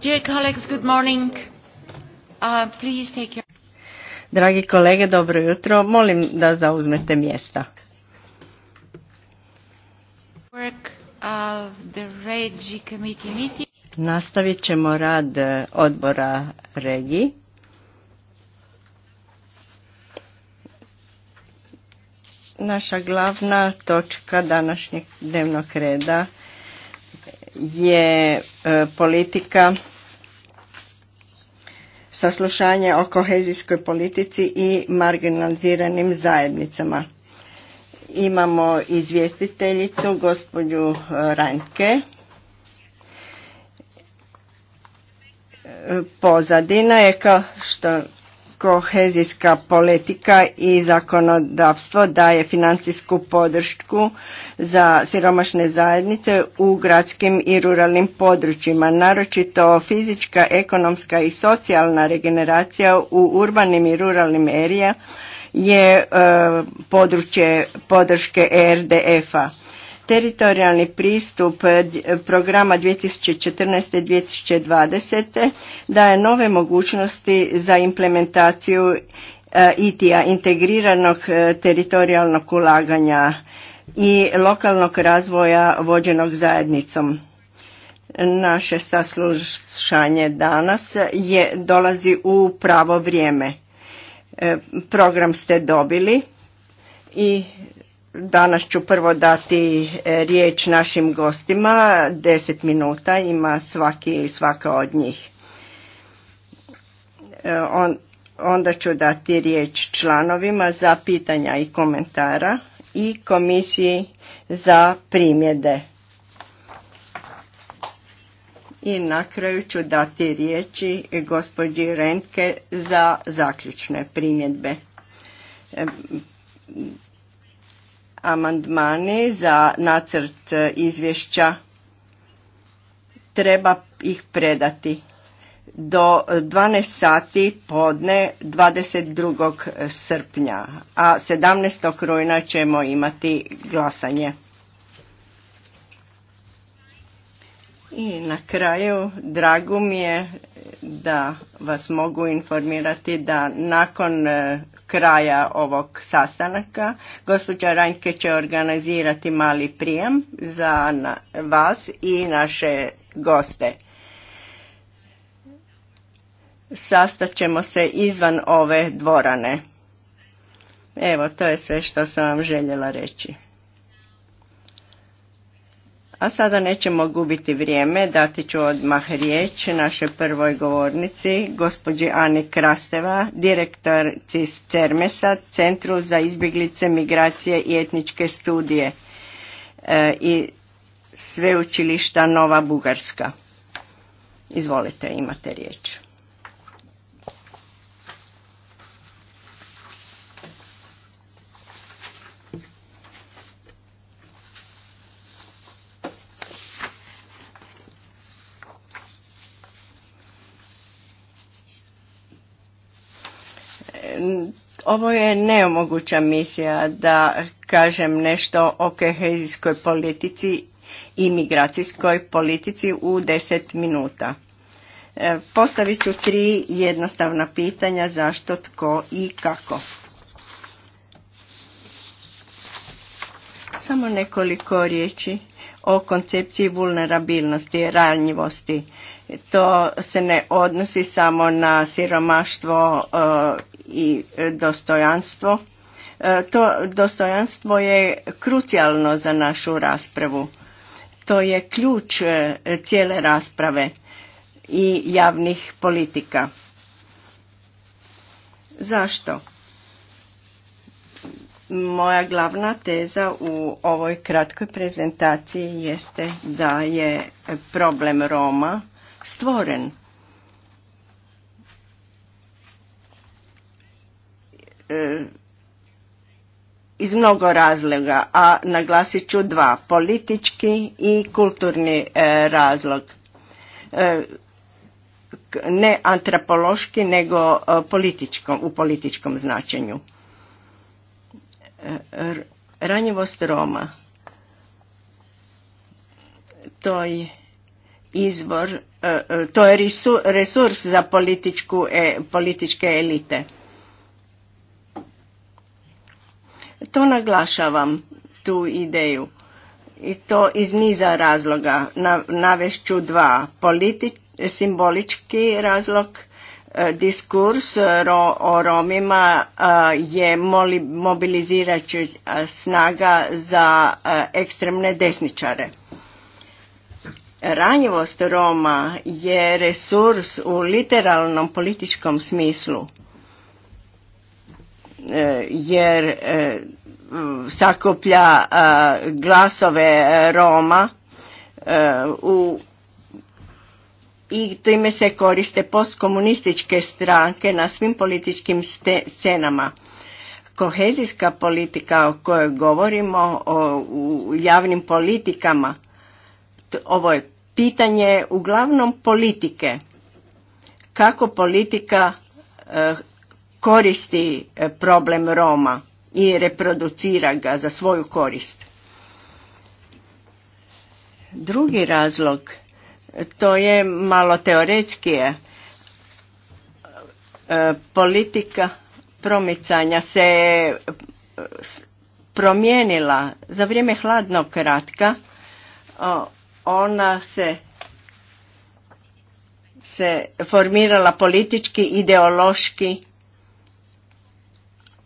Dear colleagues, good morning. Uh, please take your... Dragi kolege, dobro jutro. Molim da zauzmete mjesta. Work of uh, the Regi committee meeting. Nastavit ćemo rad e, odbora Regi. Naša glavna točka današnjeg dnevnog reda je e, politika saslušanje o kohezijskoj politici i marginaliziranim zajednicama. Imamo izvjestiteljicu, gospođu eh, Ranke, eh, Pozadina je kao što kohezijska politika i zakonodavstvo daje financijsku podršku za siromašne zajednice u gradskim i ruralnim područjima. Naročito fizička, ekonomska i socijalna regeneracija u urbanim i ruralnim erija je e, područje podrške rdf a Teritorijalni pristup eh, eh, programa 2014-2020 daje nove mogućnosti za implementaciju eh, IT-a, integriranog teritorijalnog ulaganja i lokalnog razvoja vođenog zajednicom. Naše saslušanje danas je dolazi u pravo vrijeme. Program ste dobili i Danas ću prvo dati e, riječ našim gostima, deset minuta ima svaki ili svaka od njih. E, onda ću dati riječ članovima za pitanja i komentara i komisiji za primjede. I na kraju ću dati riječi gospođi Rentke za zaključne primjedbe e, amandmani za nacrt izvješća treba ih predati do 12 sati podne 22. srpnja, a 17. rujna ćemo imati glasanje. I na kraju, drago mi je da vas mogu informirati da nakon e, kraja ovog sastanaka gospođa Ranjke će organizirati mali prijem za vas i naše goste. ćemo se izvan ove dvorane. Evo, to je sve što sam vam željela reći. A sada nećemo gubiti vrijeme, dati ću odmah riječ našoj prvoj govornici, gospođi Ani Krasteva, CIS CERMESA, Centru za izbjeglice, migracije i etničke studije e, i sveučilišta Nova Bugarska. Izvolite, imate riječ. Ovo je neomoguća misija da kažem nešto o kehezijskoj politici i migracijskoj politici u deset minuta. E, postavit ću tri jednostavna pitanja zašto, tko i kako. Samo nekoliko riječi o koncepciji vulnerabilnosti, ranjivosti. To se ne odnosi samo na siromaštvo eh, i dostojanstvo. Eh, to dostojanstvo je krucijalno za našu raspravu. To je ključ eh, cijele rasprave i javnih politika. Zašto? Moja glavna teza u ovoj kratkoj prezentaciji jeste da je problem Roma stvoren. E, iz mnogo razloga, a naglasit ću dva, politički i kulturni e, razlog. E, ne antropološki, nego političkom, u političkom značenju ranjivost Roma. To je izvor, e, e, to je resurs za političku, e, političke elite. To naglašavam, tu ideju. I to iz niza razloga. Navešću dva. Politi, simbolički razlog E, diskurs e, o Romima e, je mobilizirajuća snaga za ekstremne desničare. Ranjivost Roma je resurs u literalnom političkom smislu, jer sakuplja glasove Roma u i time se koriste postkomunističke stranke na svim političkim scenama. Kohezijska politika o kojoj govorimo u javnim politikama, ovo je pitanje uglavnom politike. Kako politika e, koristi e, problem Roma i reproducira ga za svoju korist. Drugi razlog to je malo teoretskije. E, politika promicanja se e, promijenila za vrijeme hladnog ratka. Ona se se formirala politički, ideološki,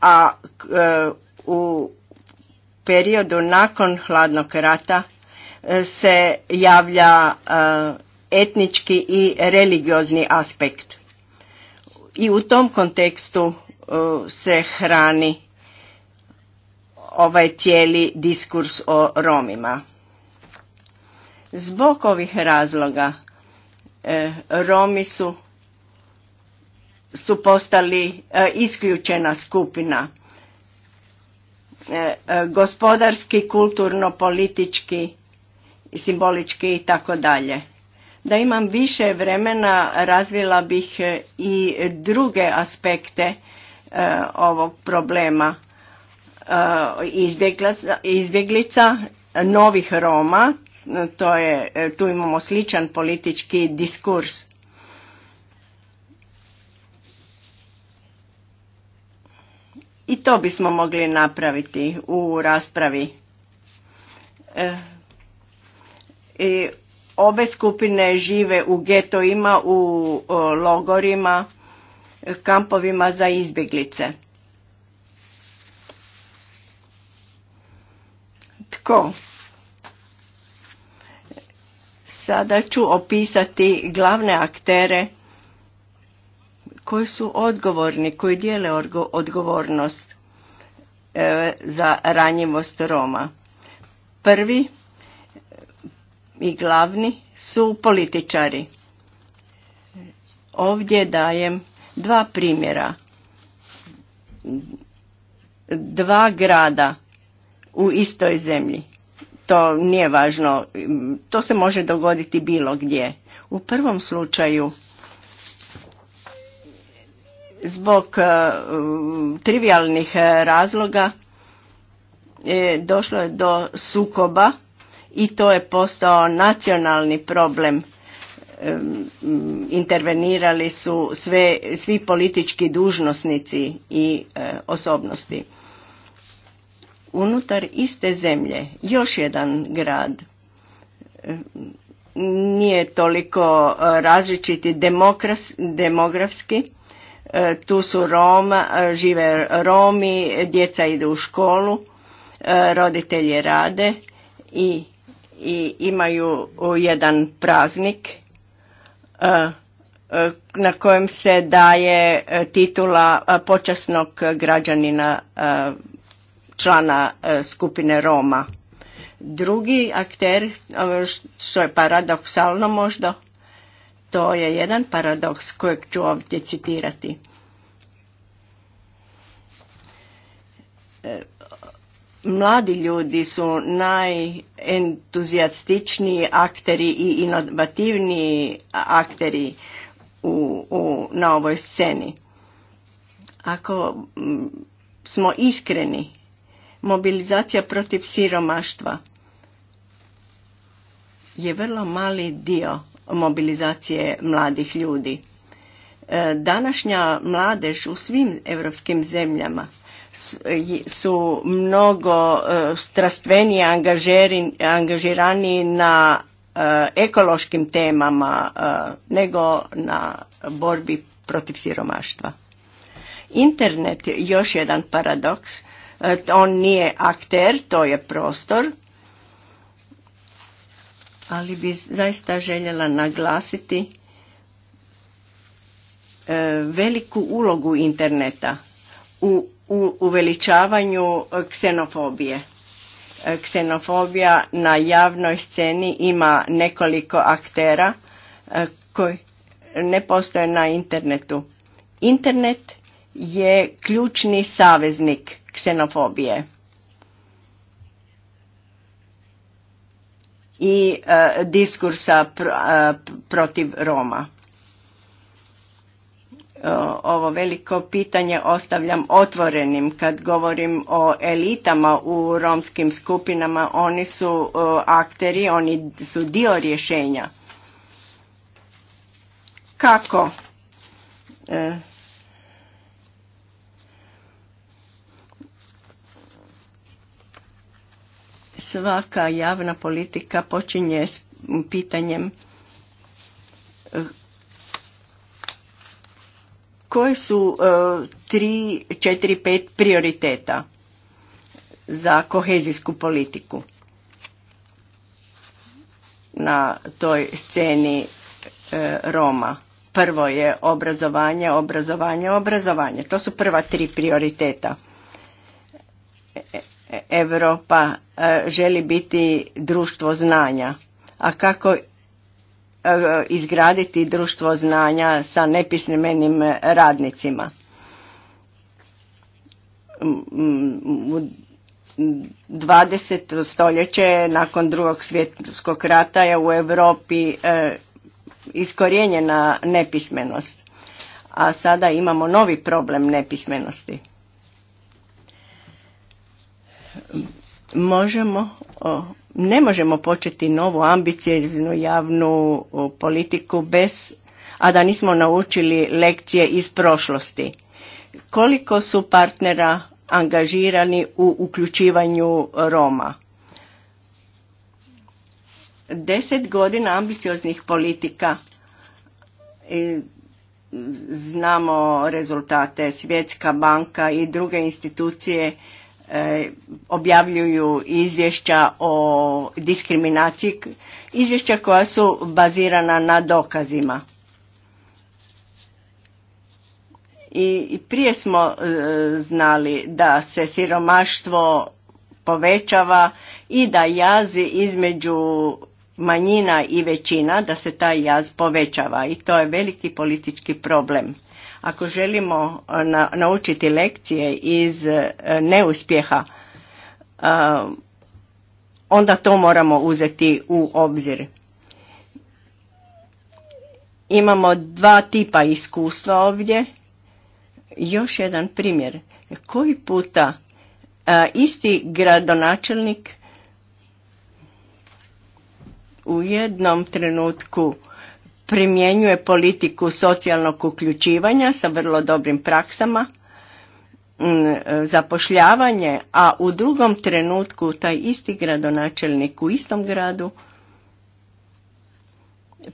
a e, u periodu nakon hladnog rata se javlja e, etnički i religiozni aspekt. I u tom kontekstu e, se hrani ovaj cijeli diskurs o Romima. Zbog ovih razloga e, Romi su, su postali isključena skupina gospodarski, kulturno, politički simbolički i tako dalje. Da imam više vremena razvila bih e, i druge aspekte e, ovog problema e, izbjeglica, novih Roma, to tu imamo sličan politički diskurs. I to bismo mogli napraviti u raspravi. I obe skupine žive u getoima, u logorima, kampovima za izbjeglice. Tko? Sada ću opisati glavne aktere koji su odgovorni, koji dijele odgovornost e, za ranjivost Roma. Prvi i glavni su političari. Ovdje dajem dva primjera. Dva grada u istoj zemlji. To nije važno, to se može dogoditi bilo gdje. U prvom slučaju zbog e, trivialnih razloga e, došlo je do sukoba i to je postao nacionalni problem. Intervenirali su sve, svi politički dužnosnici i e, osobnosti. Unutar iste zemlje još jedan grad nije toliko e, različiti demografski. E, tu su Roma, žive Romi, djeca idu u školu, roditelji rade i i imaju jedan praznik e, e, na kojem se daje e, titula počasnog građanina člana skupine Roma. Drugi akter, što je paradoksalno možda, to je jedan paradoks kojeg ću ovdje citirati. Mladi ljudi su najentuzijastičniji akteri i inovativniji akteri u, u, na ovoj sceni. Ako smo iskreni, mobilizacija protiv siromaštva je vrlo mali dio mobilizacije mladih ljudi. E, današnja mladež u svim europskim zemljama su mnogo e, strastvenije angažirani na e, ekološkim temama e, nego na borbi protiv siromaštva. Internet je još jedan paradoks. On nije akter, to je prostor. Ali bi zaista željela naglasiti veliku ulogu interneta u, u uveličavanju e, ksenofobije. E, ksenofobija na javnoj sceni ima nekoliko aktera e, koji ne postoje na internetu. Internet je ključni saveznik ksenofobije. i diskursa protiv Roma. E, ovo veliko pitanje ostavljam otvorenim. Kad govorim o elitama u romskim skupinama, oni su e, akteri, oni su dio rješenja. Kako? E, svaka javna politika počinje s pitanjem koje su e, tri, četiri, pet prioriteta za kohezijsku politiku na toj sceni e, Roma. Prvo je obrazovanje, obrazovanje, obrazovanje. To su prva tri prioriteta. Europa e, želi biti društvo znanja. A kako Eh, izgraditi društvo znanja sa nepismenim radnicima. U 20. stoljeće nakon drugog svjetskog rata je u Europi eh, iskorijenjena nepismenost, a sada imamo novi problem nepismenosti. Možemo ne možemo početi novu ambicioznu javnu politiku bez, a da nismo naučili lekcije iz prošlosti. Koliko su partnera angažirani u uključivanju Roma? Deset godina ambicioznih politika znamo rezultate Svjetska banka i druge institucije E, objavljuju izvješća o diskriminaciji, izvješća koja su bazirana na dokazima. I prije smo e, znali da se siromaštvo povećava i da jazi između manjina i većina, da se taj jaz povećava i to je veliki politički problem ako želimo eh, naučiti lekcije iz eh, neuspjeha, eh, onda to moramo uzeti u obzir. Imamo dva tipa iskustva ovdje. Još jedan primjer. Koji puta isti gradonačelnik u jednom trenutku primjenjuje politiku socijalnog uključivanja sa vrlo dobrim praksama zapošljavanje, a u drugom trenutku taj isti gradonačelnik u istom gradu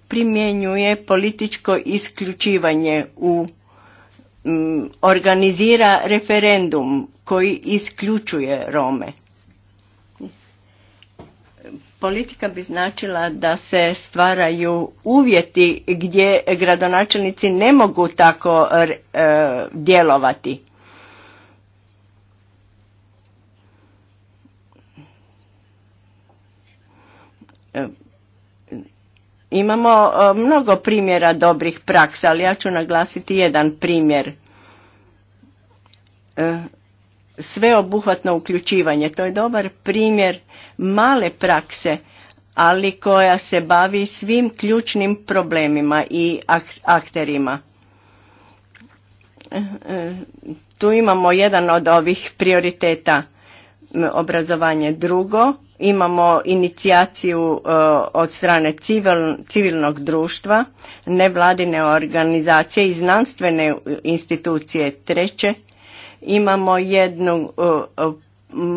primjenjuje političko isključivanje u organizira referendum koji isključuje Rome. Politika bi značila da se stvaraju uvjeti gdje gradonačelnici ne mogu tako e, djelovati. E, imamo e, mnogo primjera dobrih praksa, ali ja ću naglasiti jedan primjer sveobuhvatno uključivanje. To je dobar primjer male prakse, ali koja se bavi svim ključnim problemima i akterima. Tu imamo jedan od ovih prioriteta obrazovanje drugo, imamo inicijaciju e, od strane civil, civilnog društva, nevladine organizacije i znanstvene institucije treće, Imamo jednu uh, uh,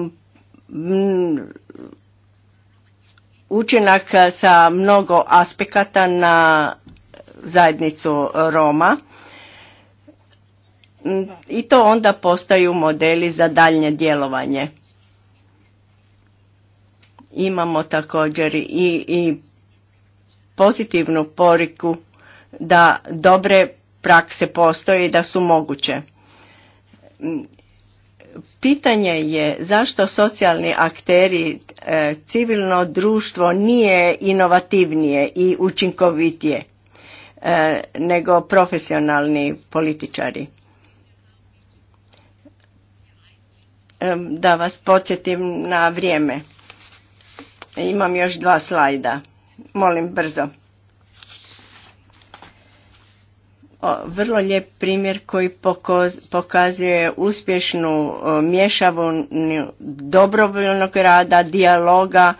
učinak sa mnogo aspekata na zajednicu Roma i to onda postaju modeli za daljnje djelovanje. Imamo također i, i pozitivnu poriku da dobre prakse postoje i da su moguće. Pitanje je zašto socijalni akteri, e, civilno društvo nije inovativnije i učinkovitije e, nego profesionalni političari. E, da vas podsjetim na vrijeme. Imam još dva slajda. Molim brzo. vrlo lijep primjer koji pokazuje uspješnu mješavu dobrovoljnog rada, dijaloga,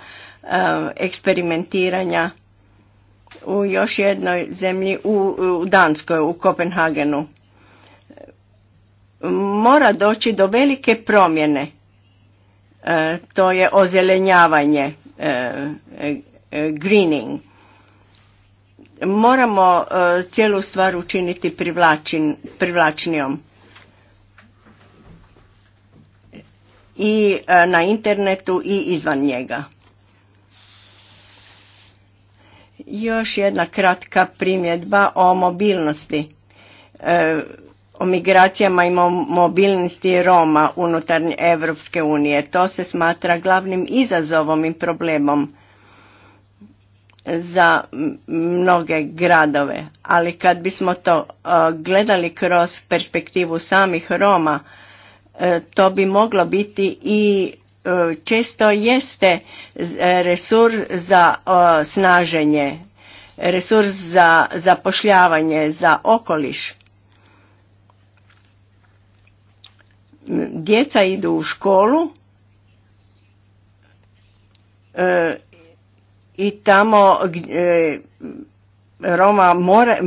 e, eksperimentiranja u još jednoj zemlji, u Danskoj, u Kopenhagenu. Mora doći do velike promjene, e, to je ozelenjavanje, e, greening moramo e, cijelu stvar učiniti privlačnijom. I e, na internetu i izvan njega. Još jedna kratka primjedba o mobilnosti, e, o migracijama i mobilnosti Roma unutar Evropske unije. To se smatra glavnim izazovom i problemom za mnoge gradove, ali kad bismo to e, gledali kroz perspektivu samih Roma, e, to bi moglo biti i e, često jeste resurs za snaženje, resurs za zapošljavanje, za okoliš. Djeca idu u školu, i tamo e, Roma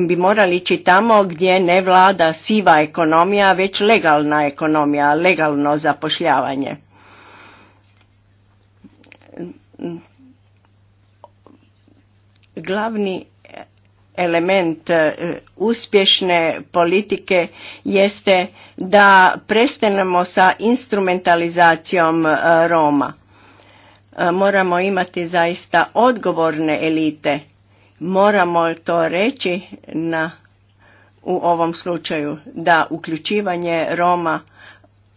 bi morali ići tamo gdje ne vlada siva ekonomija, već legalna ekonomija, legalno zapošljavanje. Glavni element e, uspješne politike jeste da prestanemo sa instrumentalizacijom e, Roma E, moramo imati zaista odgovorne elite. Moramo to reći na, u ovom slučaju da uključivanje Roma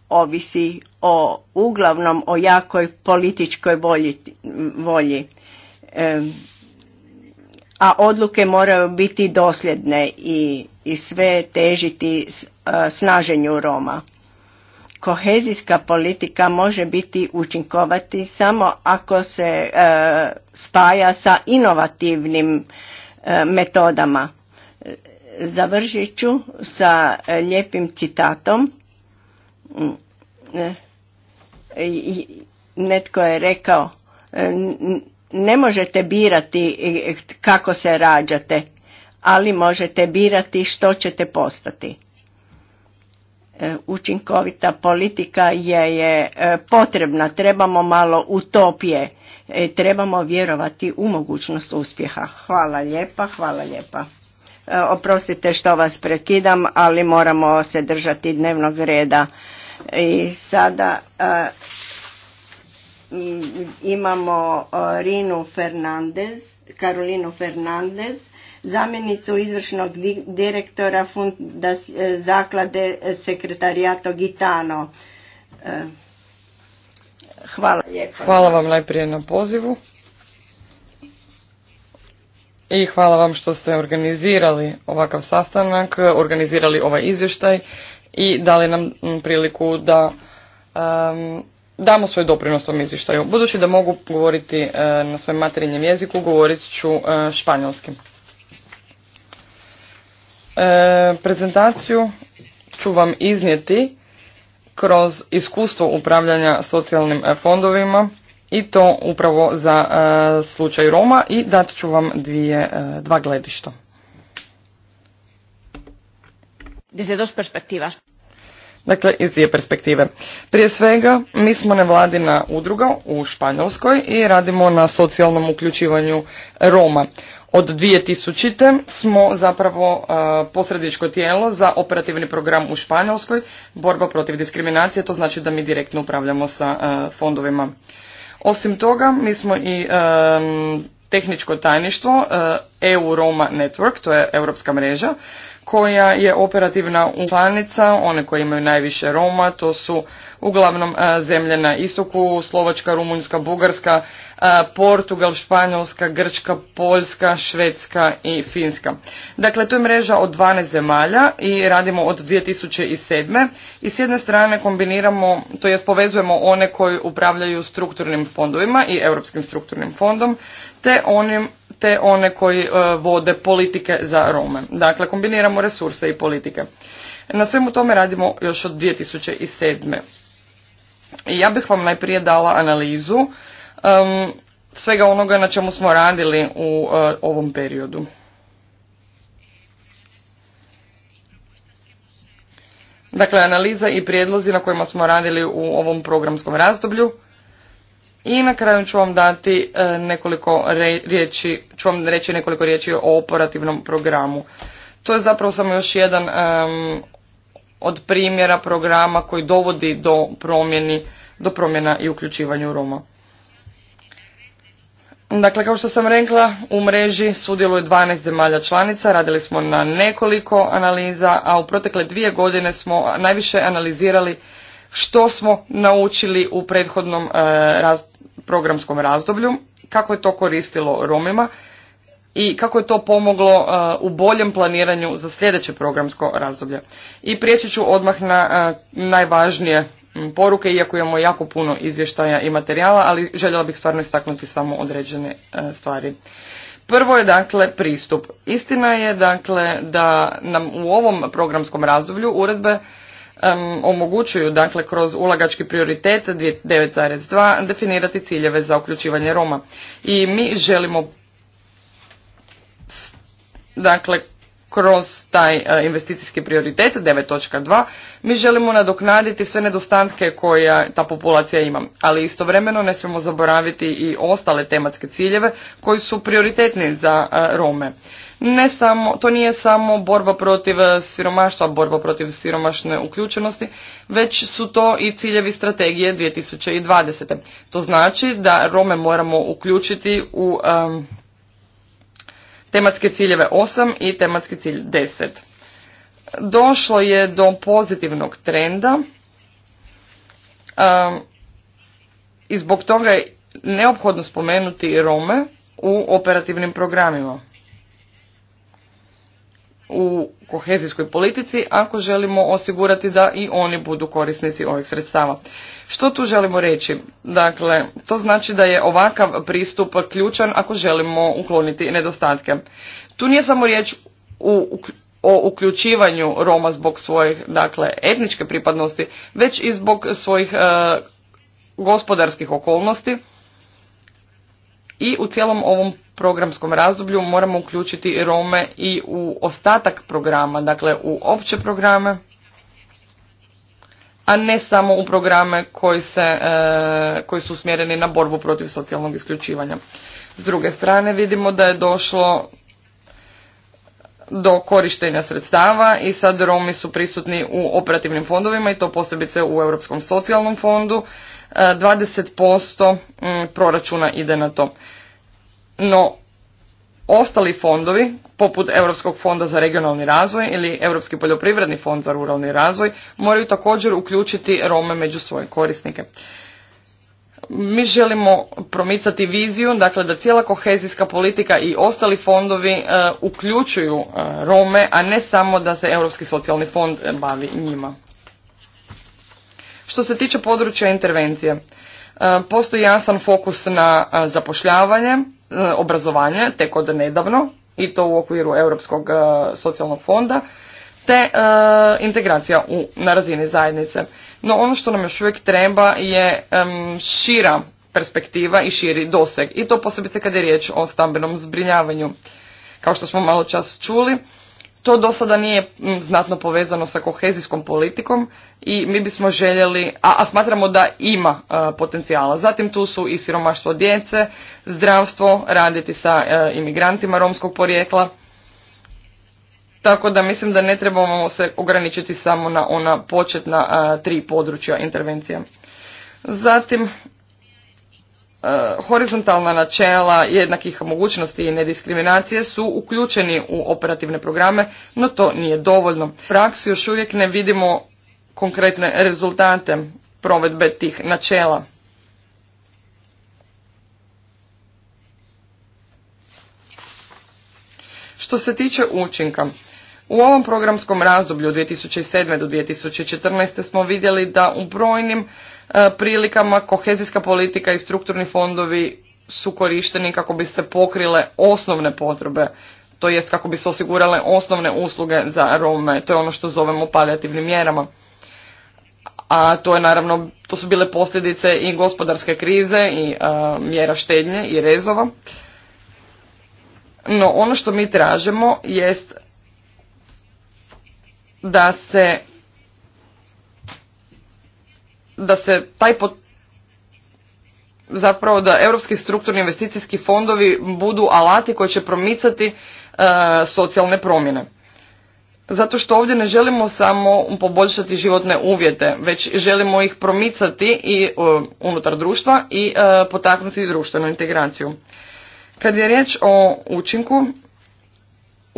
ovisi o uglavnom o jakoj političkoj volji. E, a odluke moraju biti dosljedne i, i sve težiti e, snaženju Roma kohezijska politika može biti učinkovati samo ako se e, spaja sa inovativnim e, metodama. Završit ću sa e, lijepim citatom. Mm, netko je rekao ne možete birati kako se rađate, ali možete birati što ćete postati. E, učinkovita politika je, je e, potrebna, trebamo malo utopije, e, trebamo vjerovati u mogućnost uspjeha. Hvala lijepa, hvala lijepa. Oprostite što vas prekidam, ali moramo se držati dnevnog reda. I sada imamo Rinu Fernandez, Karolinu Fernandez, zamjenicu izvršnog direktora e, zaklade Sekretarijato Gitano. E, hvala Hvala vam najprije na pozivu. I hvala vam što ste organizirali ovakav sastanak, organizirali ovaj izvještaj i dali nam priliku da damo svoj doprinos tom izvještaju. Budući da mogu govoriti e, na svojem materinjem jeziku, govorit ću španjolskim. E, prezentaciju ću vam iznijeti kroz iskustvo upravljanja socijalnim e, fondovima i to upravo za e, slučaj Roma i dat ću vam dvije, dva gledišta. Desde dos Dakle, iz dvije perspektive. Prije svega, mi smo nevladina udruga u Španjolskoj i radimo na socijalnom uključivanju Roma. Od 2000. smo zapravo e, posredničko tijelo za operativni program u Španjolskoj, borba protiv diskriminacije, to znači da mi direktno upravljamo sa e, fondovima. Osim toga, mi smo i e, tehničko tajništvo EU Roma Network, to je europska mreža, koja je operativna u članica, one koje imaju najviše Roma, to su uglavnom e, zemlje na istoku, Slovačka, Rumunjska, Bugarska, e, Portugal, Španjolska, Grčka, Poljska, Švedska i Finska. Dakle, to je mreža od 12 zemalja i radimo od 2007. I s jedne strane kombiniramo, to jest povezujemo one koji upravljaju strukturnim fondovima i Europskim strukturnim fondom, te onim te one koji e, vode politike za Rome. Dakle, kombiniramo resurse i politike. Na svemu tome radimo još od 2007. I ja bih vam najprije dala analizu svega onoga na čemu smo radili u e, ovom periodu. Dakle, analiza i prijedlozi na kojima smo radili u ovom programskom razdoblju i na kraju ću vam dati e, nekoliko riječi, ću reći nekoliko riječi o operativnom programu. To je zapravo samo još jedan od primjera programa koji dovodi do promjeni, do promjena i uključivanju Roma. Dakle, kao što sam rekla, u mreži sudjeluje 12 zemalja članica, radili smo na nekoliko analiza, a u protekle dvije godine smo najviše analizirali što smo naučili u prethodnom e, programskom razdoblju, kako je to koristilo Romima i kako je to pomoglo e, u boljem planiranju za sljedeće programsko razdoblje. I prijeći ću odmah na e, najvažnije poruke, iako imamo jako puno izvještaja i materijala, ali željela bih stvarno istaknuti samo određene stvari. Prvo je dakle pristup. Istina je dakle da nam u ovom programskom razdoblju uredbe omogućuju dakle kroz ulagački prioritet 9.2 definirati ciljeve za uključivanje Roma. I mi želimo dakle kroz taj e, investicijski prioritet 9.2 mi želimo nadoknaditi sve nedostatke koje ta populacija ima, ali istovremeno ne smijemo zaboraviti i ostale tematske ciljeve koji su prioritetni za e, Rome ne samo, to nije samo borba protiv eh, siromaštva, borba protiv siromašne uključenosti, već su to i ciljevi strategije 2020. To znači da Rome moramo uključiti u tematske ciljeve 8 i tematski cilj 10. Došlo je do pozitivnog trenda um, i zbog toga je neophodno spomenuti Rome u operativnim programima u kohezijskoj politici ako želimo osigurati da i oni budu korisnici ovih sredstava. Što tu želimo reći? Dakle, to znači da je ovakav pristup ključan ako želimo ukloniti nedostatke. Tu nije samo riječ o uključivanju Roma zbog svojih dakle, etničke pripadnosti, već i zbog svojih e, gospodarskih okolnosti i u cijelom ovom programskom razdoblju moramo uključiti Rome i u ostatak programa, dakle u opće programe, a ne samo u programe koji, se, e, koji su usmjereni na borbu protiv socijalnog isključivanja. S druge strane vidimo da je došlo do korištenja sredstava i sad Romi su prisutni u operativnim fondovima i to posebice u Europskom socijalnom fondu 20% mm, proračuna ide na to. No, ostali fondovi, poput Europskog fonda za regionalni razvoj ili Europski poljoprivredni fond za ruralni razvoj, moraju također uključiti Rome među svoje korisnike. Mi želimo promicati viziju, dakle da cijela kohezijska politika i ostali fondovi e, uključuju e, Rome, a ne samo da se Europski socijalni fond bavi njima. Što se tiče područja intervencije, e, postoji jasan fokus na e, zapošljavanje, e, obrazovanje, tek od nedavno, i to u okviru Europskog socijalnog fonda, te integracija na razini zajednice. No ono što nam još uvijek treba je šira perspektiva i širi doseg. I to posebice kada je riječ o stambenom zbrinjavanju. Kao što smo malo čas čuli, to do sada nije mm, znatno povezano sa kohezijskom politikom i mi bismo željeli, a, a smatramo da ima e, potencijala. Zatim tu su i siromaštvo djece, zdravstvo, raditi sa e, imigrantima romskog porijekla. Tako da mislim da ne trebamo se ograničiti samo na ona početna e, tri područja intervencija. Zatim E, horizontalna načela jednakih mogućnosti i nediskriminacije su uključeni u operativne programe, no to nije dovoljno. U praksi još uvijek ne vidimo konkretne rezultate provedbe tih načela. Što se tiče učinka, u ovom programskom razdoblju 2007. do 2014. smo vidjeli da u brojnim E, prilikama kohezijska politika i strukturni fondovi su korišteni kako bi se pokrile osnovne potrebe, to jest kako bi se osigurale osnovne usluge za Rome, to je ono što zovemo palijativnim mjerama. A to je naravno, to su bile posljedice i gospodarske krize i e, mjera štednje i rezova. No ono što mi tražimo jest da se da se taj pot, zapravo da europski strukturni investicijski fondovi budu alati koji će promicati e, socijalne promjene. Zato što ovdje ne želimo samo poboljšati životne uvjete, već želimo ih promicati i e, unutar društva i e, potaknuti društvenu integraciju. Kad je riječ o učinku,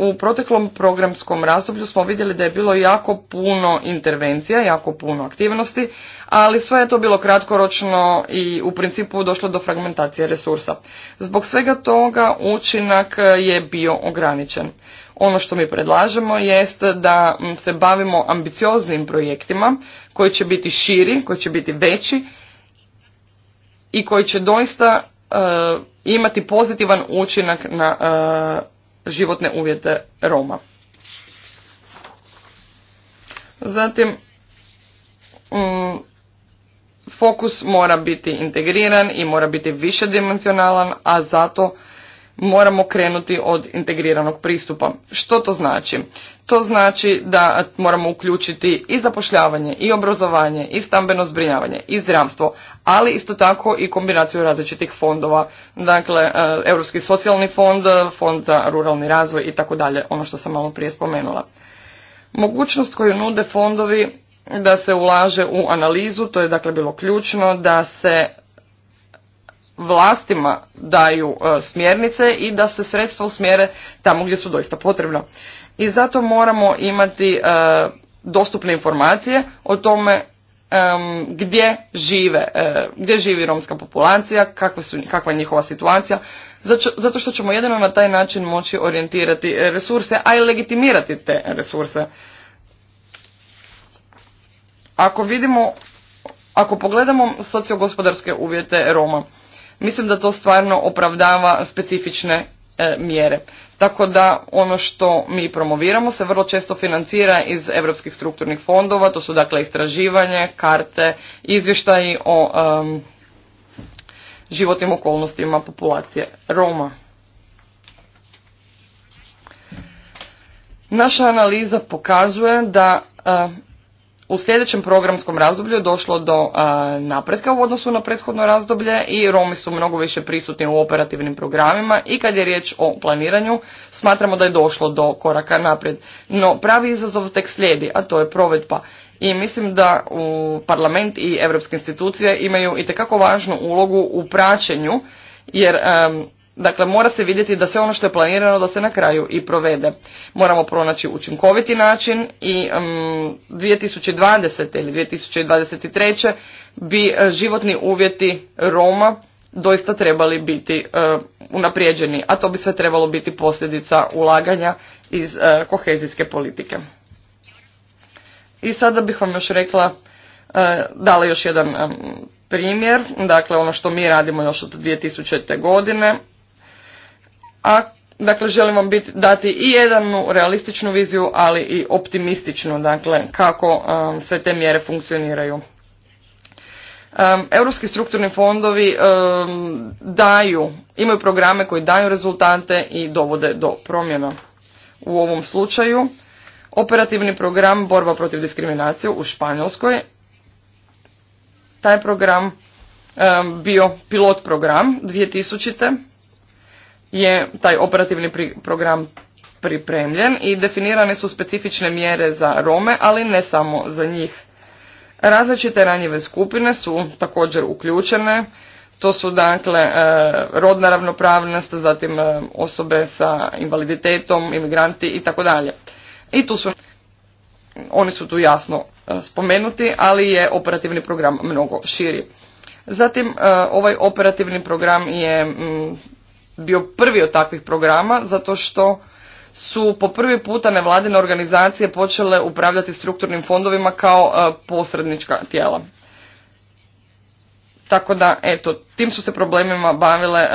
u proteklom programskom razdoblju smo vidjeli da je bilo jako puno intervencija, jako puno aktivnosti, ali sve je to bilo kratkoročno i u principu došlo do fragmentacije resursa. Zbog svega toga učinak je bio ograničen. Ono što mi predlažemo jest da se bavimo ambicioznim projektima koji će biti širi, koji će biti veći i koji će doista e, imati pozitivan učinak na e, životne uvjete Roma. Zatim, mm, fokus mora biti integriran i mora biti višedimensionalan, a zato moramo krenuti od integriranog pristupa. Što to znači? To znači da moramo uključiti i zapošljavanje, i obrazovanje, i stambeno zbrinjavanje, i zdravstvo, ali isto tako i kombinaciju različitih fondova, dakle e, Europski socijalni fond, fond za ruralni razvoj i tako dalje, ono što sam malo prije spomenula. Mogućnost koju nude fondovi da se ulaže u analizu, to je dakle bilo ključno, da se vlastima daju e, smjernice i da se sredstva usmjere tamo gdje su doista potrebna. I zato moramo imati e, dostupne informacije o tome gdje žive, e, gdje živi romska populacija, kakva, su, kakva je njihova situacija, zato što ćemo jedino na taj način moći orijentirati resurse, a i legitimirati te resurse. Ako vidimo, ako pogledamo sociogospodarske uvjete Roma, Mislim da to stvarno opravdava specifične e, mjere. Tako da ono što mi promoviramo se vrlo često financira iz europskih strukturnih fondova, to su dakle istraživanje, karte, izvještaji o životnim okolnostima populacije Roma. Naša analiza pokazuje da u sljedećem programskom razdoblju je došlo do e, napretka u odnosu na prethodno razdoblje i Romi su mnogo više prisutni u operativnim programima i kad je riječ o planiranju smatramo da je došlo do koraka naprijed. No pravi izazov tek slijedi, a to je provedba. I mislim da u parlament i europske institucije imaju itekako važnu ulogu u praćenju jer Dakle, mora se vidjeti da sve ono što je planirano da se na kraju i provede. Moramo pronaći učinkoviti način i um, 2020. ili 2023. bi e, životni uvjeti Roma doista trebali biti uh, unaprijeđeni, a to bi sve trebalo biti posljedica ulaganja iz e, kohezijske politike. I sada bih vam još rekla, dala još jedan primjer, dakle ono što mi radimo još od 2000. godine, a dakle želim vam dati i jednu realističnu viziju, ali i optimističnu, dakle kako um, sve te mjere funkcioniraju. Um, Europski strukturni fondovi um, daju, imaju programe koji daju rezultate i dovode do promjena. U ovom slučaju operativni program borba protiv diskriminacije u Španjolskoj, taj program um, bio pilot program 2000 je taj operativni program pripremljen i definirane su specifične mjere za Rome, ali ne samo za njih. Različite ranjive skupine su također uključene, to su dakle e, rodna ravnopravnost, zatim e, osobe sa invaliditetom, imigranti i tako dalje. I tu su, oni su tu jasno e, spomenuti, ali je operativni program mnogo širi. Zatim ovaj operativni program je mm, bio prvi od takvih programa zato što su po prvi puta nevladine organizacije počele upravljati strukturnim fondovima kao e, posrednička tijela. Tako da, eto, tim su se problemima bavile e,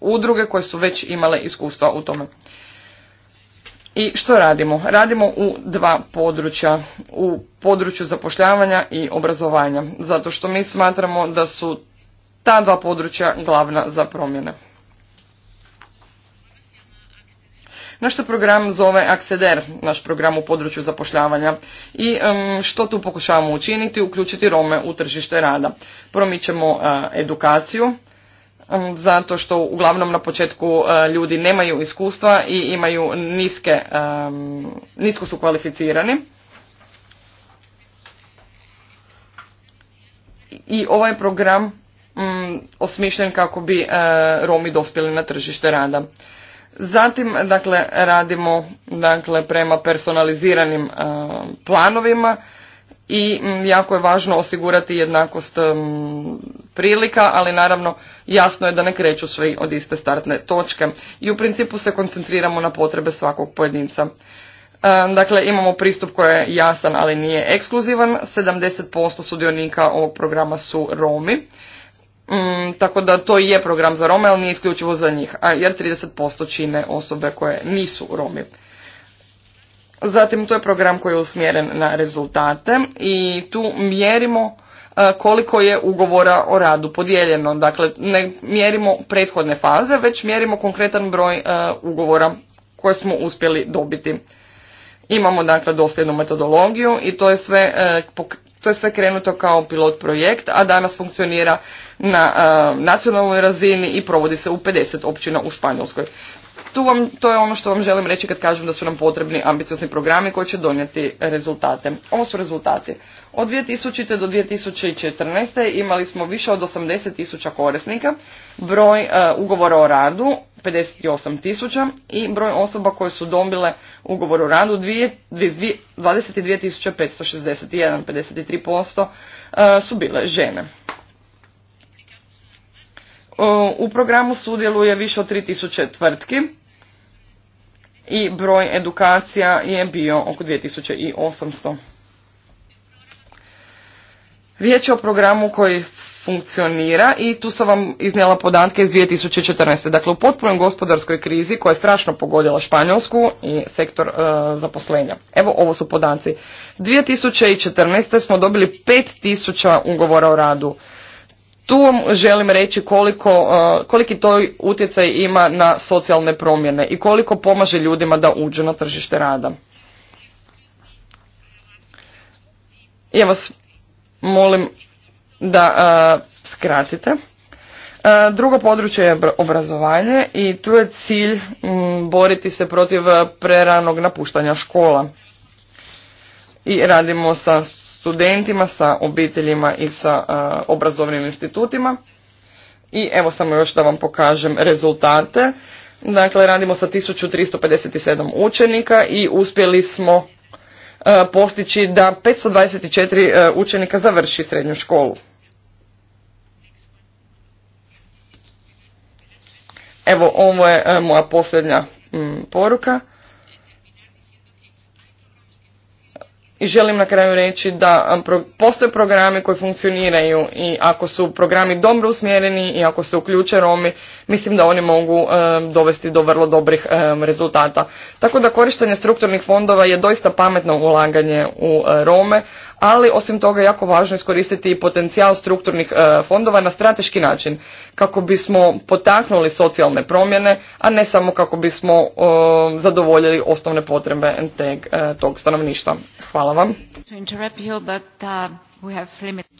udruge koje su već imale iskustva u tome. I što radimo? Radimo u dva područja, u području zapošljavanja i obrazovanja, zato što mi smatramo da su ta dva područja glavna za promjene. Naš program zove AXEDER. naš program u području zapošljavanja i što tu pokušavamo učiniti, uključiti Rome u tržište rada. Promičemo e, edukaciju, zato što uglavnom na početku e, ljudi nemaju iskustva i imaju niske, nisko su kvalificirani. I ovaj program Mm, osmišljen kako bi e, Romi dospjeli na tržište rada. Zatim, dakle, radimo dakle, prema personaliziranim e, planovima i mm, jako je važno osigurati jednakost e, prilika, ali naravno jasno je da ne kreću svi od iste startne točke i u principu se koncentriramo na potrebe svakog pojedinca. Dakle, imamo pristup koji je jasan, ali nije ekskluzivan. 70% sudionika ovog programa su Romi. Mm, tako da to je program za Rome, ali nije isključivo za njih, a jer 30% čine osobe koje nisu Romi. Zatim to je program koji je usmjeren na rezultate i tu mjerimo e, koliko je ugovora o radu podijeljeno. Dakle, ne mjerimo prethodne faze, već mjerimo konkretan broj e, ugovora koje smo uspjeli dobiti. Imamo dakle dosljednu metodologiju i to je sve, e, to je sve krenuto kao pilot projekt, a danas funkcionira na nacionalnoj razini i provodi se u 50 općina u Španjolskoj. Tu vam, to je ono što vam želim reći kad kažem da su nam potrebni ambiciozni programi koji će donijeti rezultate. Ovo su rezultati. Od 2000. do 2014. imali smo više od 80.000 tisuća korisnika, broj ugovora o radu 58.000 tisuća i broj osoba koje su dobile ugovor o radu 22.561, 53% uh, su bile žene. E, u programu sudjeluje više od 3000 tvrtki i broj edukacija je bio oko 2800. Riječ je o programu koji funkcionira i tu sam vam iznijela podatke iz 2014. Dakle, u potpunoj gospodarskoj krizi koja je strašno pogodila Španjolsku i sektor e, zaposlenja. Evo, ovo su podaci. 2014. smo dobili 5000 ugovora o radu tu vam želim reći koliko, uh, koliki to utjecaj ima na socijalne promjene i koliko pomaže ljudima da uđu na tržište rada. Ja vas molim da uh, skratite. Uh, drugo područje je obrazovanje i tu je cilj mm, boriti se protiv preranog napuštanja škola. I radimo sa studentima, sa obiteljima i sa obrazovnim institutima. I evo samo još da vam pokažem rezultate. Dakle, radimo sa 1357 učenika i uspjeli smo postići da 524 učenika završi srednju školu. Evo, ovo je moja posljednja poruka. I želim na kraju reći da um, postoje programi koji funkcioniraju i ako su programi dobro usmjereni i ako se uključe Romi, mislim da oni mogu e, dovesti do vrlo dobrih e, rezultata. Tako da korištenje strukturnih fondova je doista pametno ulaganje u e, Rome, ali osim toga jako važno iskoristiti i potencijal strukturnih fondova na strateški način kako bismo potaknuli socijalne promjene, a ne samo kako bismo zadovoljili osnovne potrebe tog stanovništva. Hvala vam.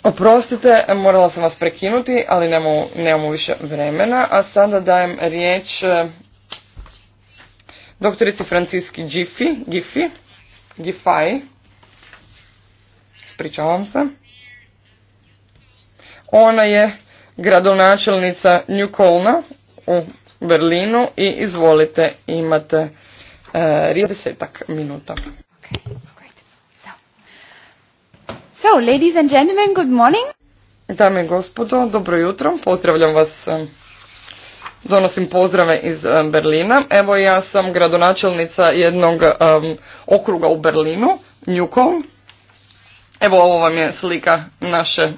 Oprostite, morala sam vas prekinuti, ali nemamo, više vremena. A sada dajem riječ e, doktorici Franciski Giffi. Giffi, se. Ona je gradonačelnica New Colna u Berlinu i izvolite, imate e, minuta. So, ladies and gentlemen, good morning. Dame i gospodo, dobro jutro, pozdravljam vas. E, donosim pozdrave iz e, Berlina. Evo ja sam gradonačelnica jednog e, okruga u Berlinu, njukov Evo ovo vam je slika naše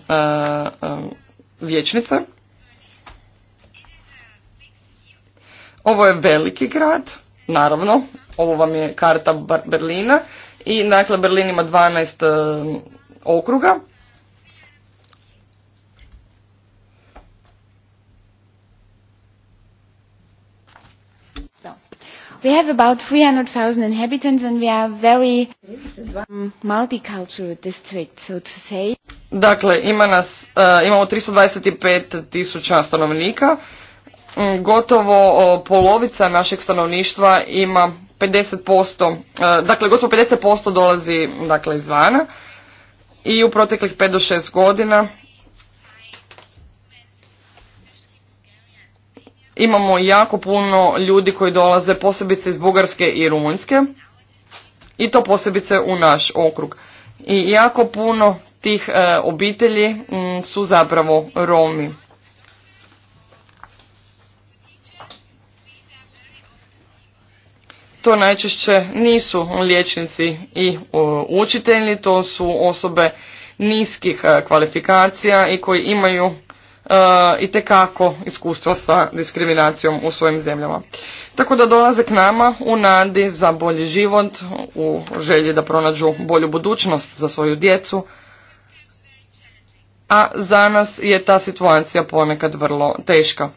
vječnice. Ovo je veliki grad, naravno. Ovo vam je karta Berlina. I dakle, Berlin ima 12 okruga. We have about 300,000 inhabitants and we are very mm, multicultural district, so to say. Dakle, ima nas, uh, imamo 325 tisuća stanovnika. Mm, gotovo uh, polovica našeg stanovništva ima 50%, uh, e, dakle gotovo 50% dolazi dakle, izvana i u proteklih 5 do 6 godina imamo jako puno ljudi koji dolaze posebice iz Bugarske i Rumunjske i to posebice u naš okrug. I jako puno tih e, obitelji su zapravo Romi. to najčešće nisu liječnici i učitelji, to su osobe niskih e, kvalifikacija i koji imaju e, i tekako iskustva sa diskriminacijom u svojim zemljama. Tako da dolaze k nama u nadi za bolji život, u želji da pronađu bolju budućnost za svoju djecu, a za nas je ta situacija ponekad vrlo teška.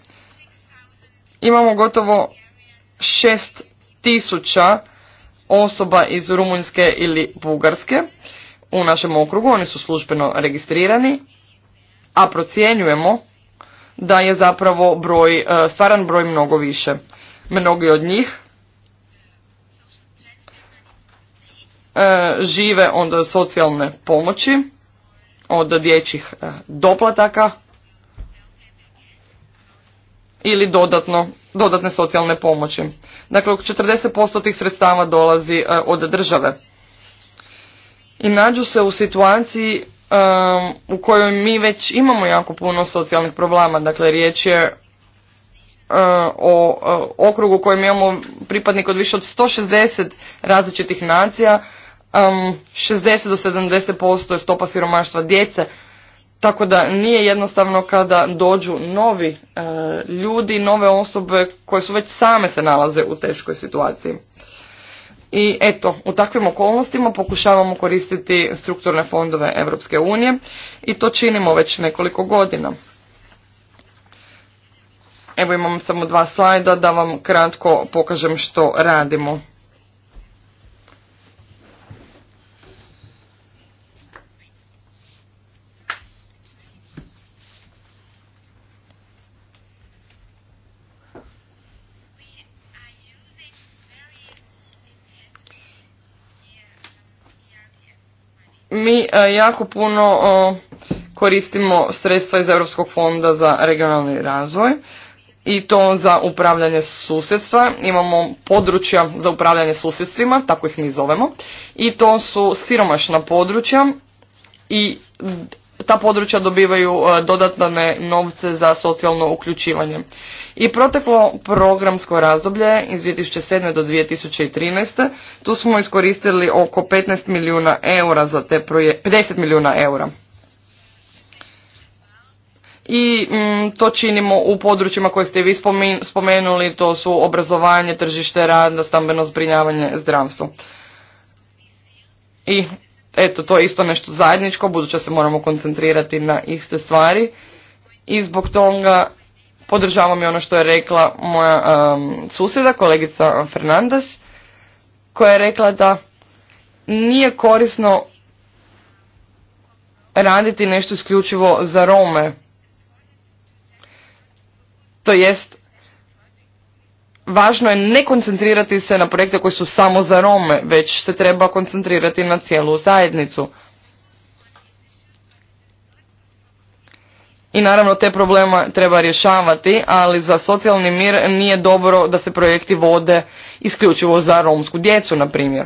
Imamo gotovo šest tisuća osoba iz Rumunjske ili Bugarske u našem okrugu, oni su službeno registrirani, a procjenjujemo da je zapravo broj, e, stvaran broj mnogo više. Mnogi od njih e, žive od socijalne pomoći od dječjih e, doplataka ili dodatno, dodatne socijalne pomoći. Dakle, oko 40% tih sredstava dolazi e, od države. I nađu se u situaciji e, u kojoj mi već imamo jako puno socijalnih problema. Dakle, riječ je e, o okrugu u kojem imamo pripadnik od više od 160 različitih nacija, 60 do 70% je stopa siromaštva djece, tako da nije jednostavno kada dođu novi e, ljudi, nove osobe koje su već same se nalaze u teškoj situaciji. I eto, u takvim okolnostima pokušavamo koristiti strukturne fondove Europske unije i to činimo već nekoliko godina. Evo imam samo dva slajda da vam kratko pokažem što radimo. mi e, jako puno e, koristimo sredstva iz Europskog fonda za regionalni razvoj i to za upravljanje susjedstva. Imamo područja za upravljanje susjedstvima, tako ih mi zovemo, i to su siromašna područja i ta područja dobivaju e, dodatne novce za socijalno uključivanje. I proteklo programsko razdoblje iz 2007. do 2013. Tu smo iskoristili oko 15 milijuna eura za te projekte, 50 milijuna eura. I mm, to činimo u područjima koje ste vi spomenuli, to su obrazovanje, tržište rada, stambeno zbrinjavanje, zdravstvo. I eto, to je isto nešto zajedničko, budući se moramo koncentrirati na iste stvari i zbog toga Podržavam i ono što je rekla moja susjeda, kolegica Fernandez, koja je rekla da nije korisno raditi nešto isključivo za Rome. To jest, važno je ne koncentrirati se na projekte koji su samo za Rome, već se treba koncentrirati na cijelu zajednicu. i naravno te problema treba rješavati, ali za socijalni mir nije dobro da se projekti vode isključivo za romsku djecu, na primjer.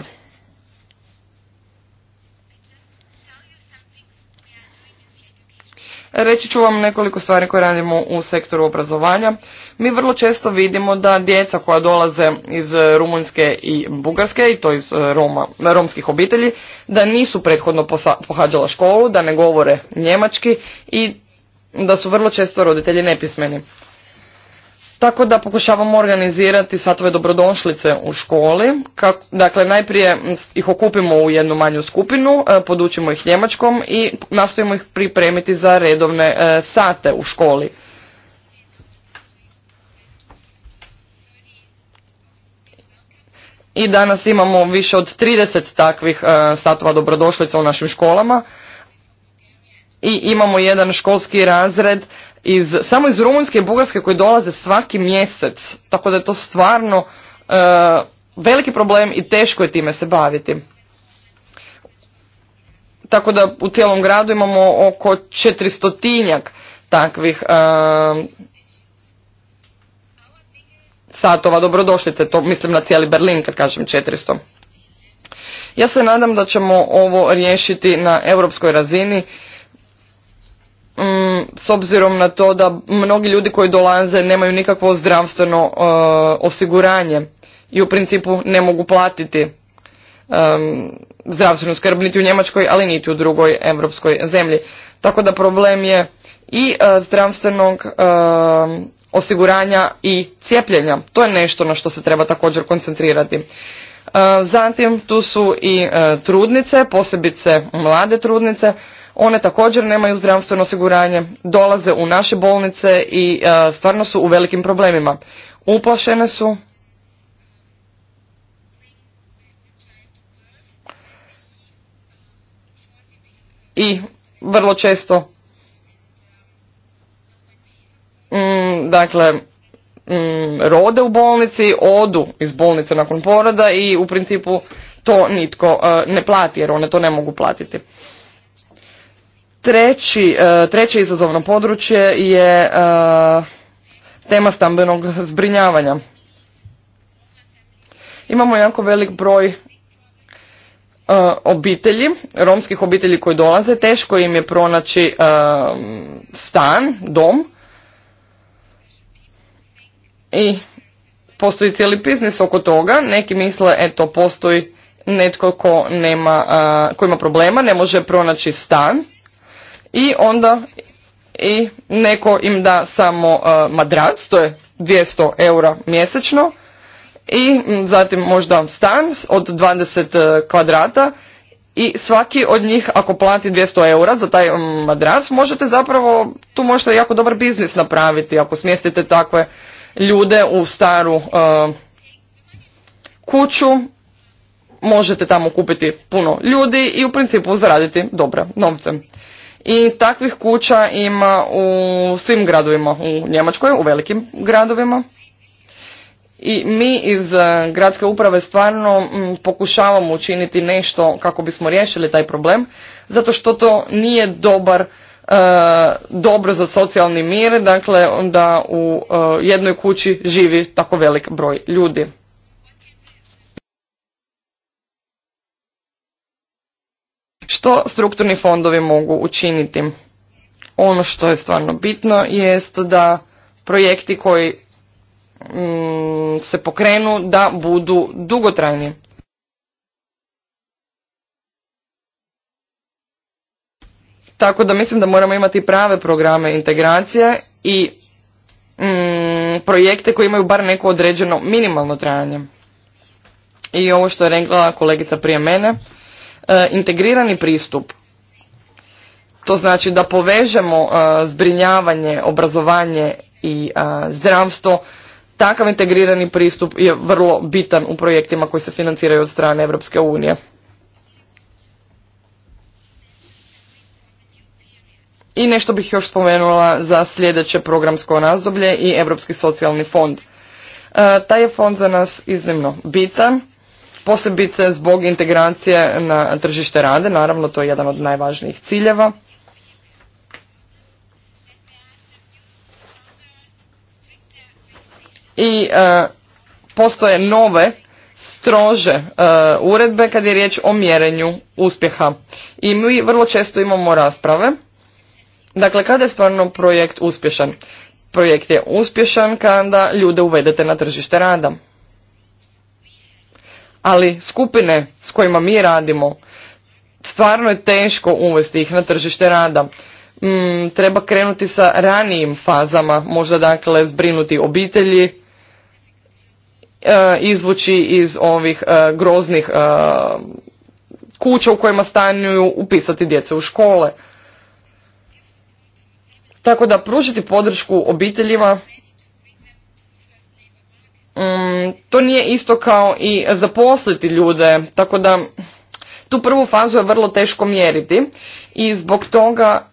Reći ću vam nekoliko stvari koje radimo u sektoru obrazovanja. Mi vrlo često vidimo da djeca koja dolaze iz Rumunjske i Bugarske, i to iz eh, Roma, romskih obitelji, da nisu prethodno pohađala školu, da ne govore njemački i da su vrlo često roditelji nepismeni. Tako da pokušavamo organizirati satove dobrodošlice u školi. dakle, najprije ih okupimo u jednu manju skupinu, e, podučimo ih njemačkom i nastojimo ih pripremiti za redovne e, sate u školi. I danas imamo više od 30 takvih e, satova dobrodošlica u našim školama i imamo jedan školski razred iz, samo iz Rumunjske i Bugarske koji dolaze svaki mjesec. Tako da je to stvarno e, veliki problem i teško je time se baviti. Tako da u cijelom gradu imamo oko četiristotinjak takvih e, satova dobrodošlice, to mislim na cijeli Berlin kad kažem 400. Ja se nadam da ćemo ovo riješiti na europskoj razini Mm, s obzirom na to da mnogi ljudi koji dolaze nemaju nikakvo zdravstveno e, osiguranje i u principu ne mogu platiti zdravstvenu skrb niti u Njemačkoj, ali niti u drugoj europskoj zemlji. Tako da problem je i e, zdravstvenog e, osiguranja i cijepljenja. To je nešto na što se treba također koncentrirati. Zatim tu su i trudnice, posebice mlade trudnice one također nemaju zdravstveno osiguranje, dolaze u naše bolnice i e, stvarno su u velikim problemima. Uplašene su. I vrlo često mm, dakle mm, rode u bolnici, odu iz bolnice nakon poroda i u principu to nitko e, ne plati jer one to ne mogu platiti. Treći, e, treće izazovno područje je e, tema stambenog zbrinjavanja. Imamo jako velik broj e, obitelji, romskih obitelji koji dolaze, teško im je pronaći stan, dom i postoji cijeli biznis oko toga. Neki misle, eto, postoji netko ko nema, ko ima problema, ne može pronaći stan i onda i neko im da samo e, madrac, to je 200 eura mjesečno i zatim možda stan od 20 e, kvadrata i svaki od njih ako plati 200 eura za taj madrac možete zapravo, tu možete jako dobar biznis napraviti ako smjestite takve ljude u staru e, kuću, možete tamo kupiti puno ljudi i u principu zaraditi dobra novce i takvih kuća ima u svim gradovima u Njemačkoj, u velikim gradovima. I mi iz e, gradske uprave stvarno pokušavamo učiniti nešto kako bismo riješili taj problem, zato što to nije dobar e, dobro za socijalni mir, dakle da u e, jednoj kući živi tako velik broj ljudi. Što strukturni fondovi mogu učiniti? Ono što je stvarno bitno jest da projekti koji mm, se pokrenu da budu dugotrajni. Tako da mislim da moramo imati prave programe integracije i mm, projekte koji imaju bar neko određeno minimalno trajanje. I ovo što je rekla kolegica prije mene, E, integrirani pristup to znači da povežemo e, zbrinjavanje obrazovanje i e, zdravstvo takav integrirani pristup je vrlo bitan u projektima koji se financiraju od strane Europske unije I nešto bih još spomenula za sljedeće programsko razdoblje i Europski socijalni fond. taj je fond za nas iznimno bitan posebice zbog integracije na tržište rade, naravno to je jedan od najvažnijih ciljeva. I e, postoje nove, strože e, uredbe kad je riječ o mjerenju uspjeha. I mi vrlo često imamo rasprave. Dakle, kada je stvarno projekt uspješan? Projekt je uspješan kada ljude uvedete na tržište rada ali skupine s kojima mi radimo, stvarno je teško uvesti ih na tržište rada. Mm, treba krenuti sa ranijim fazama, možda dakle zbrinuti obitelji, e, izvući iz ovih e, groznih e, kuća u kojima stanuju, upisati djece u škole. Tako da pružiti podršku obiteljima Mm, to nije isto kao i zaposliti ljude, tako da tu prvu fazu je vrlo teško mjeriti i zbog toga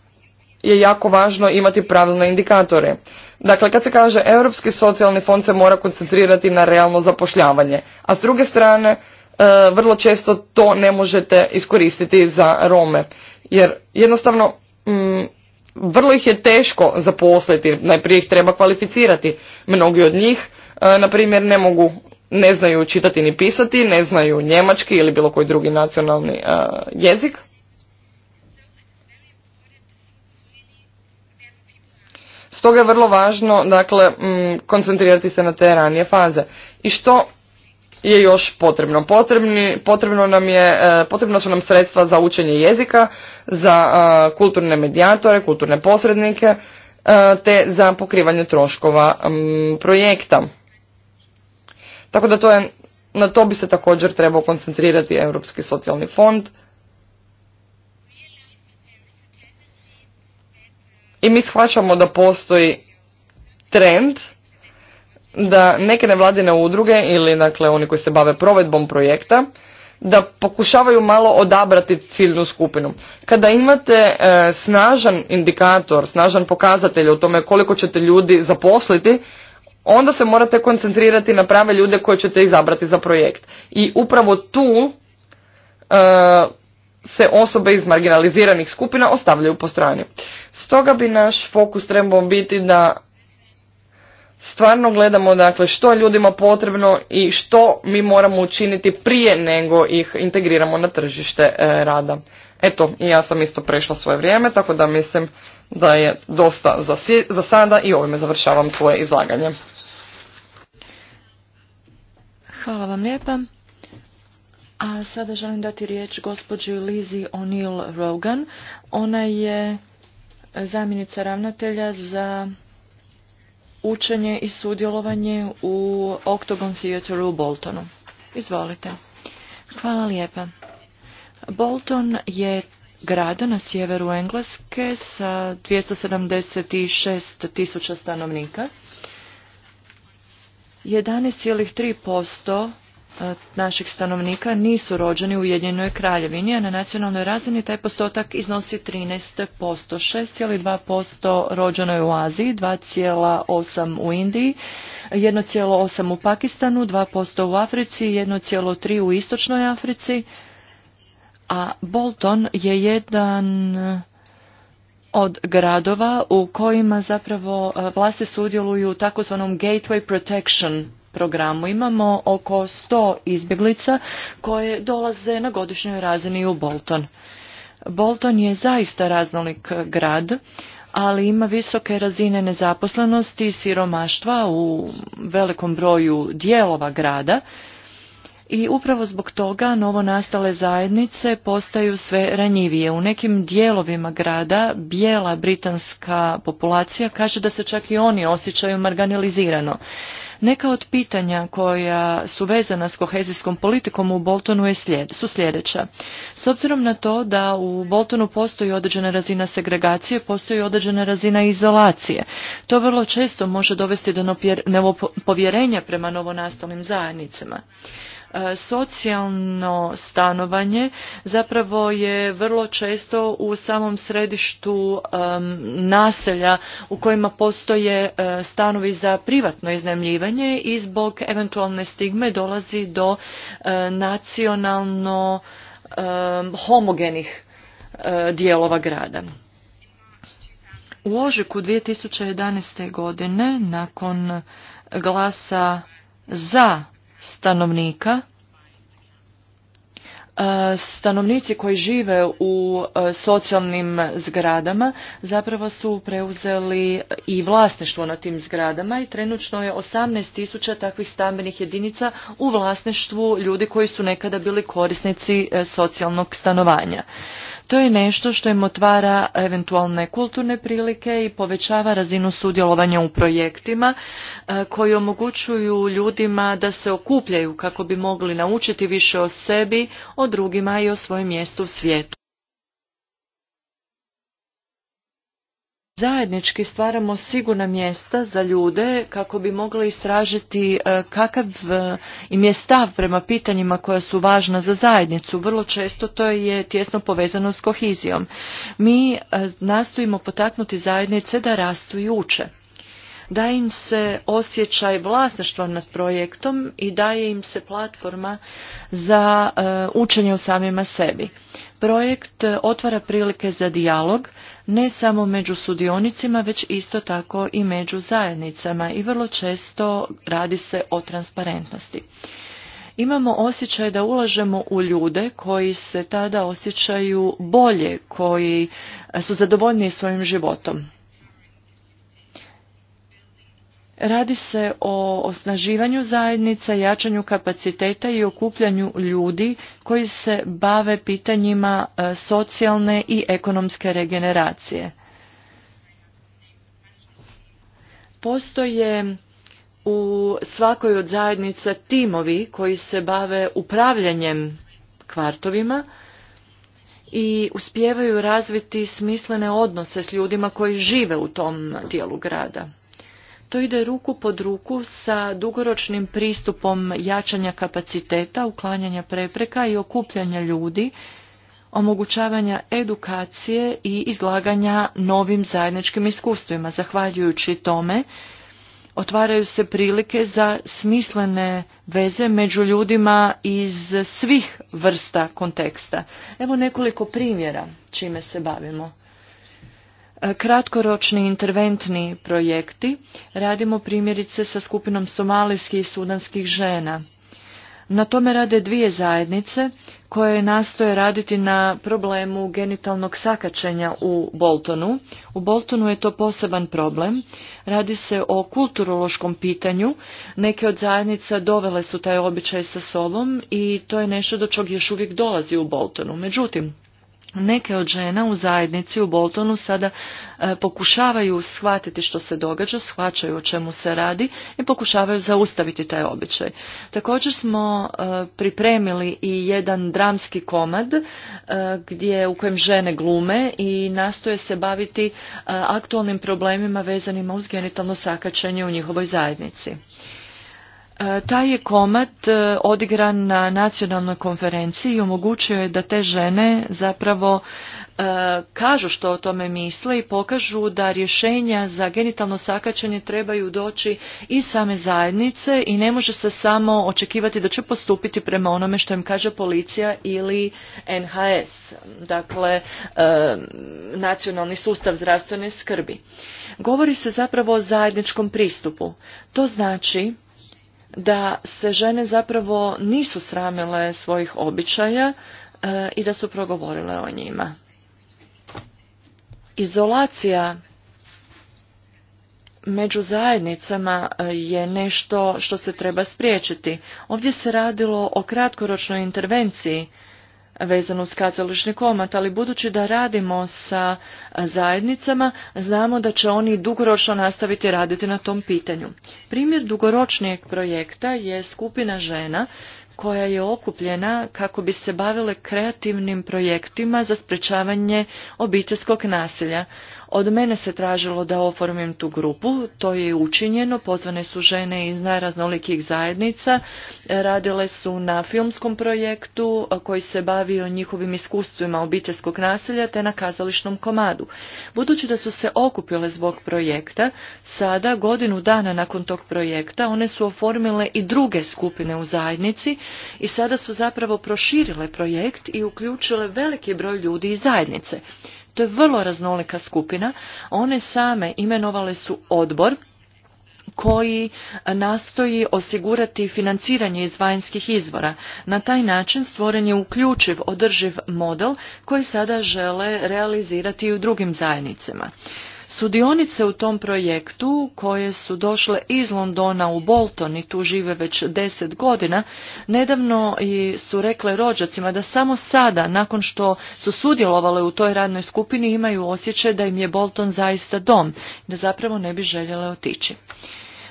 je jako važno imati pravilne indikatore. Dakle, kad se kaže Europski socijalni fond se mora koncentrirati na realno zapošljavanje, a s druge strane e, vrlo često to ne možete iskoristiti za Rome. Jer jednostavno mm, vrlo ih je teško zaposliti, najprije ih treba kvalificirati. Mnogi od njih E, na primjer ne mogu ne znaju čitati ni pisati, ne znaju njemački ili bilo koji drugi nacionalni e, jezik. Stoga je vrlo važno dakle, koncentrirati se na te ranije faze. I što je još potrebno? Potrebni, potrebno nam je, e, potrebno su nam sredstva za učenje jezika, za kulturne medijatore, kulturne posrednike, te za pokrivanje troškova projekta. Tako da to je, na to bi se također trebao koncentrirati Europski socijalni fond. I mi shvaćamo da postoji trend da neke nevladine udruge ili dakle oni koji se bave provedbom projekta da pokušavaju malo odabrati ciljnu skupinu. Kada imate e, snažan indikator, snažan pokazatelj o tome koliko ćete ljudi zaposliti, onda se morate koncentrirati na prave ljude koje ćete izabrati za projekt. I upravo tu e, se osobe iz marginaliziranih skupina ostavljaju po strani. Stoga bi naš fokus trebao biti da stvarno gledamo dakle što je ljudima potrebno i što mi moramo učiniti prije nego ih integriramo na tržište e, rada. Eto, i ja sam isto prešla svoje vrijeme, tako da mislim da je dosta za, za sada i ovime završavam svoje izlaganje. Hvala vam lijepa. A sada želim dati riječ gospođi Lizi O'Neill Rogan. Ona je zamjenica ravnatelja za učenje i sudjelovanje u Octagon Theatre u Boltonu. Izvolite. Hvala lijepa. Bolton je grada na sjeveru Engleske sa 276 tisuća stanovnika. 11,3% e, naših stanovnika nisu rođeni u Ujedinjenoj kraljevini, a na nacionalnoj razini taj postotak iznosi 13%. 6,2% rođeno je u Aziji, 2,8% u Indiji, 1,8% u Pakistanu, 2% u Africi, 1,3% u Istočnoj Africi, a Bolton je jedan od gradova u kojima zapravo e, vlasti sudjeluju u takozvanom gateway protection programu. Imamo oko 100 izbjeglica koje dolaze na godišnjoj razini u Bolton. Bolton je zaista raznolik grad, ali ima visoke razine nezaposlenosti i siromaštva u velikom broju dijelova grada i upravo zbog toga novo nastale zajednice postaju sve ranjivije. U nekim dijelovima grada bijela britanska populacija kaže da se čak i oni osjećaju marginalizirano. Neka od pitanja koja su vezana s kohezijskom politikom u Boltonu su sljedeća. S obzirom na to da u Boltonu postoji određena razina segregacije, postoji određena razina izolacije. To vrlo često može dovesti do nepovjerenja prema novonastalim zajednicama e, socijalno stanovanje zapravo je vrlo često u samom središtu naselja u kojima postoje e, stanovi za privatno iznemljivanje izbog i zbog eventualne stigme dolazi do e, nacionalno e, homogenih e, dijelova grada. U ožujku 2011. godine nakon glasa za stanovnika E, stanovnici koji žive u e, socijalnim zgradama zapravo su preuzeli i vlasništvo na tim zgradama i trenutno je 18.000 takvih stambenih jedinica u vlasništvu ljudi koji su nekada bili korisnici e, socijalnog stanovanja. To je nešto što im otvara eventualne kulturne prilike i povećava razinu sudjelovanja u projektima e, koji omogućuju ljudima da se okupljaju kako bi mogli naučiti više o sebi, o drugima i o svojem mjestu u svijetu. zajednički stvaramo sigurna mjesta za ljude kako bi mogli istražiti e, kakav e, im je stav prema pitanjima koja su važna za zajednicu. Vrlo često to je tjesno povezano s kohizijom. Mi e, nastojimo potaknuti zajednice da rastu i uče. Da im se osjećaj vlasništva nad projektom i daje im se platforma za učenje o samima sebi. Projekt otvara prilike za dijalog, ne samo među sudionicima, već isto tako i među zajednicama i vrlo često radi se o transparentnosti. Imamo osjećaj da ulažemo u ljude koji se tada osjećaju bolje, koji su zadovoljni svojim životom. Radi se o osnaživanju zajednica, jačanju kapaciteta i okupljanju ljudi koji se bave pitanjima e, socijalne i ekonomske regeneracije. Postoje u svakoj od zajednica timovi koji se bave upravljanjem kvartovima i uspijevaju razviti smislene odnose s ljudima koji žive u tom dijelu grada to ide ruku pod ruku sa dugoročnim pristupom jačanja kapaciteta, uklanjanja prepreka i okupljanja ljudi, omogućavanja edukacije i izlaganja novim zajedničkim iskustvima. Zahvaljujući tome, otvaraju se prilike za smislene veze među ljudima iz svih vrsta konteksta. Evo nekoliko primjera čime se bavimo kratkoročni interventni projekti radimo primjerice sa skupinom somalijskih i sudanskih žena. Na tome rade dvije zajednice koje nastoje raditi na problemu genitalnog sakačenja u Boltonu. U Boltonu je to poseban problem. Radi se o kulturološkom pitanju. Neke od zajednica dovele su taj običaj sa sobom i to je nešto do čog još uvijek dolazi u Boltonu. Međutim, Neke od žena u zajednici u Boltonu sada e, pokušavaju shvatiti što se događa, shvaćaju o čemu se radi i pokušavaju zaustaviti taj običaj. Također smo e, pripremili i jedan dramski komad e, gdje u kojem žene glume i nastoje se baviti aktualnim problemima vezanima uz genitalno sakačenje u njihovoj zajednici. E, taj je komad e, odigran na nacionalnoj konferenciji i omogućio je da te žene zapravo e, kažu što o tome misle i pokažu da rješenja za genitalno sakačenje trebaju doći i same zajednice i ne može se samo očekivati da će postupiti prema onome što im kaže policija ili NHS, dakle nacionalni sustav zdravstvene skrbi. Govori se zapravo o zajedničkom pristupu. To znači da se žene zapravo nisu sramile svojih običaja e, i da su progovorile o njima. Izolacija među zajednicama e, je nešto što se treba spriječiti. Ovdje se radilo o kratkoročnoj intervenciji vezano uz kazališni komat, ali budući da radimo sa zajednicama, znamo da će oni dugoročno nastaviti raditi na tom pitanju. Primjer dugoročnijeg projekta je skupina žena koja je okupljena kako bi se bavile kreativnim projektima za sprečavanje obiteljskog nasilja. Od mene se tražilo da oformim tu grupu, to je učinjeno, pozvane su žene iz najraznolikih zajednica, radile su na filmskom projektu koji se bavio njihovim iskustvima obiteljskog nasilja te na kazališnom komadu. Budući da su se okupile zbog projekta, sada godinu dana nakon tog projekta one su oformile i druge skupine u zajednici i sada su zapravo proširile projekt i uključile veliki broj ljudi iz zajednice. To je vrlo raznolika skupina. One same imenovale su odbor koji nastoji osigurati financiranje iz vanjskih izvora. Na taj način stvoren je uključiv održiv model koji sada žele realizirati i u drugim zajednicama. Sudionice u tom projektu koje su došle iz Londona u Bolton i tu žive već deset godina, nedavno su rekle rođacima da samo sada, nakon što su sudjelovale u toj radnoj skupini, imaju osjećaj da im je Bolton zaista dom, da zapravo ne bi željele otići.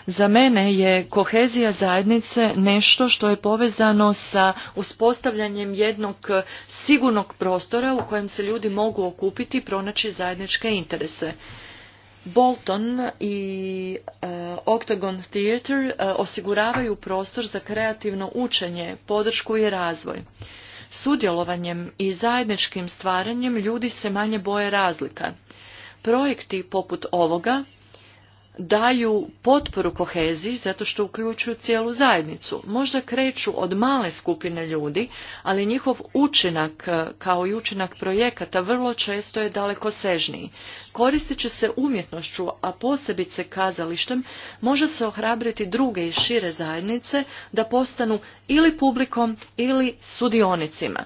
Za mene je kohezija zajednice nešto što je povezano sa uspostavljanjem jednog sigurnog prostora u kojem se ljudi mogu okupiti i pronaći zajedničke interese. Bolton i e, Octagon Theater e, osiguravaju prostor za kreativno učenje, podršku i razvoj. Sudjelovanjem i zajedničkim stvaranjem ljudi se manje boje razlika. Projekti poput ovoga daju potporu koheziji zato što uključuju cijelu zajednicu. Možda kreću od male skupine ljudi, ali njihov učinak e, kao i učinak projekata vrlo često je daleko sežniji. Koristit će se umjetnošću, a posebice kazalištem, može se ohrabriti druge i šire zajednice da postanu ili publikom ili sudionicima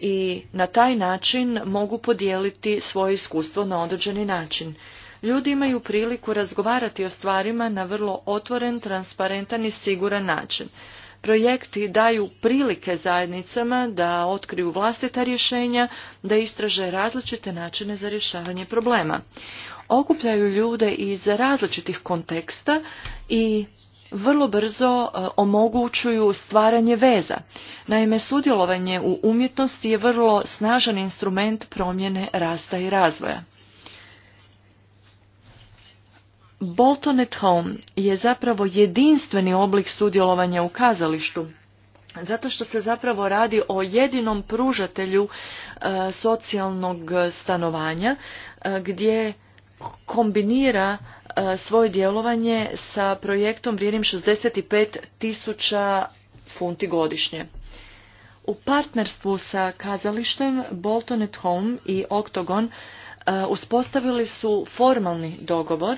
i na taj način mogu podijeliti svoje iskustvo na određeni način. Ljudi imaju priliku razgovarati o stvarima na vrlo otvoren, transparentan i siguran način. Projekti daju prilike zajednicama da otkriju vlastita rješenja, da istraže različite načine za rješavanje problema. Okupljaju ljude iz različitih konteksta i vrlo brzo e, omogućuju stvaranje veza. Naime, sudjelovanje u umjetnosti je vrlo snažan instrument promjene rasta i razvoja. Bolton at Home je zapravo jedinstveni oblik sudjelovanja u kazalištu. Zato što se zapravo radi o jedinom pružatelju e, socijalnog stanovanja e, gdje kombinira e, svoje djelovanje sa projektom vrijednim 65 tisuća funti godišnje. U partnerstvu sa kazalištem Bolton at Home i Octagon uspostavili su formalni dogovor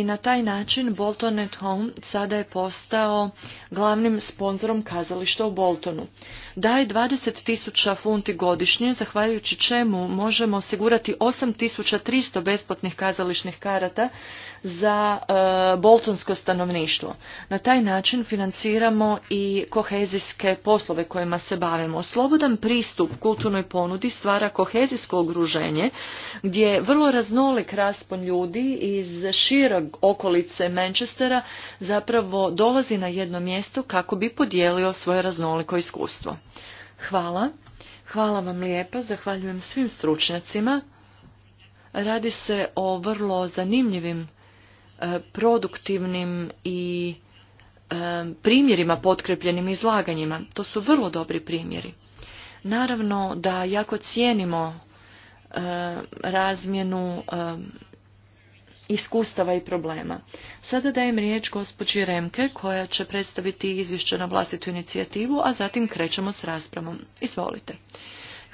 i na taj način Bolton at Home sada je postao glavnim sponzorom kazališta u Boltonu. Daje 20.000 funti godišnje, zahvaljujući čemu možemo osigurati 8.300 besplatnih kazališnih karata za e, boltonsko stanovništvo. Na taj način financiramo i kohezijske poslove kojima se bavimo. Slobodan pristup kulturnoj ponudi stvara kohezijsko ogruženje gdje je vrlo raznolik raspon ljudi iz širog okolice Manchestera zapravo dolazi na jedno mjesto kako bi podijelio svoje raznoliko iskustvo. Hvala. Hvala vam lijepa, zahvaljujem svim stručnjacima. Radi se o vrlo zanimljivim E, produktivnim i e, primjerima potkrepljenim izlaganjima. To su vrlo dobri primjeri. Naravno da jako cijenimo e, razmjenu iskustava i problema. Sada dajem riječ gospođi Remke koja će predstaviti izvješće na vlastitu inicijativu, a zatim krećemo s raspravom. Izvolite.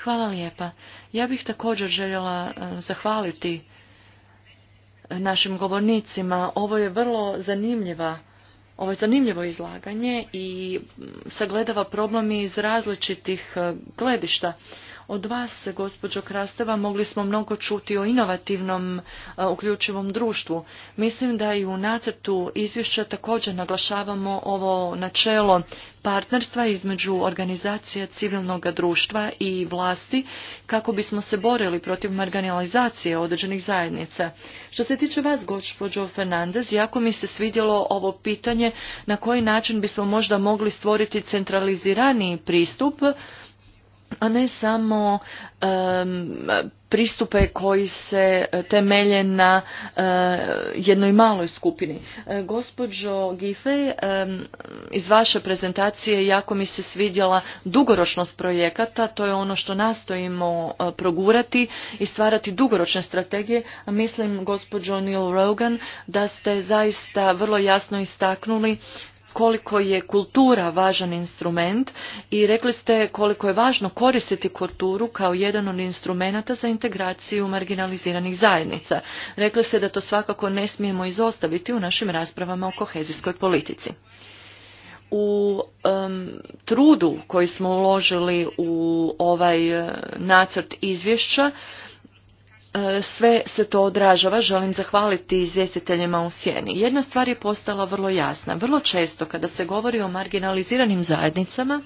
Hvala lijepa. Ja bih također željela zahvaliti našim govornicima. Ovo je vrlo zanimljiva ovo je zanimljivo izlaganje i sagledava problemi iz različitih e, gledišta. Od vas, gospođo Krasteva, mogli smo mnogo čuti o inovativnom e, uključivom društvu. Mislim da i u nacrtu izvješća također naglašavamo ovo načelo partnerstva između organizacija civilnog društva i vlasti kako bismo se borili protiv marginalizacije određenih zajednica. Što se tiče vas, gospođo Fernandez, jako mi se svidjelo ovo pitanje na koji način bismo možda mogli stvoriti centralizirani pristup a ne samo pristupe koji se temelje na eh, jednoj maloj skupini. Eh, gospođo Gife, iz vaše prezentacije jako mi se svidjela dugoročnost projekata, to je ono što nastojimo eh, progurati i stvarati dugoročne strategije. A mislim, gospođo Neil Rogan, da ste zaista vrlo jasno istaknuli koliko je kultura važan instrument i rekli ste koliko je važno koristiti kulturu kao jedan od instrumenata za integraciju marginaliziranih zajednica. Rekli ste da to svakako ne smijemo izostaviti u našim raspravama o kohezijskoj politici. U trudu koji smo uložili u ovaj eh, nacrt izvješća E, sve se to odražava, želim zahvaliti izvjestiteljima u sjeni. Jedna stvar je postala vrlo jasna. Vrlo često kada se govori o marginaliziranim zajednicama,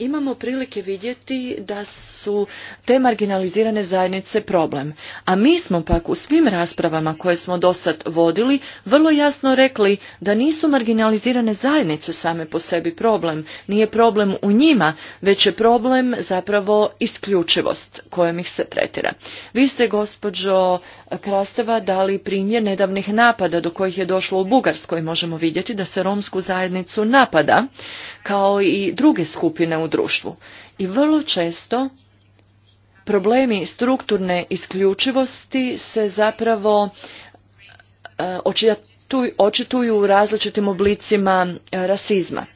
imamo prilike vidjeti da su te marginalizirane zajednice problem. A mi smo pak u svim raspravama koje smo do sad vodili vrlo jasno rekli da nisu marginalizirane zajednice same po sebi problem. Nije problem u njima, već je problem zapravo isključivost kojom ih se tretira. Vi ste, gospođo Krasteva, dali primjer nedavnih napada do kojih je došlo u Bugarskoj. Možemo vidjeti da se romsku zajednicu napada, kao i druge skupine u društvu. I vrlo često problemi strukturne isključivosti se zapravo e, očituju u različitim oblicima e, rasizma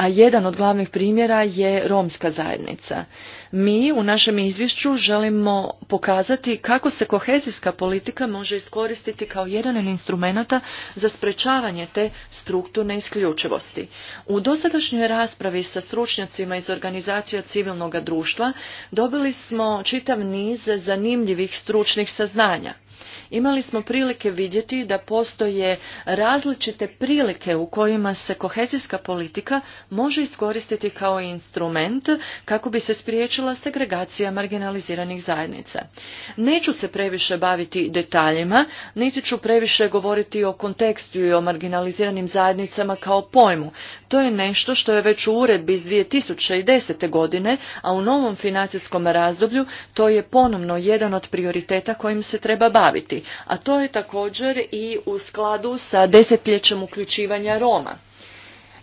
a jedan od glavnih primjera je romska zajednica. Mi u našem izvješću želimo pokazati kako se kohezijska politika može iskoristiti kao jedan od instrumenata za sprečavanje te strukturne isključivosti. U dosadašnjoj raspravi sa stručnjacima iz organizacija civilnog društva dobili smo čitav niz zanimljivih stručnih saznanja imali smo prilike vidjeti da postoje različite prilike u kojima se kohezijska politika može iskoristiti kao instrument kako bi se spriječila segregacija marginaliziranih zajednica. Neću se previše baviti detaljima, niti ću previše govoriti o kontekstu i o marginaliziranim zajednicama kao pojmu. To je nešto što je već u uredbi iz 2010. godine, a u novom financijskom razdoblju to je ponovno jedan od prioriteta kojim se treba baviti a to je također i u skladu sa desetljećem uključivanja Roma.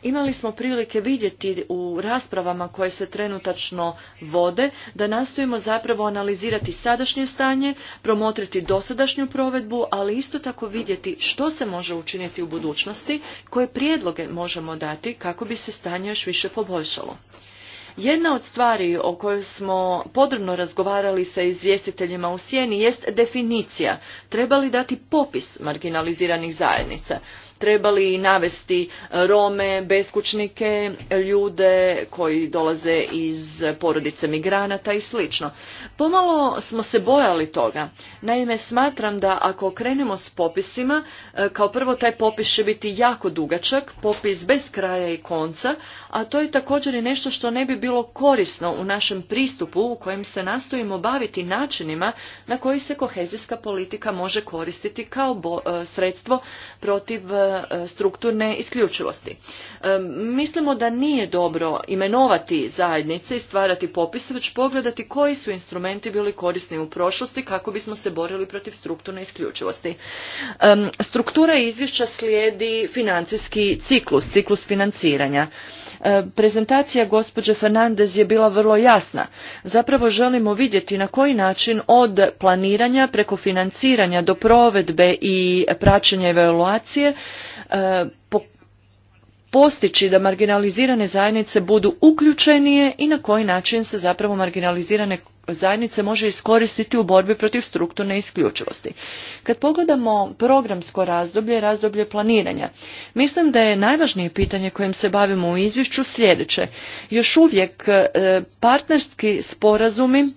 Imali smo prilike vidjeti u raspravama koje se trenutačno vode da nastojimo zapravo analizirati sadašnje stanje, promotriti dosadašnju provedbu, ali isto tako vidjeti što se može učiniti u budućnosti, koje prijedloge možemo dati kako bi se stanje još više poboljšalo. Jedna od stvari o kojoj smo podrobno razgovarali sa izvjestiteljima u sjeni jest definicija. Treba li dati popis marginaliziranih zajednica? trebali navesti e, Rome, beskućnike, ljude koji dolaze iz porodice migranata i sl. Pomalo smo se bojali toga. Naime, smatram da ako krenemo s popisima, e, kao prvo taj popis će biti jako dugačak, popis bez kraja i konca, a to je također i nešto što ne bi bilo korisno u našem pristupu u kojem se nastojimo baviti načinima na koji se kohezijska politika može koristiti kao e, sredstvo protiv E, strukturne isključivosti. E, mislimo da nije dobro imenovati zajednice i stvarati popise, već pogledati koji su instrumenti bili korisni u prošlosti kako bismo se borili protiv strukturne isključivosti. E, struktura izvješća slijedi financijski ciklus, ciklus financiranja. E, prezentacija gospođe Fernandez je bila vrlo jasna. Zapravo želimo vidjeti na koji način od planiranja preko financiranja do provedbe i praćenja evaluacije e, postići da marginalizirane zajednice budu uključenije i na koji način se zapravo marginalizirane zajednice može iskoristiti u borbi protiv strukturne isključivosti. Kad pogledamo programsko razdoblje, razdoblje planiranja, mislim da je najvažnije pitanje kojim se bavimo u izvješću sljedeće. Još uvijek e, partnerski sporazumi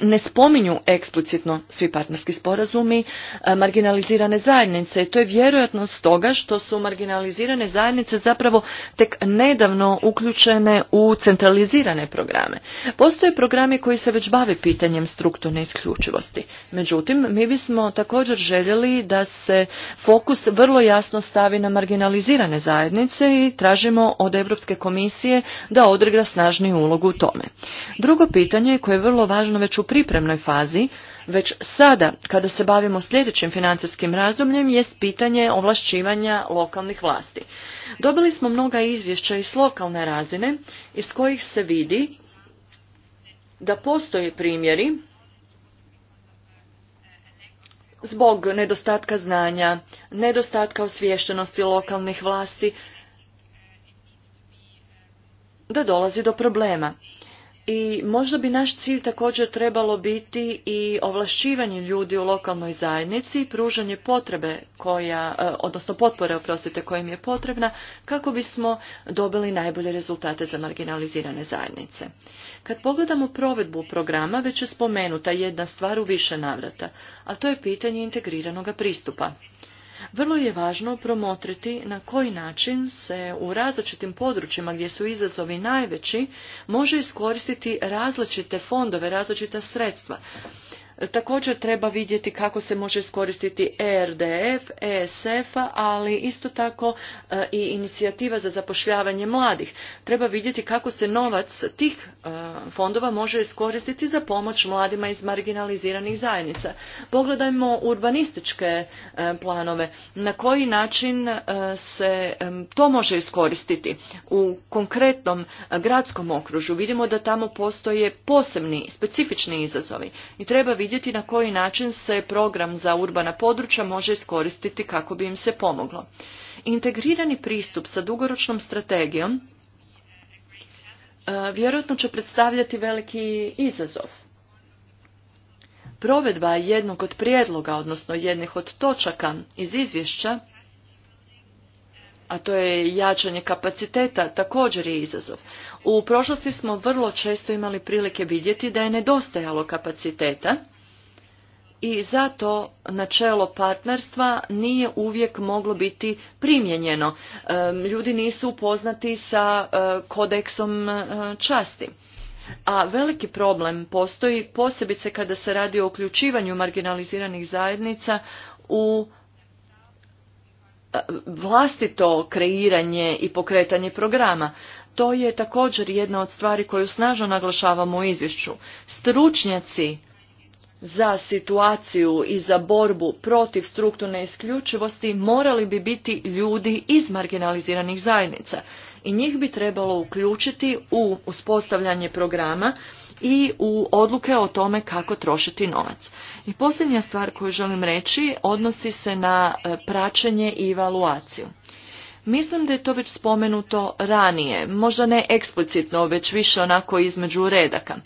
ne spominju eksplicitno svi partnerski sporazumi e, marginalizirane zajednice i to je vjerojatno stoga što su marginalizirane zajednice zapravo tek nedavno uključene u centralizirane programe. Postoje programi koji se već bave pitanjem strukturne isključivosti. Međutim, mi bismo također željeli da se fokus vrlo jasno stavi na marginalizirane zajednice i tražimo od Europske komisije da odregra snažniju ulogu u tome. Drugo pitanje koje je vrlo važno već u pripremnoj fazi, već sada, kada se bavimo sljedećim financijskim razdobljem, jest pitanje ovlašćivanja lokalnih vlasti. Dobili smo mnoga izvješća iz lokalne razine, iz kojih se vidi da postoje primjeri zbog nedostatka znanja, nedostatka osviještenosti lokalnih vlasti, da dolazi do problema i možda bi naš cilj također trebalo biti i ovlašćivanje ljudi u lokalnoj zajednici i pružanje potrebe koja, e, odnosno potpore, oprostite, kojim je potrebna kako bismo dobili najbolje rezultate za marginalizirane zajednice. Kad pogledamo provedbu programa, već je spomenuta jedna stvar u više navrata, a to je pitanje integriranog pristupa. Vrlo je važno promotriti na koji način se u različitim područjima gdje su izazovi najveći može iskoristiti različite fondove, različita sredstva. Također treba vidjeti kako se može iskoristiti ERDF, ESF, ali isto tako e, i inicijativa za zapošljavanje mladih. Treba vidjeti kako se novac tih e, fondova može iskoristiti za pomoć mladima iz marginaliziranih zajednica. Pogledajmo urbanističke e, planove. Na koji način se to može iskoristiti? U konkretnom gradskom okružu vidimo da tamo postoje posebni, specifični izazovi i treba vidjeti na koji način se program za urbana područja može iskoristiti kako bi im se pomoglo. Integrirani pristup sa dugoročnom strategijom e, vjerojatno će predstavljati veliki izazov. Provedba jednog od prijedloga, odnosno jednih od točaka iz izvješća, a to je jačanje kapaciteta, također je izazov. U prošlosti smo vrlo često imali prilike vidjeti da je nedostajalo kapaciteta, i zato načelo partnerstva nije uvijek moglo biti primijenjeno. E, ljudi nisu upoznati sa e, kodeksom e, časti. A veliki problem postoji posebice kada se radi o uključivanju marginaliziranih zajednica u vlastito kreiranje i pokretanje programa. To je također jedna od stvari koju snažno naglašavamo u izvješću. Stručnjaci za situaciju i za borbu protiv strukturne isključivosti morali bi biti ljudi iz marginaliziranih zajednica i njih bi trebalo uključiti u uspostavljanje programa i u odluke o tome kako trošiti novac. I posljednja stvar koju želim reći odnosi se na e, praćenje i evaluaciju. Mislim da je to već spomenuto ranije, možda ne eksplicitno, već više onako između redaka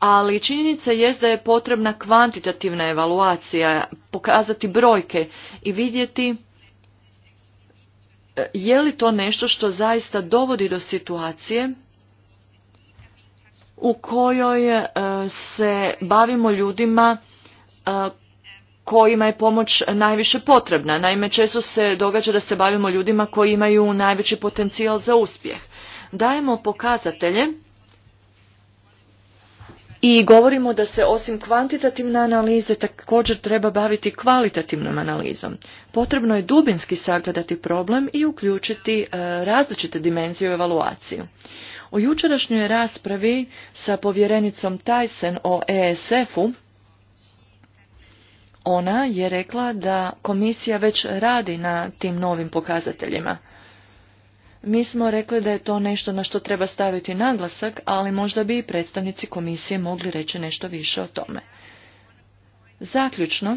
ali činjenica jest da je potrebna kvantitativna evaluacija, pokazati brojke i vidjeti e, je li to nešto što zaista dovodi do situacije u kojoj e, se bavimo ljudima e, kojima je pomoć najviše potrebna. Naime, često se događa da se bavimo ljudima koji imaju najveći potencijal za uspjeh. Dajemo pokazatelje i govorimo da se osim kvantitativne analize također treba baviti kvalitativnom analizom. Potrebno je dubinski sagledati problem i uključiti e, različite dimenzije u evaluaciju. U jučerašnjoj raspravi sa povjerenicom Tyson o ESF-u ona je rekla da komisija već radi na tim novim pokazateljima. Mi smo rekli da je to nešto na što treba staviti naglasak, ali možda bi i predstavnici komisije mogli reći nešto više o tome. Zaključno,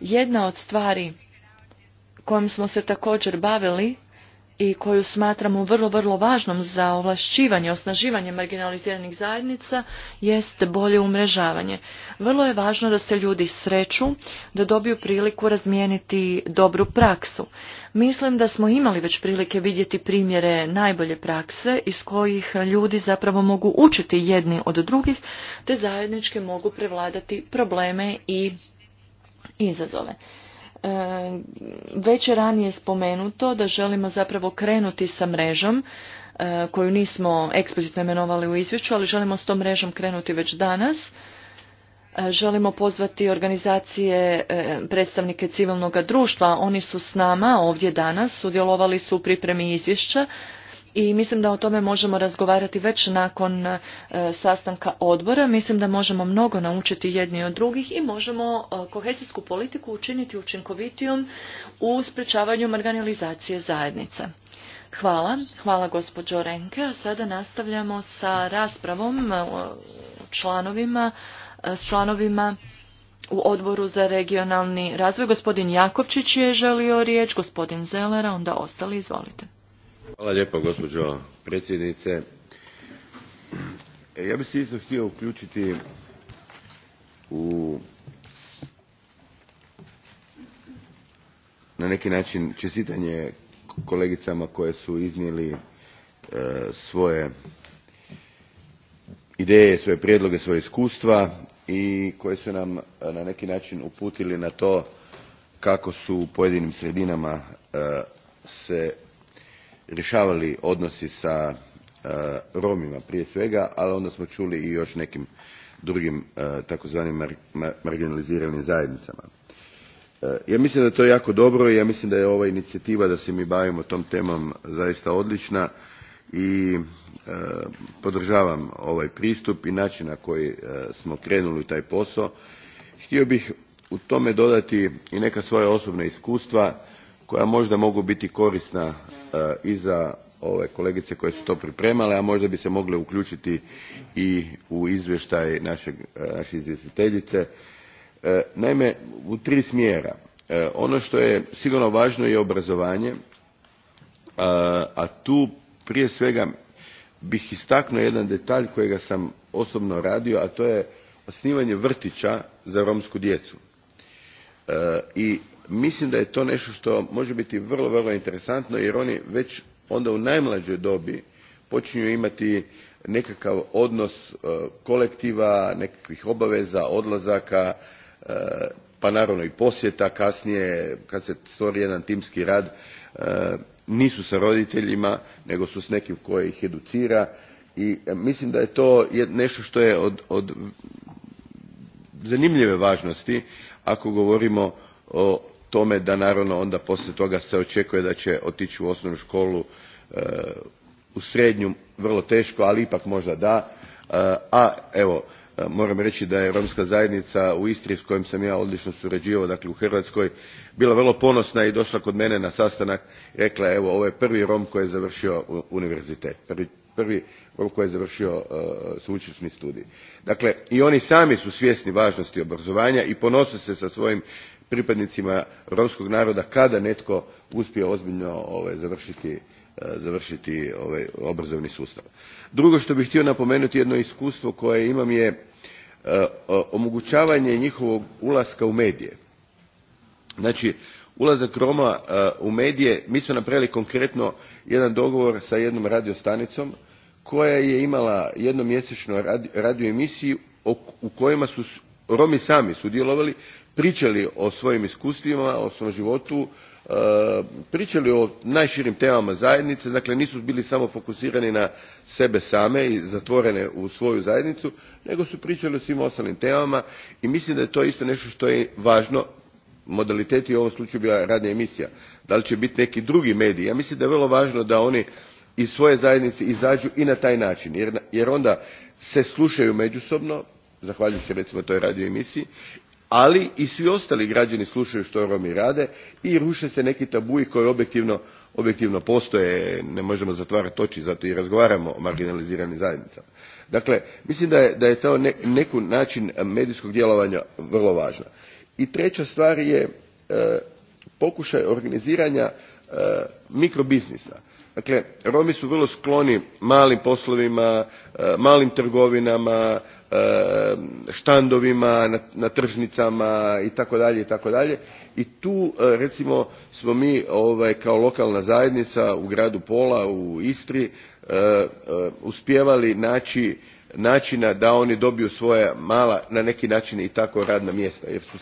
jedna od stvari kojom smo se također bavili i koju smatramo vrlo, vrlo važnom za ovlašćivanje, osnaživanje marginaliziranih zajednica, jest bolje umrežavanje. Vrlo je važno da se ljudi sreću, da dobiju priliku razmijeniti dobru praksu. Mislim da smo imali već prilike vidjeti primjere najbolje prakse iz kojih ljudi zapravo mogu učiti jedni od drugih, te zajedničke mogu prevladati probleme i izazove. E, već je ranije spomenuto da želimo zapravo krenuti sa mrežom e, koju nismo eksplicitno imenovali u izvješću, ali želimo s tom mrežom krenuti već danas. E, želimo pozvati organizacije predstavnike civilnog društva. Oni su s nama ovdje danas, sudjelovali su u pripremi izvješća i mislim da o tome možemo razgovarati već nakon e, sastanka odbora. Mislim da možemo mnogo naučiti jedni od drugih i možemo e, kohezijsku politiku učiniti učinkovitijom u sprečavanju marginalizacije zajednice. Hvala. Hvala gospođo Renke. sada nastavljamo sa raspravom e, članovima, s članovima u odboru za regionalni razvoj. Gospodin Jakovčić je želio riječ, gospodin Zelera, onda ostali izvolite. Hvala lijepo, gospođo predsjednice. E, ja bih se isto htio uključiti u na neki način čestitanje kolegicama koje su iznijeli e, svoje ideje, svoje prijedloge, svoje iskustva i koje su nam na neki način uputili na to kako su u pojedinim sredinama e, se rješavali odnosi sa e, romima prije svega ali onda smo čuli i još nekim drugim e, takozvanim marginaliziranim zajednicama. E, ja mislim da je to jako dobro i ja mislim da je ova inicijativa da se mi bavimo tom temom zaista odlična i podržavam ovaj pristup i način na koji smo krenuli u taj posao. htio bih u tome dodati i neka svoja osobna iskustva koja možda mogu biti korisna E, i za ove kolegice koje su to pripremale a možda bi se mogle uključiti i u izvještaj e, naše izvjestiteljice. E, naime u tri smjera. ono što je sigurno važno je obrazovanje a tu prije svega bih istaknuo jedan detalj kojega sam osobno radio a to je osnivanje vrtića za romsku djecu. i mislim da je to nešto što može biti vrlo vrlo interesantno jer oni već onda u najmlađoj dobi počinju imati nekakav odnos e, kolektiva nekakvih obaveza odlazaka e, pa naravno i posjeta kasnije kad se stvori jedan timski rad e, nisu s roditeljima nego su s nekim tko ih educira i mislim da je to nešto što je od, od zanimljive važnosti ako govorimo o tome da naravno onda poslije toga se očekuje da će otići u osnovnu školu e, u srednju vrlo teško ali ipak možda da e, a evo e, moram reći da je romska zajednica u istri s kojom sam ja odlično surađivao dakle u hrvatskoj bila vrlo ponosna i došla kod mene na sastanak i rekla evo ovo je prvi rom koji je završio univerzitet prvi rom koji je završio sveučilišni studij. dakle i oni sami su svjesni važnosti obrazovanja i ponose se sa svojim pripadnicima romskog naroda kada netko uspije ozbiljno ovaj, završiti, eh, ovaj, obrazovni sustav. drugo što bih htio napomenuti jedno iskustvo koje imam je eh, omogućavanje njihovog ulaska u medije. znači ulazak roma eh, u medije mi smo napravili konkretno jedan dogovor sa jednom radio stanicom koja je imala radio emisiju u kojima su romi sami sudjelovali pričali o svojim iskustvima o svom životu e, pričali o najširim temama zajednice dakle nisu bili samo fokusirani na sebe same i zatvorene u svoju zajednicu nego su pričali o svim ostalim temama i mislim da je to isto nešto što je važno modalitet je u ovom slučaju bila radna emisija da li će biti neki drugi mediji. ja mislim da je vrlo važno da oni iz svoje zajednice izađu i na taj način jer onda se slušaju međusobno zahvaljujući recimo toj emisiji, ali i svi ostali građani slušaju što romi rade i ruše se neki tabuji koji objektivno, objektivno postoje ne možemo zatvarati oči zato i razgovaramo o marginaliziranim zajednicama. dakle mislim da je, da je to neku način medijskog djelovanja vrlo važna. i treća stvar je e, pokušaj organiziranja e, mikrobiznisa. dakle romi su vrlo skloni malim poslovima e, malim trgovinama Um, štandovima na, tržnicama i tako dalje i tako dalje i tu uh, recimo smo mi ovaj, kao lokalna zajednica u gradu pola u istri uh, uh, uspijevali naći načina da oni dobiju svoja mala na neki način i tako radna mjesta jer su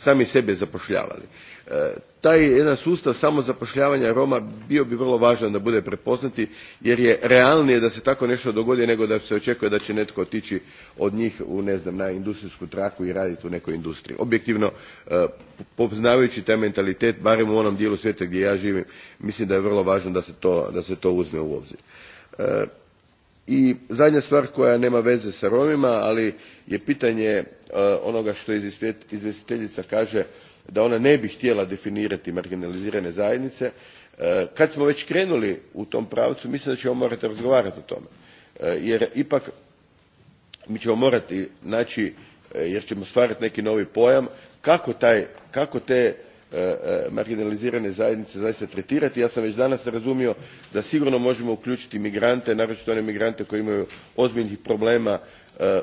sami sebe zapošljavali. E, taj jedan sustav samozapošljavanja roma bio bi vrlo važan da bude prepoznat jer je realnije da se tako nešto dogodi nego da se očekuje da će netko otići od njih u, ne znam, na industrijsku traku i raditi u nekoj industriji. objektivno e, poznavajući taj mentalitet barem u onom dijelu svijeta gdje ja živim mislim da je vrlo važno da se to, da to uzme u obzir. E, i zadnja stvar koja nema veze sa romima ali je pitanje onoga što izvjestiteljica kaže da ona ne bi htjela definirati marginalizirane zajednice e, kad smo već krenuli u tom pravcu mislim da ćemo morati razgovarati o tome e, jer ipak mi ćemo morati naći e, jer ćemo stvarati neki novi pojam kako, taj, kako te E, e, marginalizirane zajednice zaista tretirati. ja sam već danas razumio da sigurno možemo uključiti migrante naročito one migrante koji imaju ozbiljnih problema e,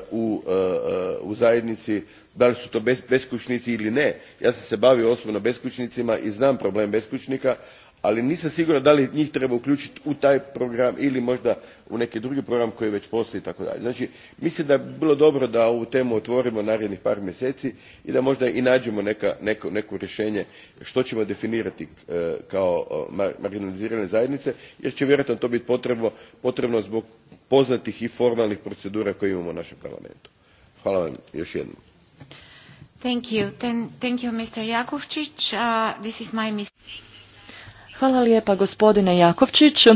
u zajednici da li su to beskućnici ili ne ja sam se bavio osobno beskućnicima i znam problem beskućnika ali nisam siguran da li njih treba uključiti u taj program ili možda u neki drugi program koji već postoji itd. znači mislim da bi bilo dobro da ovu temu otvorimo narednih par mjeseci i da možda i nađemo neko, rješenje što ćemo definirati e, kao e, marginalizirane zajednice jer će vjerojatno to biti potrebno, zbog poznatih i formalnih procedura koje imamo u našem parlamentu. Hvala vam još jednom. Thank you. thank Hvala lijepa gospodine Jakovčić. E,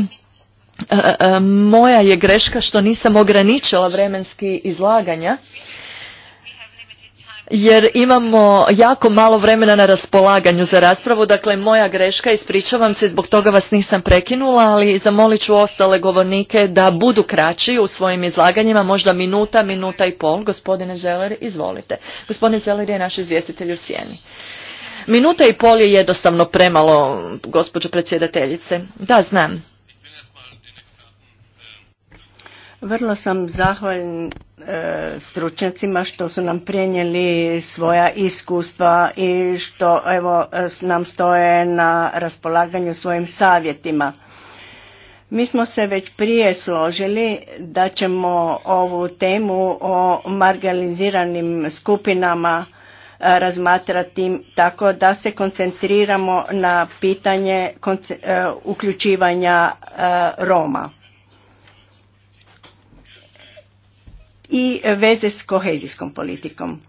e, e, moja je greška što nisam ograničila vremenski izlaganja jer imamo jako malo vremena na raspolaganju za raspravu, dakle moja greška, ispričavam se, zbog toga vas nisam prekinula, ali zamolit ću ostale govornike da budu kraći u svojim izlaganjima, možda minuta, minuta i pol. Gospodine Želer, izvolite. Gospodine Želer je naš izvjestitelj u Sjeni. Minuta i pol je jednostavno premalo, gospođo predsjedateljice. Da, znam. Vrlo sam zahvaljen e, stručnjacima što su nam prenijeli svoja iskustva i što evo e, nam stoje na raspolaganju svojim savjetima. Mi smo se već prije složili da ćemo ovu temu o marginaliziranim skupinama razmatrati tako da se koncentriramo na pitanje uključivanja Roma i veze s kohezijskom politikom.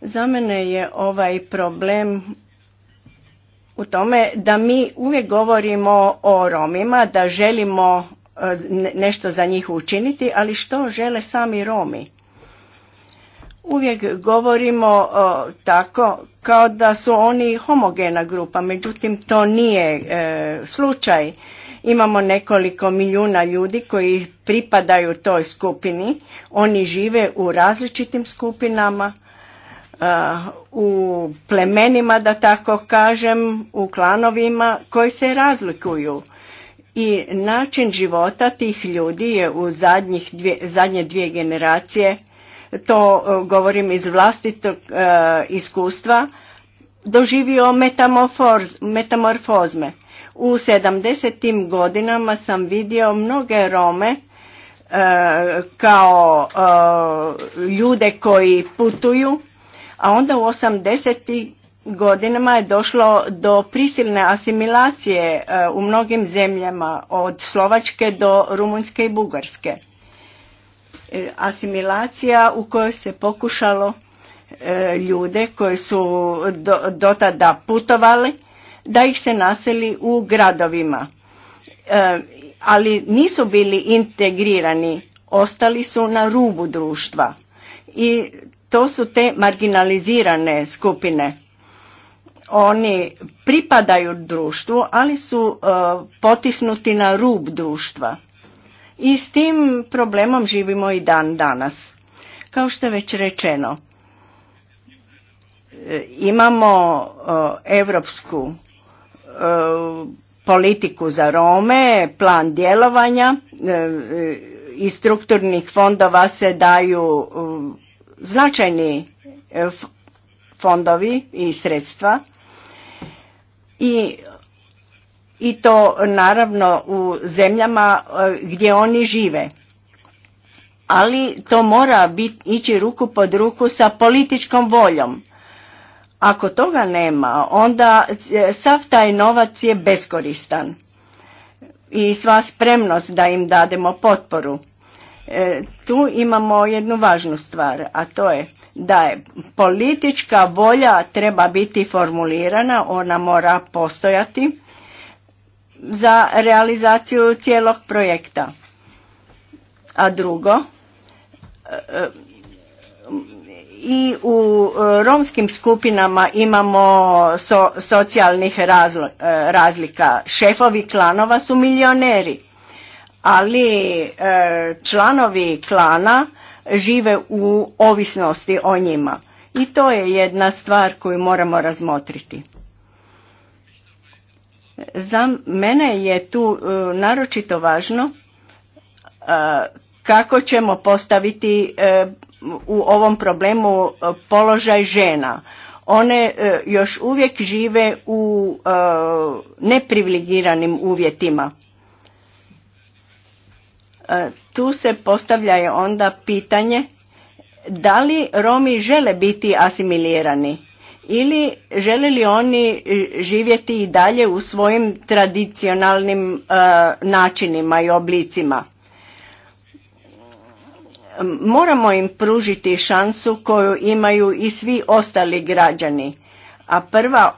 Za mene je ovaj problem u tome da mi uvijek govorimo o Romima, da želimo nešto za njih učiniti, ali što žele sami Romi? Uvijek govorimo e, tako kao da su oni homogena grupa, međutim to nije e, slučaj. Imamo nekoliko milijuna ljudi koji pripadaju toj skupini, oni žive u različitim skupinama, e, u plemenima da tako kažem, u klanovima koji se razlikuju. I način života tih ljudi je u zadnje dvije generacije to e, govorim iz vlastitog e, iskustva, doživio metamorfozme. U 70. godinama sam vidio mnoge Rome e, kao ljude koji putuju, a onda u 80. godinama je došlo do prisilne asimilacije u mnogim zemljama od Slovačke do Rumunjske i Bugarske E, asimilacija u kojoj se pokušalo e, ljude koji su do, tada putovali da ih se naseli u gradovima e, ali nisu bili integrirani ostali su na rubu društva i to su te marginalizirane skupine oni pripadaju društvu ali su potisnuti na rub društva i s tim problemom živimo i dan danas. Kao što je već rečeno, e, imamo europsku e, politiku za Rome, plan djelovanja e, i strukturnih fondova se daju značajni fondovi i sredstva i i to naravno u zemljama e, gdje oni žive. Ali to mora biti ići ruku pod ruku sa političkom voljom. Ako toga nema, onda e, sav taj novac je beskoristan i sva spremnost da im dademo potporu. E, tu imamo jednu važnu stvar, a to je da je politička volja treba biti formulirana, ona mora postojati za realizaciju cijelog projekta. A drugo, e, e, i u romskim skupinama imamo socijalnih e, razlika. Šefovi klanova su milioneri, ali članovi klana žive u ovisnosti o njima. I to je jedna stvar koju moramo razmotriti. Za mene je tu e, naročito važno e, kako ćemo postaviti e, u ovom problemu položaj žena. One još uvijek žive u neprivilegiranim uvjetima. Tu se postavlja onda pitanje da li Romi žele biti asimilirani ili žele li oni e, živjeti i dalje u svojim tradicionalnim e, načinima i oblicima moramo im pružiti šansu koju imaju i svi ostali građani a prva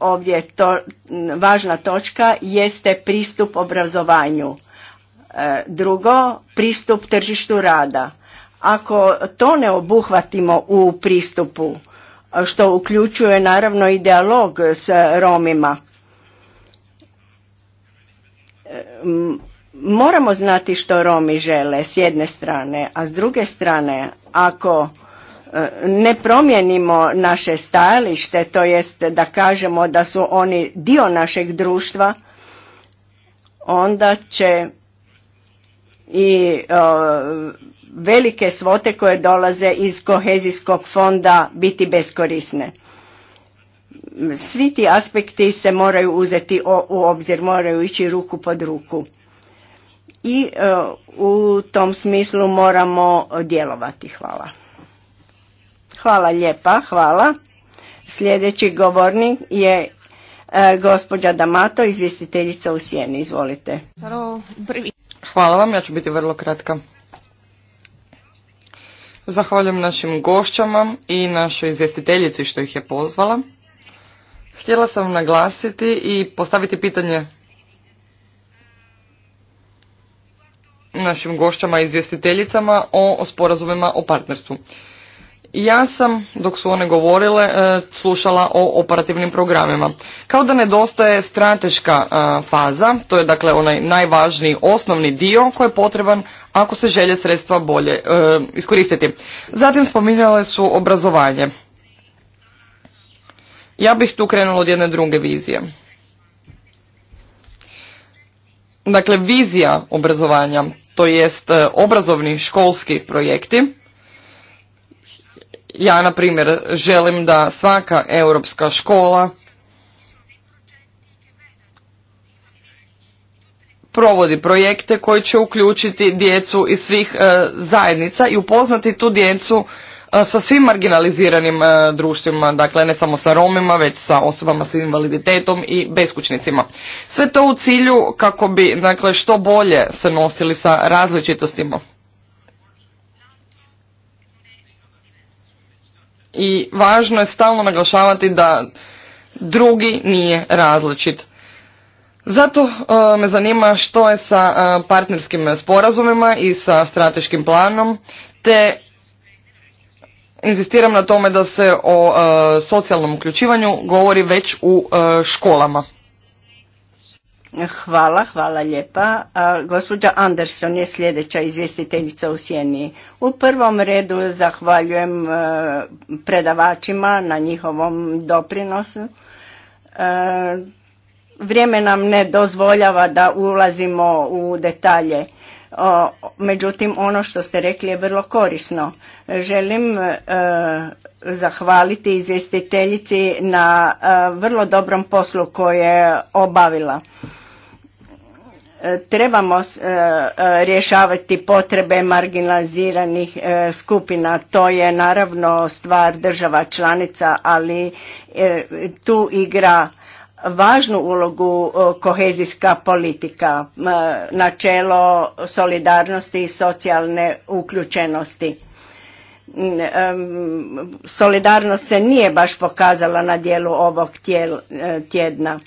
ovdje to, važna točka jeste pristup obrazovanju e, drugo pristup tržištu rada ako to ne obuhvatimo u pristupu što uključuje naravno i dijalog s Romima. Moramo znati što Romi žele s jedne strane, a s druge strane ako e, ne promijenimo naše stajalište, to jest da kažemo da su oni dio našeg društva, onda će i velike svote koje dolaze iz kohezijskog fonda biti beskorisne. Svi ti aspekti se moraju uzeti u obzir, moraju ići ruku pod ruku. I e, u tom smislu moramo djelovati. Hvala. Hvala lijepa, hvala. Sljedeći govornik je e, gospođa Damato, izvjestiteljica u Sjeni. Izvolite. Hvala vam, ja ću biti vrlo kratka. Zahvaljujem našim gošćama i našoj izvjestiteljici što ih je pozvala. Htjela sam naglasiti i postaviti pitanje našim gošćama i izvjestiteljicama o, sporazumima o partnerstvu ja sam, dok su one govorile, e, slušala o operativnim programima. Kao da nedostaje strateška e, faza, to je dakle onaj najvažniji osnovni dio koji je potreban ako se želje sredstva bolje e, iskoristiti. Zatim spominjale su obrazovanje. Ja bih tu krenula od jedne druge vizije. Dakle, vizija obrazovanja, to jest obrazovni školski projekti, ja, na primjer, želim da svaka europska škola provodi projekte koji će uključiti djecu iz svih e, zajednica i upoznati tu djecu e, sa svim marginaliziranim e, društvima, dakle ne samo sa Romima, već sa osobama s invaliditetom i beskućnicima. Sve to u cilju kako bi dakle, što bolje se nosili sa različitostima. i važno je stalno naglašavati da drugi nije različit. Zato e, me zanima što je sa e, partnerskim sporazumima i sa strateškim planom, te inzistiram na tome da se o e, socijalnom uključivanju govori već u školama. Hvala, hvala lijepa. gospođa Anderson je sljedeća izvjestiteljica u Sjeni. U prvom redu zahvaljujem e, predavačima na njihovom doprinosu. E, vrijeme nam ne dozvoljava da ulazimo u detalje. međutim, ono što ste rekli je vrlo korisno. Želim e, zahvaliti izvjestiteljici na vrlo dobrom poslu koje je obavila trebamo e, e, rješavati potrebe marginaliziranih e, skupina. To je naravno stvar država članica, ali tu igra važnu ulogu kohezijska politika, načelo solidarnosti i socijalne uključenosti. Solidarnost se nije baš pokazala na dijelu ovog tjedna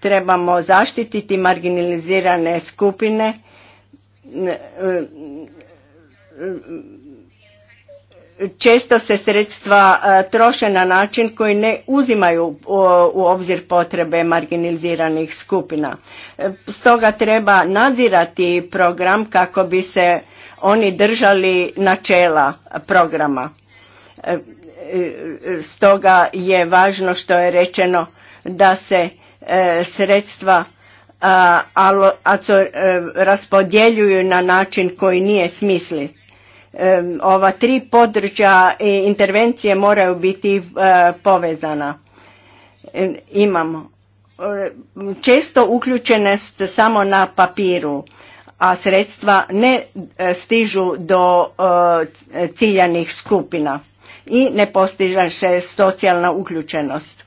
trebamo zaštititi marginalizirane skupine često se sredstva e, troše na način koji ne uzimaju u obzir potrebe marginaliziranih skupina. E, stoga treba nadzirati program kako bi se oni držali načela programa. E, stoga je važno što je rečeno da se e, sredstva e, raspodjeljuju na način koji nije smisli. E, ova tri područja i intervencije moraju biti povezana. Imamo često uključenost samo na papiru, a sredstva ne stižu do ciljanih skupina i ne postiže se socijalna uključenost.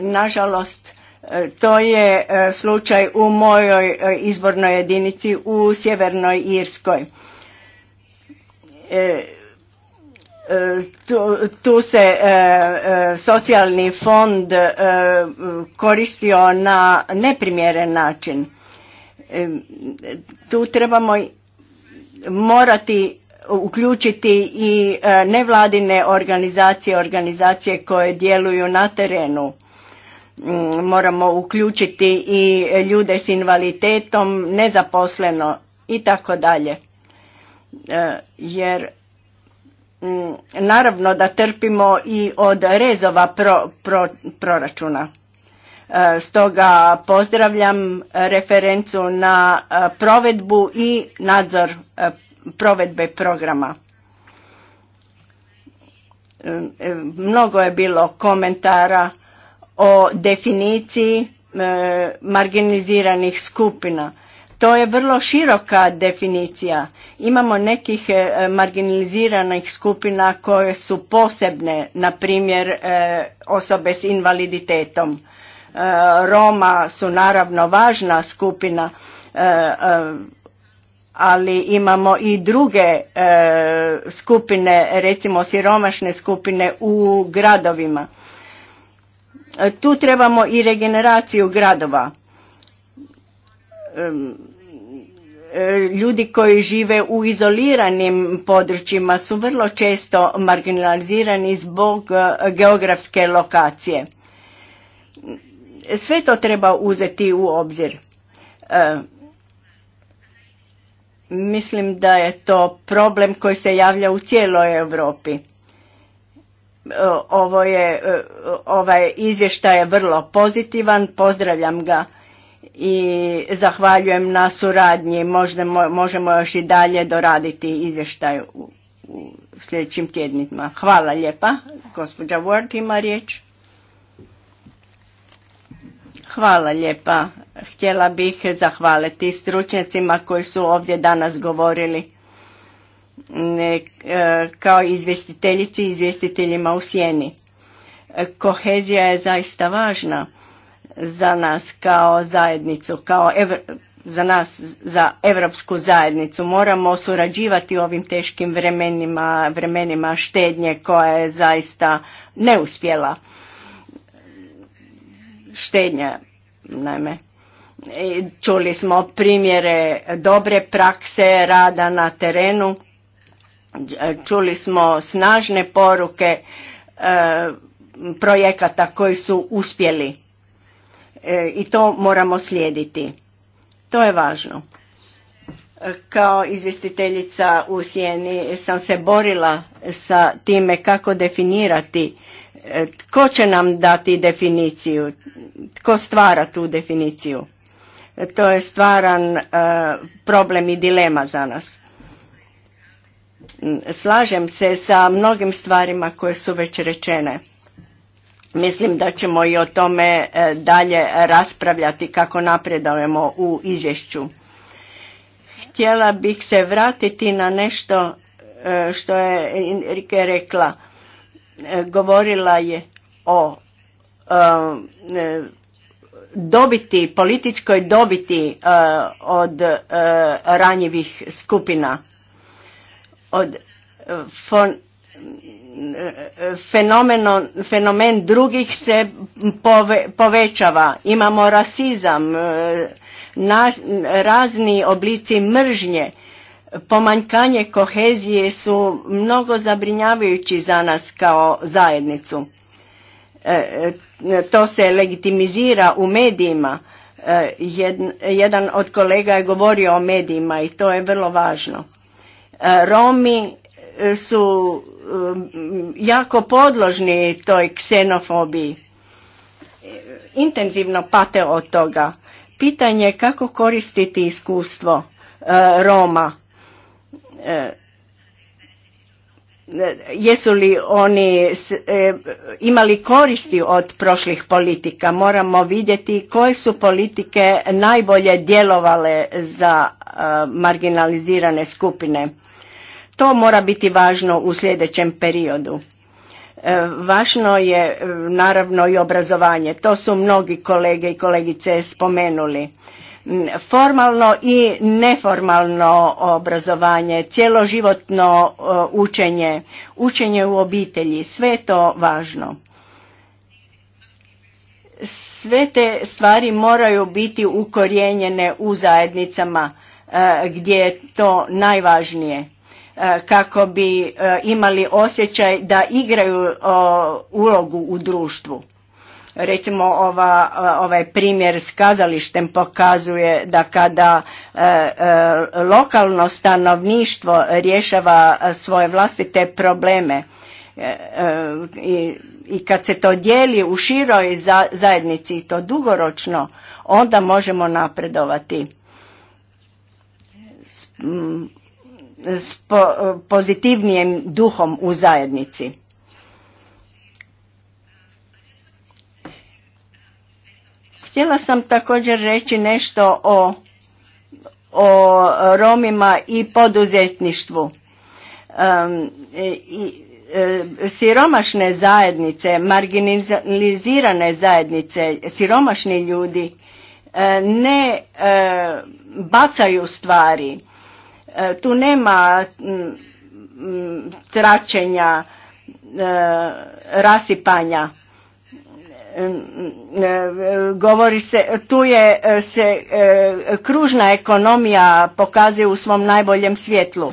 Nažalost, e, to je e, slučaj u mojoj e, izbornoj jedinici u Sjevernoj Irskoj. Tu, se socijalni fond koristio na neprimjeren način. Tu trebamo morati uključiti i nevladine organizacije, organizacije koje djeluju na terenu Mm, moramo uključiti i ljude s invaliditetom, nezaposleno i tako dalje. E, jer mm, naravno da trpimo i od rezova proračuna. E, stoga pozdravljam referencu na e, provedbu i nadzor provedbe programa. Mnogo je bilo komentara o definiciji e, marginaliziranih skupina. To je vrlo široka definicija. Imamo nekih e, marginaliziranih skupina koje su posebne, na primjer e, osobe s invaliditetom. Roma su naravno važna skupina, ali imamo i druge skupine, recimo siromašne skupine u gradovima E, tu trebamo i regeneraciju gradova. E, ljudi koji žive u izoliranim područjima su vrlo često marginalizirani zbog e, geografske lokacije. Sve to treba uzeti u obzir. Mislim da je to problem koji se javlja u cijeloj Europi E, ovo je, e, ovaj izvještaj je vrlo pozitivan, pozdravljam ga i zahvaljujem na suradnji. možemo još i dalje doraditi izvještaj u, u sljedećim tjednima. Hvala lijepa. Gospođa Ward ima riječ. Hvala lijepa. Htjela bih zahvaliti stručnjacima koji su ovdje danas govorili. E, kao izvjestiteljici i izvjestiteljima u sjeni. E, kohezija je zaista važna za nas kao zajednicu, kao za nas, za evropsku zajednicu. Moramo surađivati u ovim teškim vremenima, vremenima štednje koja je zaista neuspjela. Štednja, naime. E, čuli smo primjere dobre prakse rada na terenu E, čuli smo snažne poruke e, projekata koji su uspjeli e, i to moramo slijediti. To je važno. Kao izvjestiteljica u Sijeni sam se borila sa time kako definirati tko će nam dati definiciju, tko stvara tu definiciju. To je stvaran problem i dilema za nas. Slažem se sa mnogim stvarima koje su već rečene. Mislim da ćemo i o tome e, dalje raspravljati kako napredujemo u izvješću. Htjela bih se vratiti na nešto e, što je Enrique rekla. E, govorila je o dobiti, političkoj dobiti od ranjivih skupina od eh, fon, eh, fenomen drugih se povećava. Imamo rasizam, eh, razni oblici mržnje, pomanjkanje kohezije su mnogo zabrinjavajući za nas kao zajednicu. to se legitimizira u medijima. jedan od kolega je govorio o medijima i to je vrlo važno. E, Romi e, su e, jako podložni toj ksenofobiji. Intenzivno pate od toga. Pitanje je kako koristiti iskustvo Roma. Jesu li oni imali koristi od prošlih politika? Moramo vidjeti koje su politike najbolje djelovale za marginalizirane skupine to mora biti važno u sljedećem periodu. E, važno je e, naravno i obrazovanje. To su mnogi kolege i kolegice spomenuli. Mm, formalno i neformalno obrazovanje, cjeloživotno e, učenje, učenje u obitelji, sve je to važno. Sve te stvari moraju biti ukorijenjene u zajednicama gdje je to najvažnije kako bi e, imali osjećaj da igraju ulogu u društvu. Recimo ova, e, ovaj primjer s kazalištem pokazuje da kada e, lokalno stanovništvo rješava svoje vlastite probleme i, i kad se to dijeli u široj za, zajednici i to dugoročno, onda možemo napredovati. S, s pozitivnijim duhom u zajednici. Htjela sam također reći nešto o, o Romima i poduzetništvu. Um, i, e, siromašne zajednice, marginalizirane zajednice, siromašni ljudi e, ne e, bacaju stvari E, tu nema tračenja, e, rasipanja. E, govori se, tu je se kružna ekonomija pokazuje u svom najboljem svjetlu.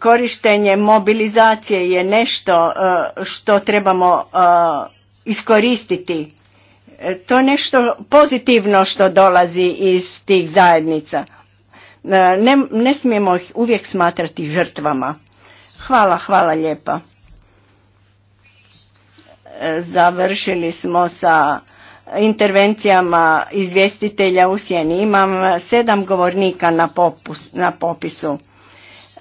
korištenje mobilizacije je nešto što trebamo iskoristiti E, to je nešto pozitivno što dolazi iz tih zajednica. E, ne, smijemo ih uvijek smatrati žrtvama. Hvala, hvala lijepa. E, završili smo sa intervencijama izvjestitelja u sjeni. Imam sedam govornika na, na popisu.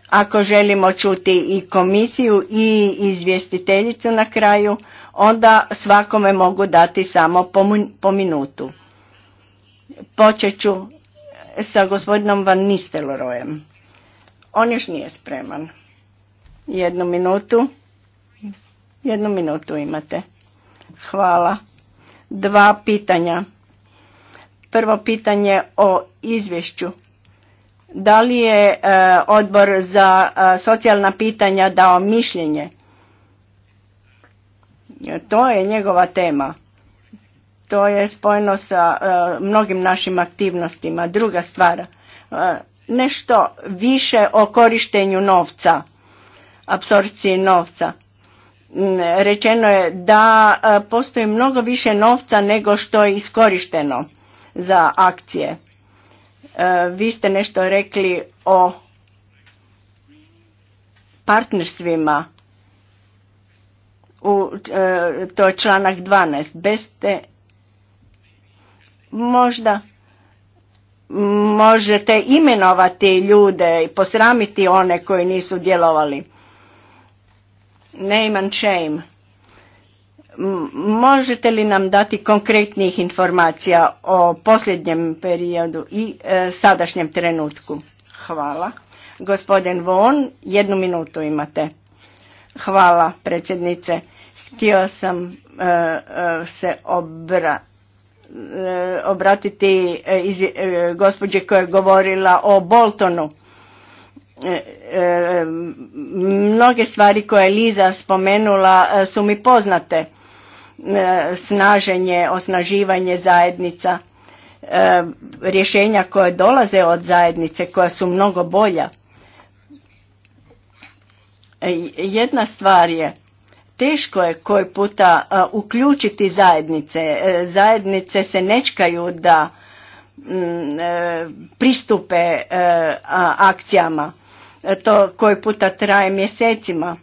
Ako želimo čuti i komisiju i izvjestiteljicu na kraju, onda svakome mogu dati samo po minutu. Počet ću sa gospodinom Van Nistelrojem. On još nije spreman. Jednu minutu. Jednu minutu imate. Hvala. Dva pitanja. Prvo pitanje o izvješću. Da li je e, odbor za e, socijalna pitanja dao mišljenje? To je njegova tema. To je spojeno sa e, mnogim našim aktivnostima. Druga stvar, e, nešto više o korištenju novca, apsorpciji novca. Mm, rečeno je da e, postoji mnogo više novca nego što je iskorišteno za akcije. Vi ste nešto rekli o partnerstvima u, e, to je članak 12. Bez te, možda možete imenovati ljude i posramiti one koji nisu djelovali. Name and shame. Možete li nam dati konkretnih informacija o posljednjem periodu i e, sadašnjem trenutku? Hvala. Gospodin Von, jednu minutu imate. Hvala predsjednice. Htio sam e, e, se e, obratiti iz, gospođe koja je govorila o Boltonu. Mnoge stvari koje je Liza spomenula su mi poznate. Snaženje, osnaživanje zajednica, rješenja koje dolaze od zajednice koja su mnogo bolja jedna stvar je, teško je koji puta uključiti zajednice. E, zajednice se nečkaju da mm, e, pristupe e, akcijama. To koji puta traje mjesecima.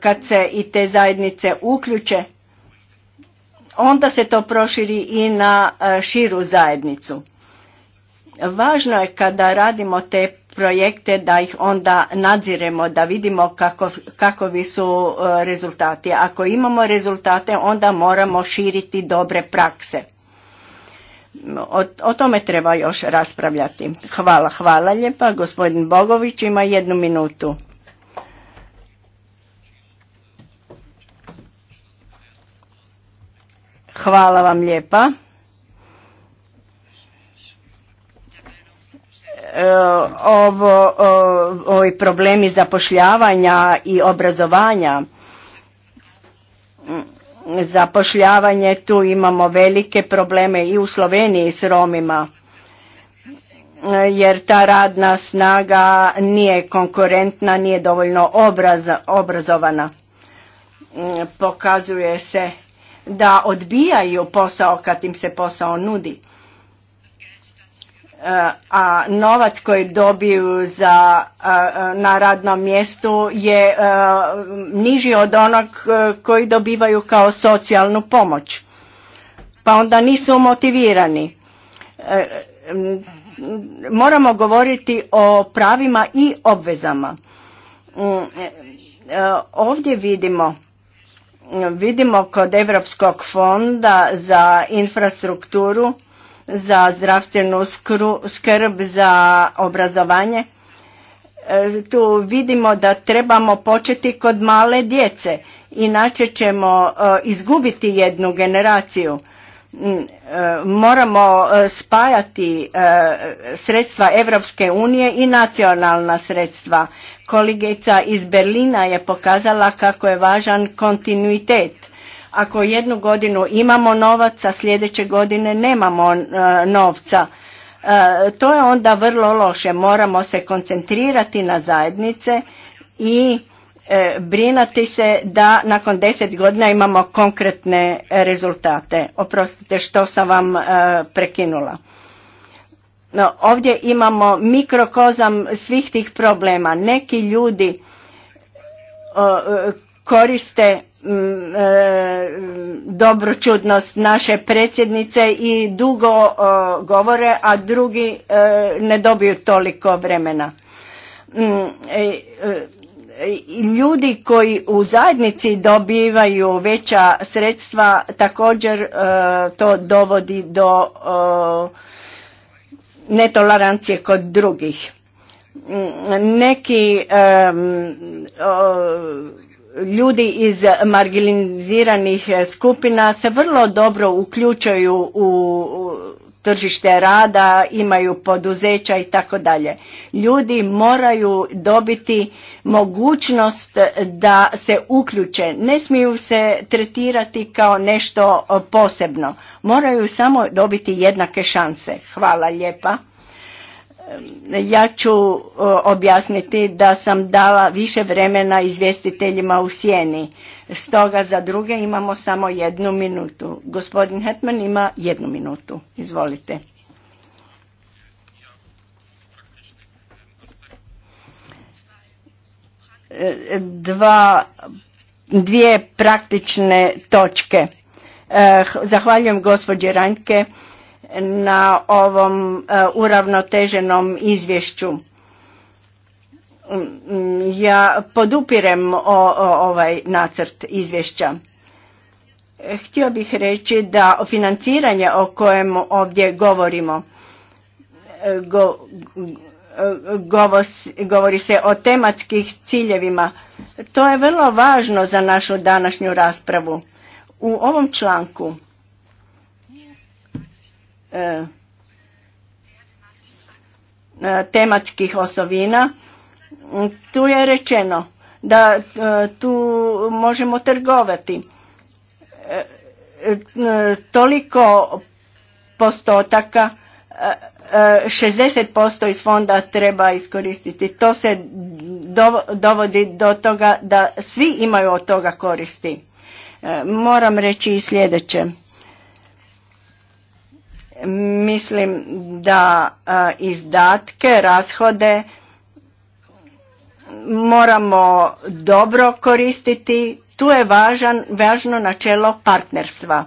Kad se i te zajednice uključe, onda se to proširi i na širu zajednicu. Važno je kada radimo te projekte da ih onda nadziremo, da vidimo kako, kakovi su e, rezultati. Ako imamo rezultate onda moramo širiti dobre prakse. O, o tome treba još raspravljati. Hvala, hvala lijepa. Gospodin Bogović ima jednu minutu. Hvala vam lijepa. E, ovo, ovi problemi zapošljavanja i obrazovanja. Zapošljavanje, tu imamo velike probleme i u Sloveniji s Romima, jer ta radna snaga nije konkurentna, nije dovoljno obrazovana. Pokazuje se da odbijaju posao kad im se posao nudi a novac koji dobiju za, na radnom mjestu je niži od onog koji dobivaju kao socijalnu pomoć. Pa onda nisu motivirani. E, moramo govoriti o pravima i obvezama. Mm, e, e, ovdje vidimo vidimo kod Europskog fonda za infrastrukturu za zdravstvenu skrb, za obrazovanje. E, tu vidimo da trebamo početi kod male djece, inače ćemo e, izgubiti jednu generaciju. Mm, e, moramo spajati sredstva Evropske unije i nacionalna sredstva. Kolegica iz Berlina je pokazala kako je važan kontinuitet ako jednu godinu imamo novaca, sljedeće godine nemamo e, novca. E, to je onda vrlo loše. Moramo se koncentrirati na zajednice i e, brinati se da nakon deset godina imamo konkretne rezultate. Oprostite što sam vam prekinula. ovdje imamo mikrokozam svih tih problema. Neki ljudi koriste mm, e, dobročudnost naše predsjednice i dugo govore, a drugi e, ne dobiju toliko vremena. Mm, e, ljudi koji u zajednici dobivaju veća sredstva također to dovodi do netolerancije kod drugih. Mm, neki ljudi iz marginaliziranih eh, skupina se vrlo dobro uključuju u tržište rada, imaju poduzeća i tako dalje. Ljudi moraju dobiti mogućnost da se uključe, ne smiju se tretirati kao nešto posebno. Moraju samo dobiti jednake šanse. Hvala lijepa. Ja ću objasniti da sam dala više vremena izvjestiteljima u sjeni. Stoga za druge imamo samo jednu minutu. Gospodin Hetman ima jednu minutu. Izvolite. E, dva, dvije praktične točke. E, zahvaljujem gospođi Ranjke na ovom e, uravnoteženom izvješću. Mm, ja podupirem ovaj nacrt izvješća. Htio bih reći da o financiranje o kojem ovdje govorimo, e, govori se o tematskih ciljevima, to je vrlo važno za našu današnju raspravu. U ovom članku E, e, tematskih osovina, tu je rečeno da e, tu možemo trgovati. Toliko postotaka 60% iz fonda treba iskoristiti. To se dovodi do toga da svi imaju od toga koristi. Moram reći i sljedeće. Mislim da e, izdatke, rashode moramo dobro koristiti. Tu je važan, važno načelo partnerstva.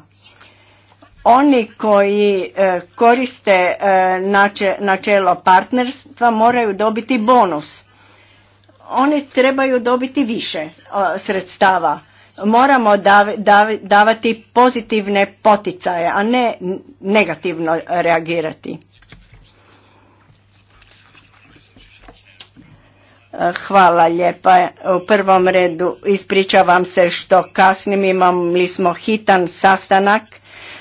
Oni koji e, koriste e, načelo partnerstva moraju dobiti bonus. Oni trebaju dobiti više sredstava moramo davati pozitivne poticaje, a ne negativno reagirati. Hvala lijepa. U prvom redu ispričavam se što kasnim imali smo hitan sastanak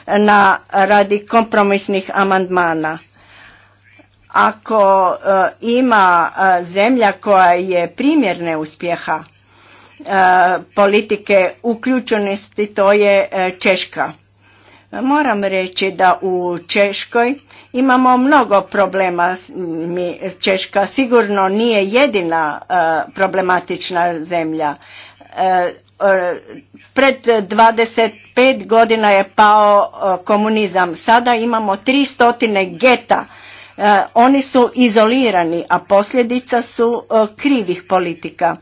na radi kompromisnih amandmana. Ako e, ima e, zemlja koja je primjerne uspjeha, E, politike uključenosti, to je e, Češka. Moram reći da u Češkoj imamo mnogo problema. Češka sigurno nije jedina e, problematična zemlja. Pred 25 godina je pao komunizam. Sada imamo 300 geta. Oni su izolirani, a posljedica su krivih politika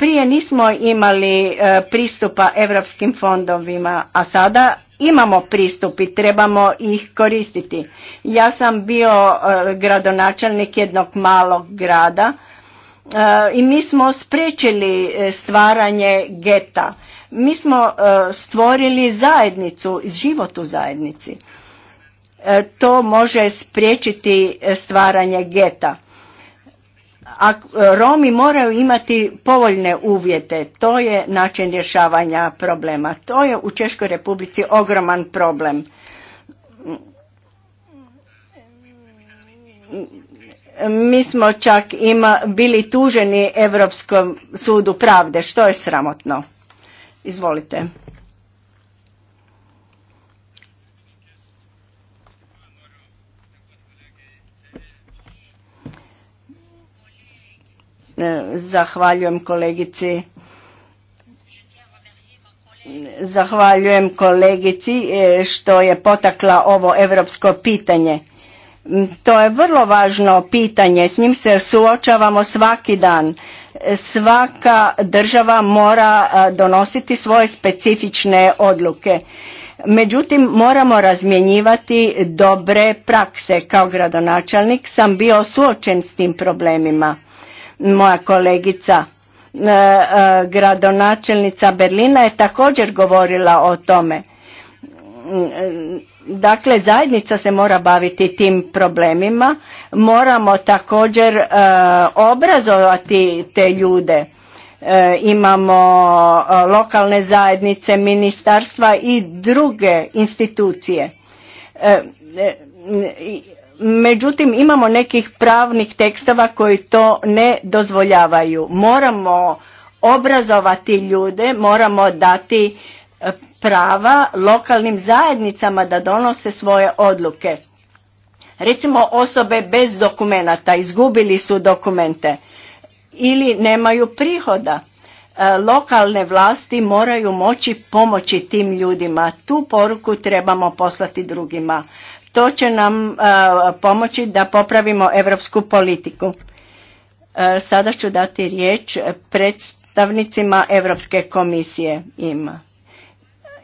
prije nismo imali e, pristupa evropskim fondovima, a sada imamo pristup i trebamo ih koristiti. Ja sam bio e, gradonačelnik jednog malog grada e, i mi smo spriječili stvaranje geta. Mi smo stvorili zajednicu, život u zajednici. To može spriječiti stvaranje geta a Romi moraju imati povoljne uvjete, to je način rješavanja problema. To je u Češkoj republici ogroman problem. Mi smo čak ima, bili tuženi Europskom sudu pravde, što je sramotno. Izvolite. E, zahvaljujem kolegici Zahvaljujem kolegici e, što je potakla ovo europsko pitanje. To je vrlo važno pitanje, s njim se suočavamo svaki dan. E, svaka država mora donositi svoje specifične odluke. Međutim, moramo razmjenjivati dobre prakse. Kao gradonačelnik sam bio suočen s tim problemima moja kolegica e, e, gradonačelnica Berlina je također govorila o tome. Dakle, zajednica se mora baviti tim problemima, moramo također e, obrazovati te ljude. Imamo lokalne zajednice, ministarstva i druge institucije Međutim, imamo nekih pravnih tekstova koji to ne dozvoljavaju. Moramo obrazovati ljude, moramo dati e, prava lokalnim zajednicama da donose svoje odluke. Recimo osobe bez dokumenata, izgubili su dokumente ili nemaju prihoda. E, lokalne vlasti moraju moći pomoći tim ljudima. Tu poruku trebamo poslati drugima. To će nam e, pomoći da popravimo europsku politiku. E, sada ću dati riječ predstavnicima Europske komisije. Ima.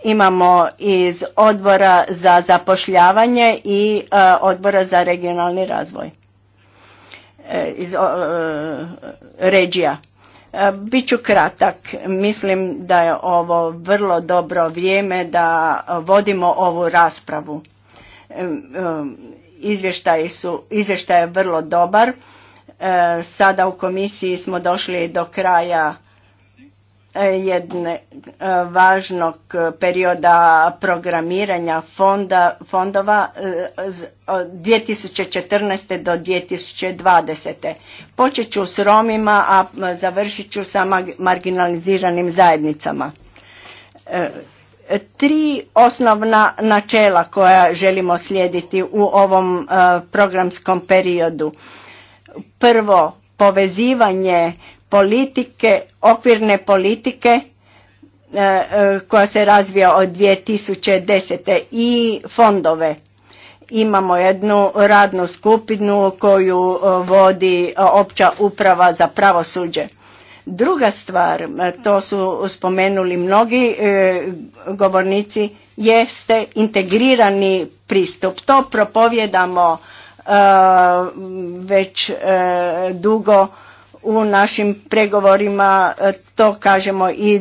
Imamo iz odbora za zapošljavanje i e, odbora za regionalni razvoj. Iz regija. Biću kratak. Mislim da je ovo vrlo dobro vrijeme da vodimo ovu raspravu. Izvještaj, su, izvještaj je vrlo dobar. E, sada u komisiji smo došli do kraja e, jedne e, važnog perioda programiranja fonda, fondova 2014. do 2020. Počet ću s Romima, a završit ću sa marginaliziranim zajednicama tri osnovna načela koja želimo slijediti u ovom e, programskom periodu. Prvo, povezivanje politike, okvirne politike e, e, koja se razvija od 2010. i fondove. Imamo jednu radnu skupinu koju vodi opća uprava za pravosuđe Druga stvar, to su spomenuli mnogi e, govornici, jeste integrirani pristup. To propovjedamo e, već e, dugo u našim pregovorima to kažemo i,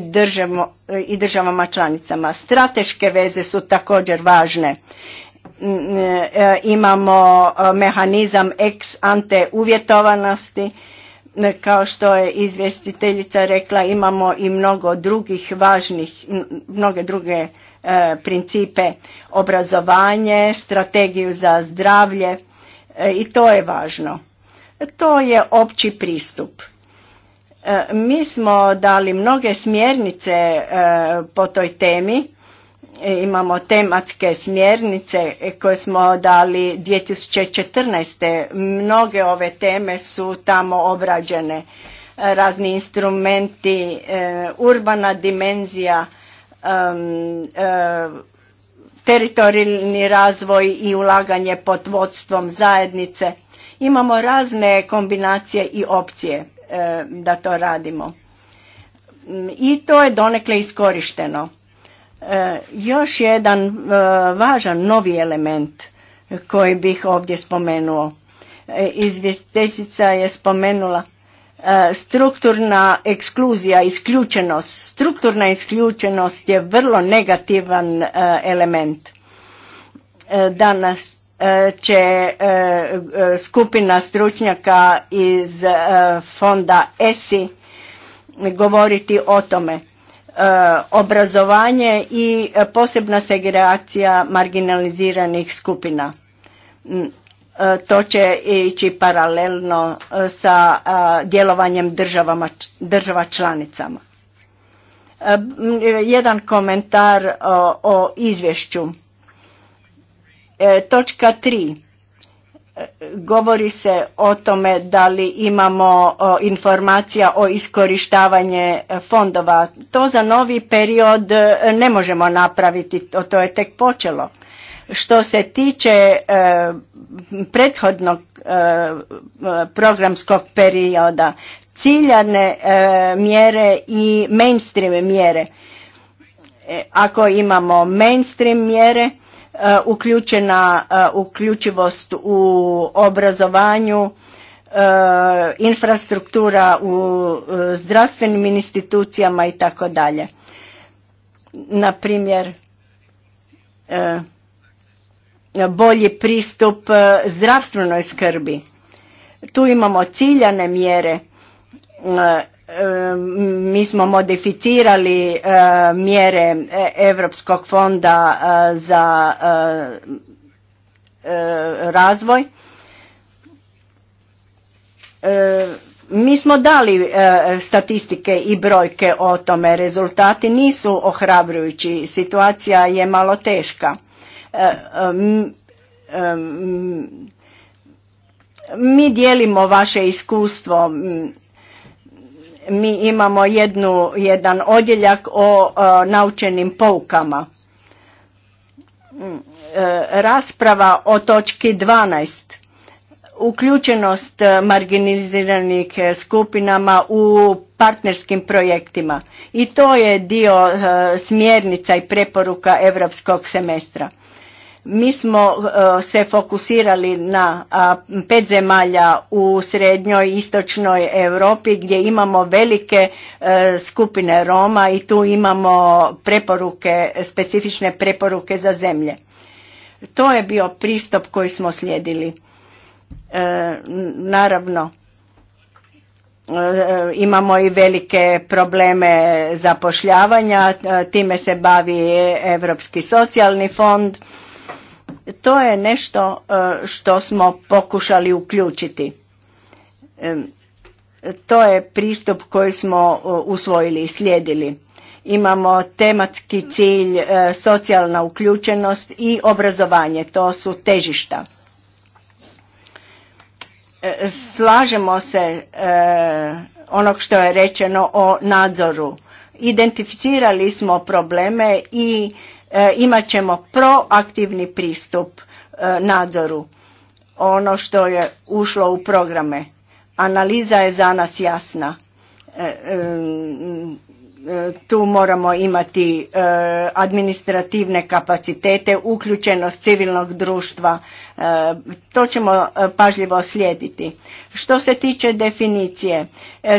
i državama članicama. Strateške veze su također važne. Imamo mehanizam ex ante uvjetovanosti kao što je izvjestiteljica rekla imamo i mnogo drugih važnih, mnoge druge e, principe, obrazovanje, strategiju za zdravlje e, i to je važno. To je opći pristup. E, mi smo dali mnoge smjernice po toj temi E, imamo tematske smjernice koje smo dali 2014. Mnoge ove teme su tamo obrađene. Razni instrumenti, e, urbana dimenzija, e, teritorijalni razvoj i ulaganje pod vodstvom zajednice. Imamo razne kombinacije i opcije da to radimo. I to je donekle iskorišteno E, još jedan e, važan novi element koji bih ovdje spomenuo. E, izvjestiteljica je spomenula strukturna ekskluzija, isključenost. Strukturna isključenost je vrlo negativan element. Danas će skupina stručnjaka iz fonda ESI govoriti o tome E, obrazovanje i e, posebna segregacija marginaliziranih skupina. Mm, e, to će ići paralelno sa djelovanjem državama, država članicama. Jedan komentar o, o izvješću. Točka tri govori se o tome da li imamo informacija o iskorištavanje fondova. To za novi period e, ne možemo napraviti, to je tek počelo. Što se tiče e, prethodnog e, programskog perioda, ciljane mjere i mainstream mjere. Ako imamo mainstream mjere, Uh, uključena uh, uključivost u obrazovanju, uh, infrastruktura u zdravstvenim institucijama i tako dalje. Na primjer, bolji pristup zdravstvenoj skrbi. Tu imamo ciljane mjere mi smo modificirali e, mjere e, Europskog fonda e, za razvoj. Mi smo dali statistike i brojke o tome, rezultati nisu ohrabrujući, situacija je malo teška. Mi dijelimo vaše iskustvo mi imamo jednu, jedan odjeljak o e, naučenim poukama. E, rasprava o točki 12. Uključenost marginaliziranih skupinama u partnerskim projektima. I to je dio e, smjernica i preporuka europskog semestra. Mi smo e, se fokusirali na pet zemalja u srednjoj i istočnoj Europi gdje imamo velike e, skupine Roma i tu imamo preporuke, specifične preporuke za zemlje. To je bio pristup koji smo slijedili. E, naravno, imamo i velike probleme zapošljavanja, time se bavi Europski socijalni fond to je nešto e, što smo pokušali uključiti. E, to je pristup koji smo e, usvojili i slijedili. Imamo tematski cilj, socijalna uključenost i obrazovanje. To su težišta. Slažemo se onog što je rečeno o nadzoru. Identificirali smo probleme i E, imat ćemo proaktivni pristup e, nadzoru ono što je ušlo u programe. Analiza je za nas jasna. E, tu moramo imati administrativne kapacitete, uključenost civilnog društva. To ćemo pažljivo slijediti. Što se tiče definicije,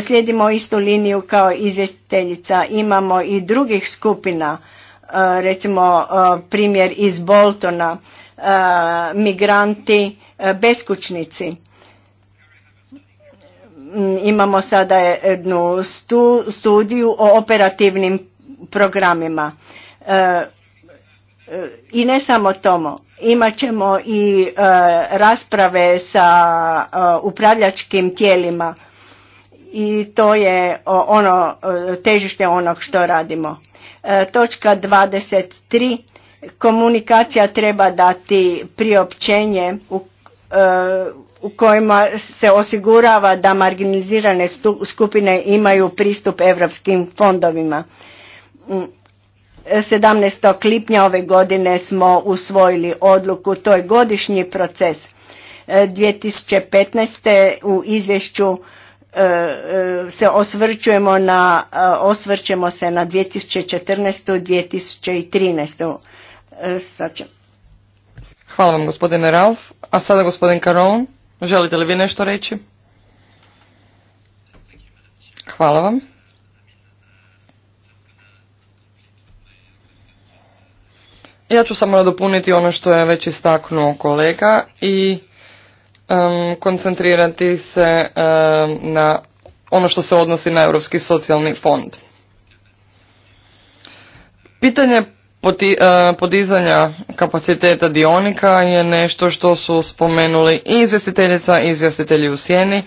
slijedimo istu liniju kao izvjestiteljica. Imamo i drugih skupina E, recimo e, primjer iz Boltona, e, migranti, beskućnici. Mm, imamo sada jednu studiju o operativnim programima. I ne samo tomo, imat ćemo i rasprave sa upravljačkim tijelima i to je ono težište onog što radimo E, točka 23. Komunikacija treba dati priopćenje u, e, u kojima se osigurava da marginalizirane skupine imaju pristup europskim fondovima. 17. Mm, lipnja ove godine smo usvojili odluku, to je godišnji proces. 2015. E, u izvješću E, e, se osvrćujemo na, e, osvrćemo se na 2014. i 2013. Sad će. Hvala vam gospodine Ralf. A sada gospodin Karolon, želite li vi nešto reći? Hvala vam. Ja ću samo nadopuniti ono što je već istaknuo kolega i um, koncentrirati se na ono što se odnosi na Europski socijalni fond. Pitanje e, podizanja kapaciteta dionika je nešto što su spomenuli i izvjestiteljica i izvjestitelji u sjeni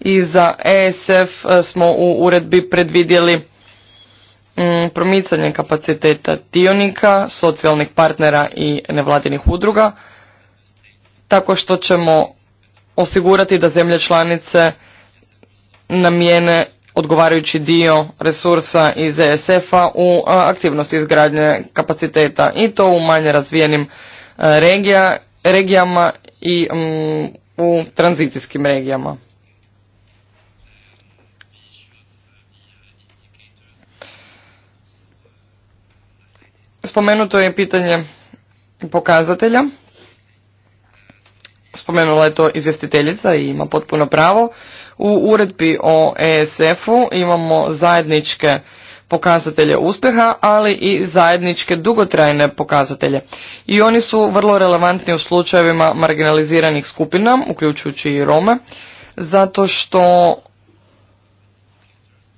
i za ESF e, smo u uredbi predvidjeli mm, promicanje kapaciteta dionika, socijalnih partnera i nevladinih udruga, tako što ćemo osigurati da zemlje članice namijene odgovarajući dio resursa iz ESF-a u aktivnosti izgradnje kapaciteta i to u manje razvijenim e, regijama i u tranzicijskim regijama. Spomenuto je pitanje pokazatelja spomenula je to izvjestiteljica i ima potpuno pravo, u uredbi o ESF-u imamo zajedničke pokazatelje uspjeha, ali i zajedničke dugotrajne pokazatelje. I oni su vrlo relevantni u slučajevima marginaliziranih skupina, uključujući i Rome, zato što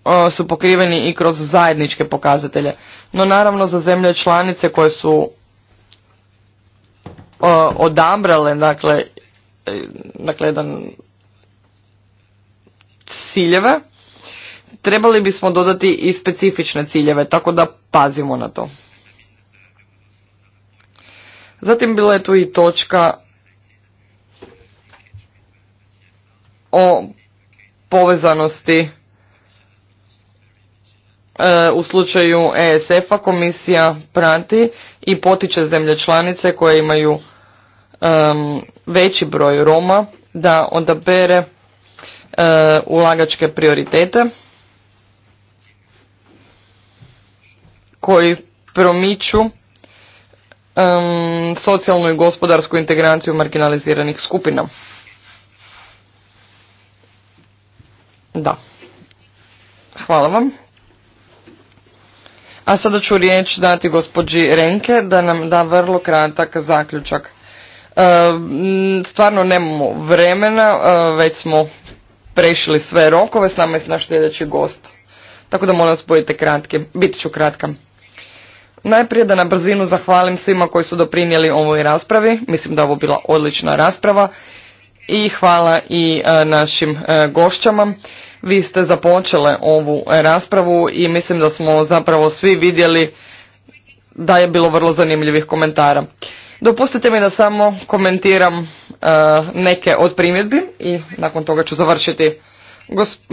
e, su pokriveni i kroz zajedničke pokazatelje. No naravno za zemlje članice koje su e, odabrale dakle E, dakle jedan ciljeve, trebali bismo dodati i specifične ciljeve, tako da pazimo na to. Zatim bila je tu i točka o povezanosti e, u slučaju ESF-a komisija prati i potiče zemlje članice koje imaju veći broj Roma da odabere e, ulagačke prioritete koji promiču socijalnu i gospodarsku integraciju marginaliziranih skupina. Da. Hvala vam. A sada ću riječ dati gospođi Renke da nam da vrlo kratak zaključak. E, stvarno nemamo vremena, e, već smo prešli sve rokove, s nama je naš sljedeći gost. Tako da molim vas budite kratki, bit ću kratka. Najprije da na brzinu zahvalim svima koji su doprinijeli ovoj raspravi, mislim da je ovo bila odlična rasprava i hvala i e, našim gošćama. Vi ste započele ovu raspravu i mislim da smo zapravo svi vidjeli da je bilo vrlo zanimljivih komentara. Dopustite mi da samo komentiram e, neke od primjedbi i nakon toga ću završiti.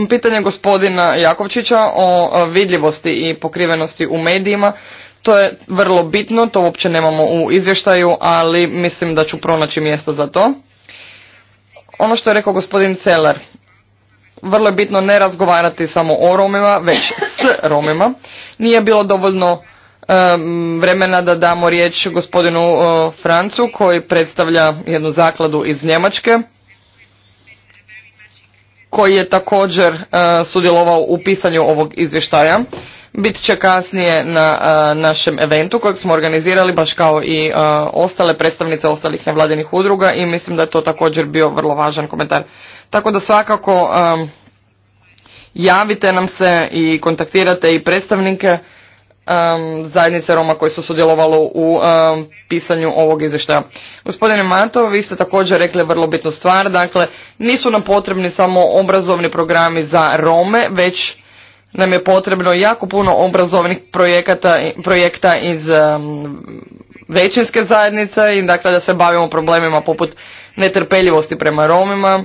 pitanje gospodina Jakovčića o e, vidljivosti i pokrivenosti u medijima. To je vrlo bitno, to uopće nemamo u izvještaju, ali mislim da ću pronaći mjesto za to. Ono što je rekao gospodin Celer, vrlo je bitno ne razgovarati samo o Romima, već s Romima. Nije bilo dovoljno vremena da damo riječ gospodinu Francu koji predstavlja jednu zakladu iz Njemačke koji je također e, sudjelovao u pisanju ovog izvještaja. Bit će kasnije na e, našem eventu kojeg smo organizirali baš kao i e, ostale predstavnice ostalih nevladinih udruga i mislim da je to također bio vrlo važan komentar. Tako da svakako javite nam se i kontaktirate i predstavnike um, zajednice Roma koji su sudjelovali u pisanju ovog izvještaja. Gospodine Mato, vi ste također rekli vrlo bitnu stvar, dakle nisu nam potrebni samo obrazovni programi za Rome, već nam je potrebno jako puno obrazovnih projekata, projekta iz um, većinske zajednice i dakle da se bavimo problemima poput netrpeljivosti prema Romima.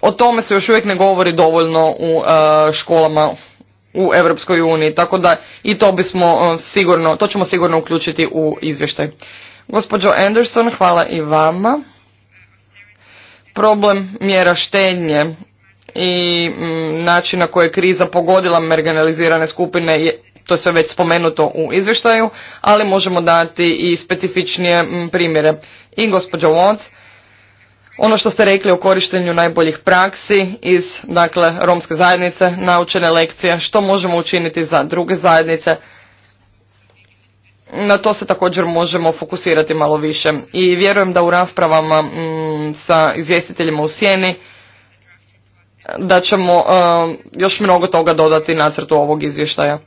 O tome se još uvijek ne govori dovoljno u uh, školama u Europskoj uniji. Tako da i to bismo e, sigurno, to ćemo sigurno uključiti u izvještaj. Gospođo Anderson, hvala i vama. Problem mjera štednje i mm, način na koji je kriza pogodila marginalizirane skupine to je sve već spomenuto u izvještaju, ali možemo dati i specifičnije mm, primjere. I gospođo Watts, ono što ste rekli o korištenju najboljih praksi iz dakle romske zajednice, naučene lekcije, što možemo učiniti za druge zajednice. Na to se također možemo fokusirati malo više. I vjerujem da u raspravama mm, sa izvjestiteljima u sjeni da ćemo eh, još mnogo toga dodati nacrtu ovog izvještaja.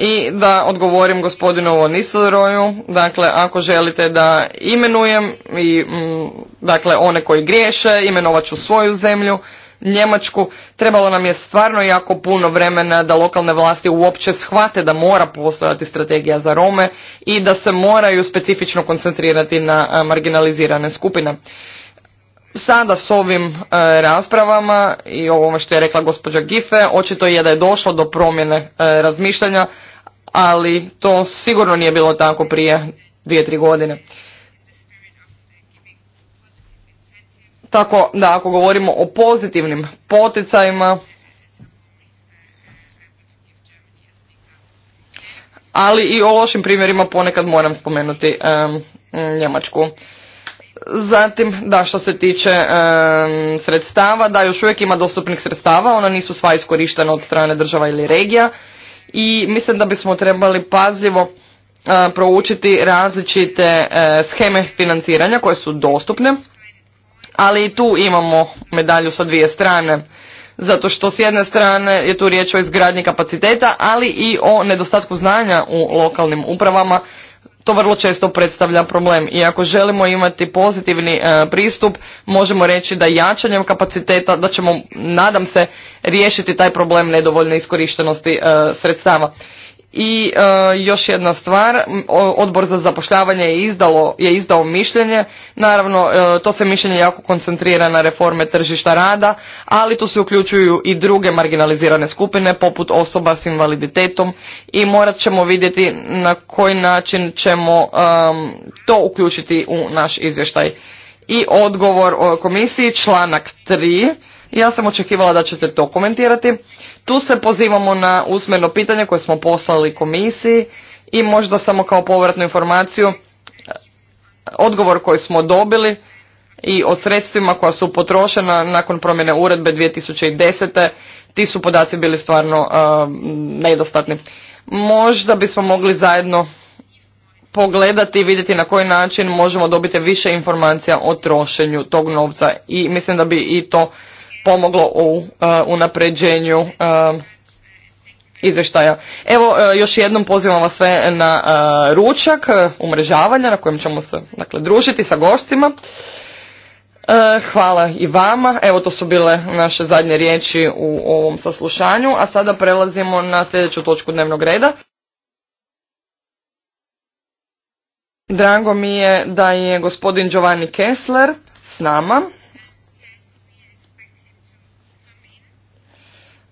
I da odgovorim gospodinu ovo Nisleroju, dakle ako želite da imenujem i mm, dakle one koji griješe, imenovat ću svoju zemlju, Njemačku, trebalo nam je stvarno jako puno vremena da lokalne vlasti uopće shvate da mora postojati strategija za Rome i da se moraju specifično koncentrirati na marginalizirane skupine sada s ovim e, raspravama i ovome što je rekla gospođa Gife, očito je da je došlo do promjene e, razmišljanja, ali to sigurno nije bilo tako prije dvije, tri godine. Tako da ako govorimo o pozitivnim poticajima, ali i o lošim primjerima ponekad moram spomenuti e, Njemačku. Zatim, da, što se tiče sredstava, da, još uvijek ima dostupnih sredstava, ona nisu sva iskorištena od strane država ili regija i mislim da bismo trebali pazljivo e, proučiti različite e, scheme financiranja koje su dostupne, ali i tu imamo medalju sa dvije strane, zato što s jedne strane je tu riječ o izgradnji kapaciteta, ali i o nedostatku znanja u lokalnim upravama to vrlo često predstavlja problem. I ako želimo imati pozitivni e, pristup, možemo reći da jačanjem kapaciteta, da ćemo, nadam se, riješiti taj problem nedovoljne iskorištenosti e, sredstava. I e, još jedna stvar, odbor za zapošljavanje je, izdalo, je izdao mišljenje, naravno e, to se mišljenje jako koncentrira na reforme tržišta rada, ali tu se uključuju i druge marginalizirane skupine poput osoba s invaliditetom i morat ćemo vidjeti na koji način ćemo to uključiti u naš izvještaj. I odgovor e, komisiji, članak 3, ja sam očekivala da ćete to komentirati. Tu se pozivamo na usmeno pitanje koje smo poslali komisiji i možda samo kao povratnu informaciju e, odgovor koji smo dobili i o sredstvima koja su potrošena nakon promjene uredbe 2010. Ti su podaci bili stvarno uh, nedostatni. Možda bismo mogli zajedno pogledati i vidjeti na koji način možemo dobiti više informacija o trošenju tog novca i mislim da bi i to pomoglo u uh, unapređenju uh, izvještaja. Evo, uh, još jednom pozivam vas sve na ručak umrežavanja na kojem ćemo se dakle, družiti sa gošcima. Hvala i vama. Evo to su bile naše zadnje riječi u ovom saslušanju, a sada prelazimo na sljedeću točku dnevnog reda. Drago mi je da je gospodin Giovanni Kessler s nama.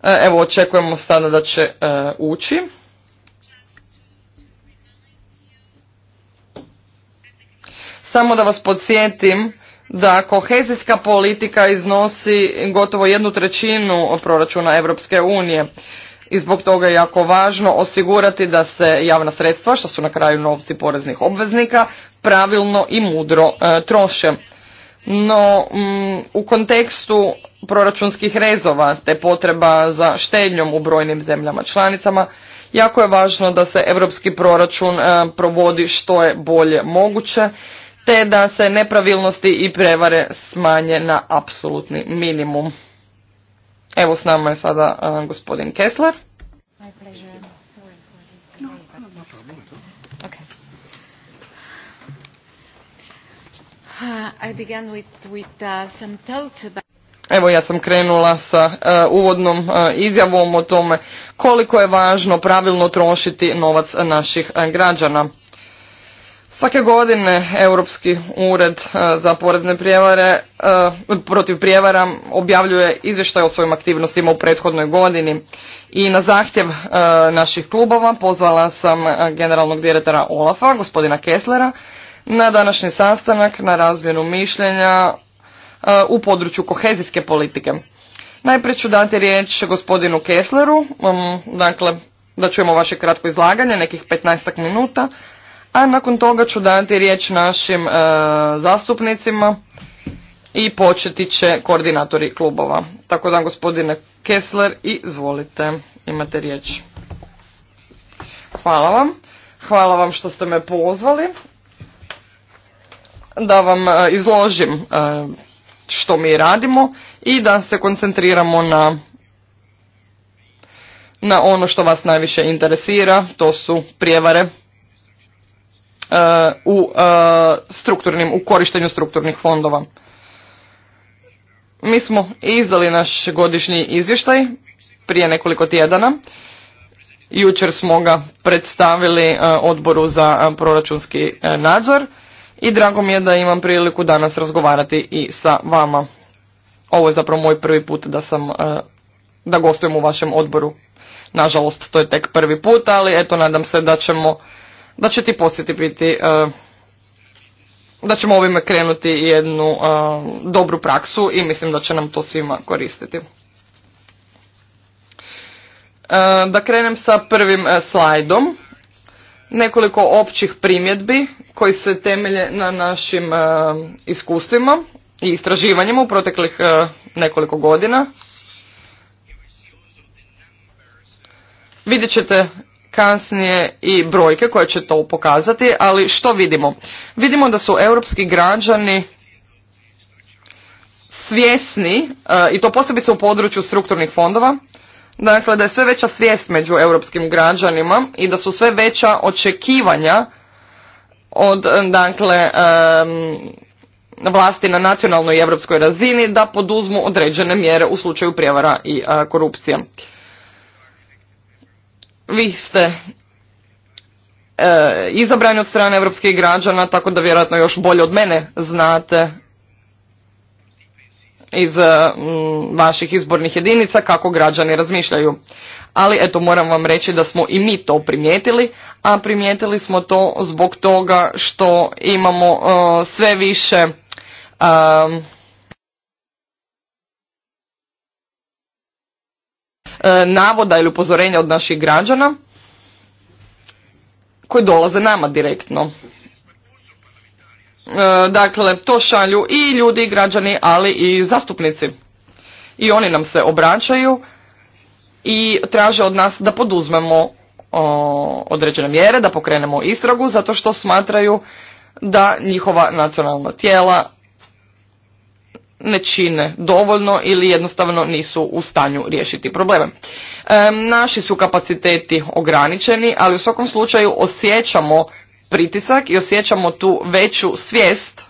E, evo, očekujemo sada da će e, ući. Samo da vas podsjetim da kohezijska politika iznosi gotovo jednu trećinu proračuna Europske unije i zbog toga je jako važno osigurati da se javna sredstva, što su na kraju novci poreznih obveznika, pravilno i mudro e, troše no mm, u kontekstu proračunskih rezova te potreba za štednjom u brojnim zemljama članicama jako je važno da se europski proračun e, provodi što je bolje moguće te da se nepravilnosti i prevare smanje na apsolutni minimum. Evo s nama je sada e, gospodin Kessler. Uh, Evo ja sam krenula sa uh, uvodnom uh, izjavom o tome koliko je važno pravilno trošiti novac naših građana. Svake godine Europski ured za porezne prijevare protiv prijevara objavljuje izvještaj o svojim aktivnostima u prethodnoj godini i na zahtjev naših klubova pozvala sam generalnog direktora Olafa, gospodina Kesslera, na današnji sastanak, na razmjenu mišljenja e, u području kohezijske politike. Najprije ću dati riječ gospodinu Kessleru, um, dakle da čujemo vaše kratko izlaganje, nekih 15 minuta, a nakon toga ću dati riječ našim e, zastupnicima i početi će koordinatori klubova. Tako da gospodine Kessler, izvolite, imate riječ. Hvala vam. Hvala vam što ste me pozvali da vam e, izložim e, što mi radimo i da se koncentriramo na na ono što vas najviše interesira, to su prijevare e, u, strukturnim, u korištenju strukturnih fondova. Mi smo izdali naš godišnji izvještaj prije nekoliko tjedana. Jučer smo ga predstavili odboru za proračunski nadzor i drago mi je da imam priliku danas razgovarati i sa vama. Ovo je zapravo moj prvi put da sam, e, da gostujem u vašem odboru. Nažalost, to je tek prvi put, ali eto, nadam se da ćemo, da će ti posjeti biti, e, da ćemo ovime krenuti jednu e, dobru praksu i mislim da će nam to svima koristiti. Da krenem sa prvim slajdom nekoliko općih primjedbi koji se temelje na našim e, iskustvima i istraživanjima u proteklih e, nekoliko godina. Vidjet ćete kasnije i brojke koje će to pokazati, ali što vidimo? Vidimo da su europski građani svjesni, e, i to posebice u području strukturnih fondova, Dakle, da je sve veća svijest među europskim građanima i da su sve veća očekivanja od eh, dakle, vlasti na nacionalnoj i europskoj razini da poduzmu određene mjere u slučaju prijevara i eh, korupcije. Vi ste eh, izabrani od strane europskih građana, tako da vjerojatno još bolje od mene znate iz eh, vaših izbornih jedinica kako građani razmišljaju. Ali eto moram vam reći da smo i mi to primijetili, a primijetili smo to zbog toga što imamo eh, sve više eh, navoda ili upozorenja od naših građana koji dolaze nama direktno. E, dakle, to šalju i ljudi i građani, ali i zastupnici. I oni nam se obraćaju i traže od nas da poduzmemo određene mjere, da pokrenemo istragu, zato što smatraju da njihova nacionalna tijela ne čine dovoljno ili jednostavno nisu u stanju riješiti probleme. E, naši su kapaciteti ograničeni, ali u svakom slučaju osjećamo pritisak i osjećamo tu veću svijest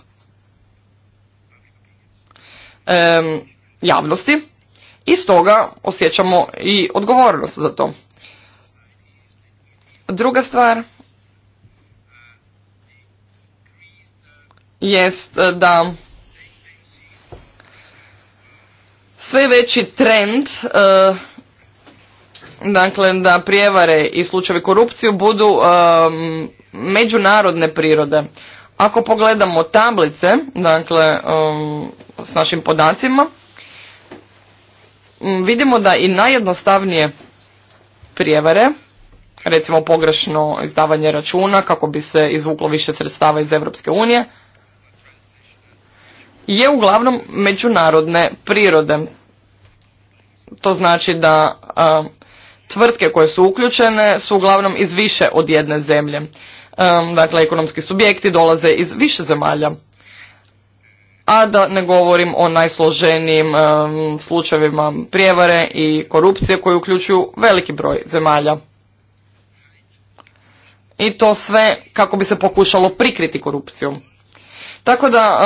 javnosti i stoga osjećamo i odgovornost za to. Druga stvar jest da sve veći trend e, dakle da prijevare i slučajevi korupciju budu međunarodne prirode. Ako pogledamo tablice, dakle, um, s našim podacima, vidimo da i najjednostavnije prijevare, recimo pogrešno izdavanje računa kako bi se izvuklo više sredstava iz Europske unije, je uglavnom međunarodne prirode. To znači da tvrtke koje su uključene su uglavnom iz više od jedne zemlje dakle ekonomski subjekti dolaze iz više zemalja. A da ne govorim o najsloženijim slučajevima prijevare i korupcije koji uključuju veliki broj zemalja. I to sve kako bi se pokušalo prikriti korupciju. Tako da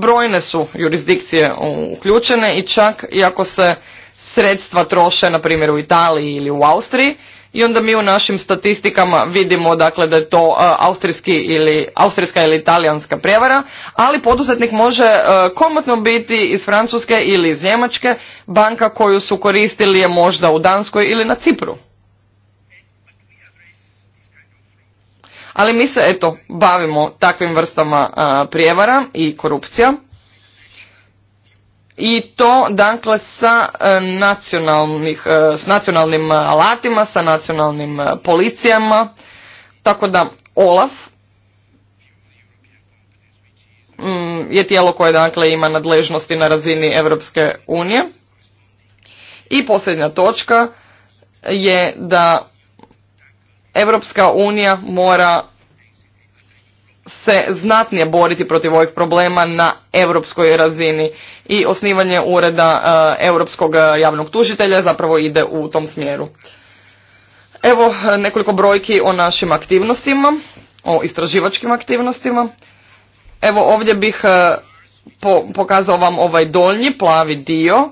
brojne su jurisdikcije uključene i čak iako se sredstva troše na primjer u Italiji ili u Austriji, i onda mi u našim statistikama vidimo dakle da je to e, austrijski ili austrijska ili italijanska prijevara, ali poduzetnik može e, komotno biti iz Francuske ili iz Njemačke, banka koju su koristili je možda u Danskoj ili na Cipru. Ali mi se eto bavimo takvim vrstama e, prijevara i korupcija i to dakle sa e, nacionalnih, e, s nacionalnim alatima, sa nacionalnim e, policijama, tako da Olaf mm, je tijelo koje dakle ima nadležnosti na razini Europske unije. I posljednja točka je da Europska unija mora se znatnije boriti protiv ovih problema na europskoj razini i osnivanje ureda eh, europskog eh, javnog tužitelja zapravo ide u tom smjeru. Evo eh, nekoliko brojki o našim aktivnostima, o istraživačkim aktivnostima. Evo ovdje bih pokazao vam ovaj dolji plavi dio.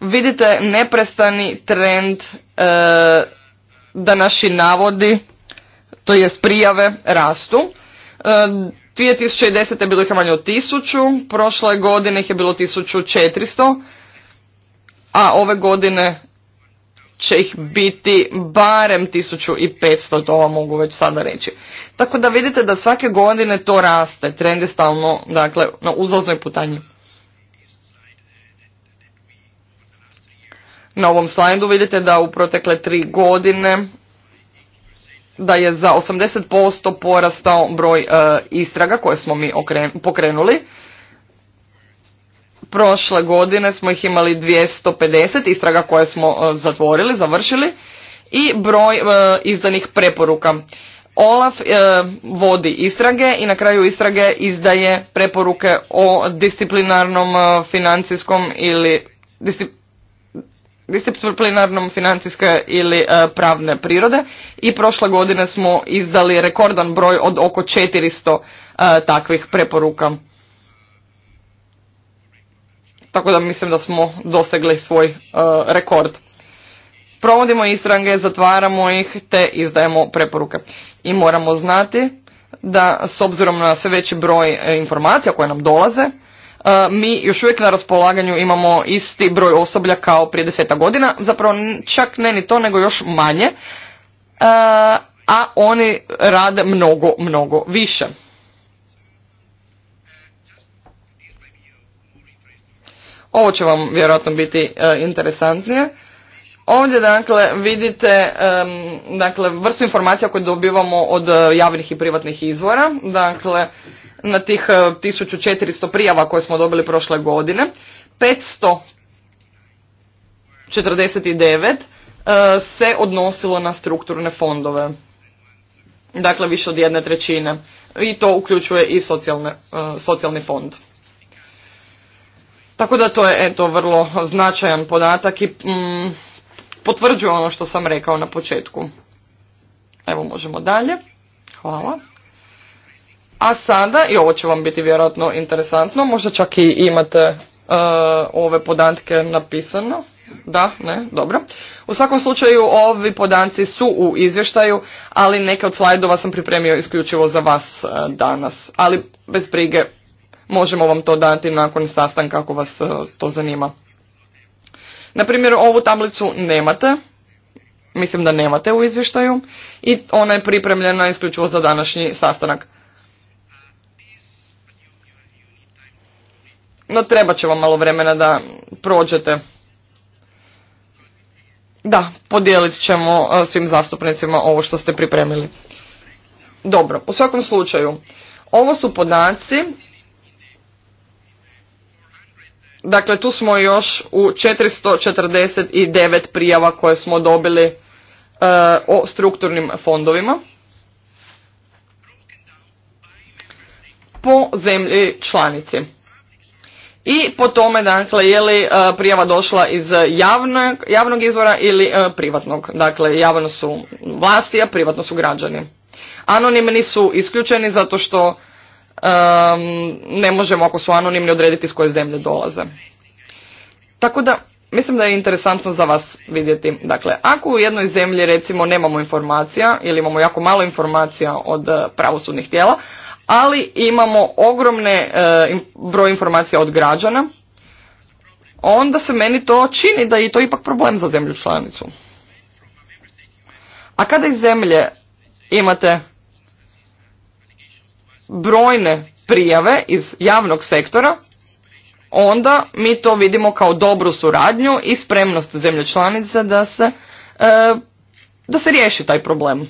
Vidite neprestani trend da naši navodi, to jest prijave, rastu. 2010. E, bilo ih je manje od 1000, prošle godine ih je bilo 1400, a ove godine će ih biti barem 1500, to vam mogu već sada reći. Tako da vidite da svake godine to raste, trend je stalno dakle, na uzlaznoj putanji. Na ovom slajdu vidite da u protekle tri godine da je za 80% porastao broj e, istraga koje smo mi pokrenuli. Prošle godine smo ih imali 250 istraga koje smo e, zatvorili, završili i broj e, izdanih preporuka. Olaf vodi istrage i na kraju istrage izdaje preporuke o disciplinarnom financijskom ili disciplinarnom financijske ili e, pravne prirode i prošle godine smo izdali rekordan broj od oko 400 e, takvih preporuka. Tako da mislim da smo dosegli svoj e, rekord. Provodimo istrange, zatvaramo ih te izdajemo preporuke. I moramo znati da s obzirom na sve veći broj informacija koje nam dolaze, E, mi još uvijek na raspolaganju imamo isti broj osoblja kao prije deseta godina, zapravo čak ne ni to, nego još manje, e, a oni rade mnogo, mnogo više. Ovo će vam vjerojatno biti e, interesantnije. Ovdje dakle vidite dakle, vrstu informacija koje dobivamo od javnih i privatnih izvora. Dakle, na tih 1400 e, prijava koje smo dobili prošle godine, 549 e, se odnosilo na strukturne fondove. Dakle, više od jedne trećine. I to uključuje i e, socijalni fond. Tako da to je eto vrlo značajan podatak i mm, potvrđuje ono što sam rekao na početku. Evo možemo dalje. Hvala. A sada, i ovo će vam biti vjerojatno interesantno, možda čak i imate uh, ove podatke napisano. Da, ne, dobro. U svakom slučaju ovi podanci su u izvještaju, ali neke od slajdova sam pripremio isključivo za vas uh, danas. Ali bez brige možemo vam to dati nakon sastanka ako vas uh, to zanima. Na primjer, ovu tablicu nemate, mislim da nemate u izvještaju i ona je pripremljena isključivo za današnji sastanak. No treba će vam malo vremena da prođete. Da, podijelit ćemo e, svim zastupnicima ovo što ste pripremili. Dobro, u svakom slučaju, ovo su podaci, dakle tu smo još u 449 prijava koje smo dobili e, o strukturnim fondovima. Po zemlji članici i po tome dakle je li e, prijava došla iz javnog, javnog izvora ili e, privatnog. Dakle, javno su vlasti, a privatno su građani. Anonimni su isključeni zato što ne možemo ako su anonimni odrediti iz koje zemlje dolaze. Tako da mislim da je interesantno za vas vidjeti. Dakle, ako u jednoj zemlji recimo nemamo informacija ili imamo jako malo informacija od e, pravosudnih tijela, ali imamo ogromne e, broj informacija od građana, onda se meni to čini da je to ipak problem za zemlju članicu. A kada iz zemlje imate brojne prijave iz javnog sektora, onda mi to vidimo kao dobru suradnju i spremnost zemlje članice da se, e, da se riješi taj problem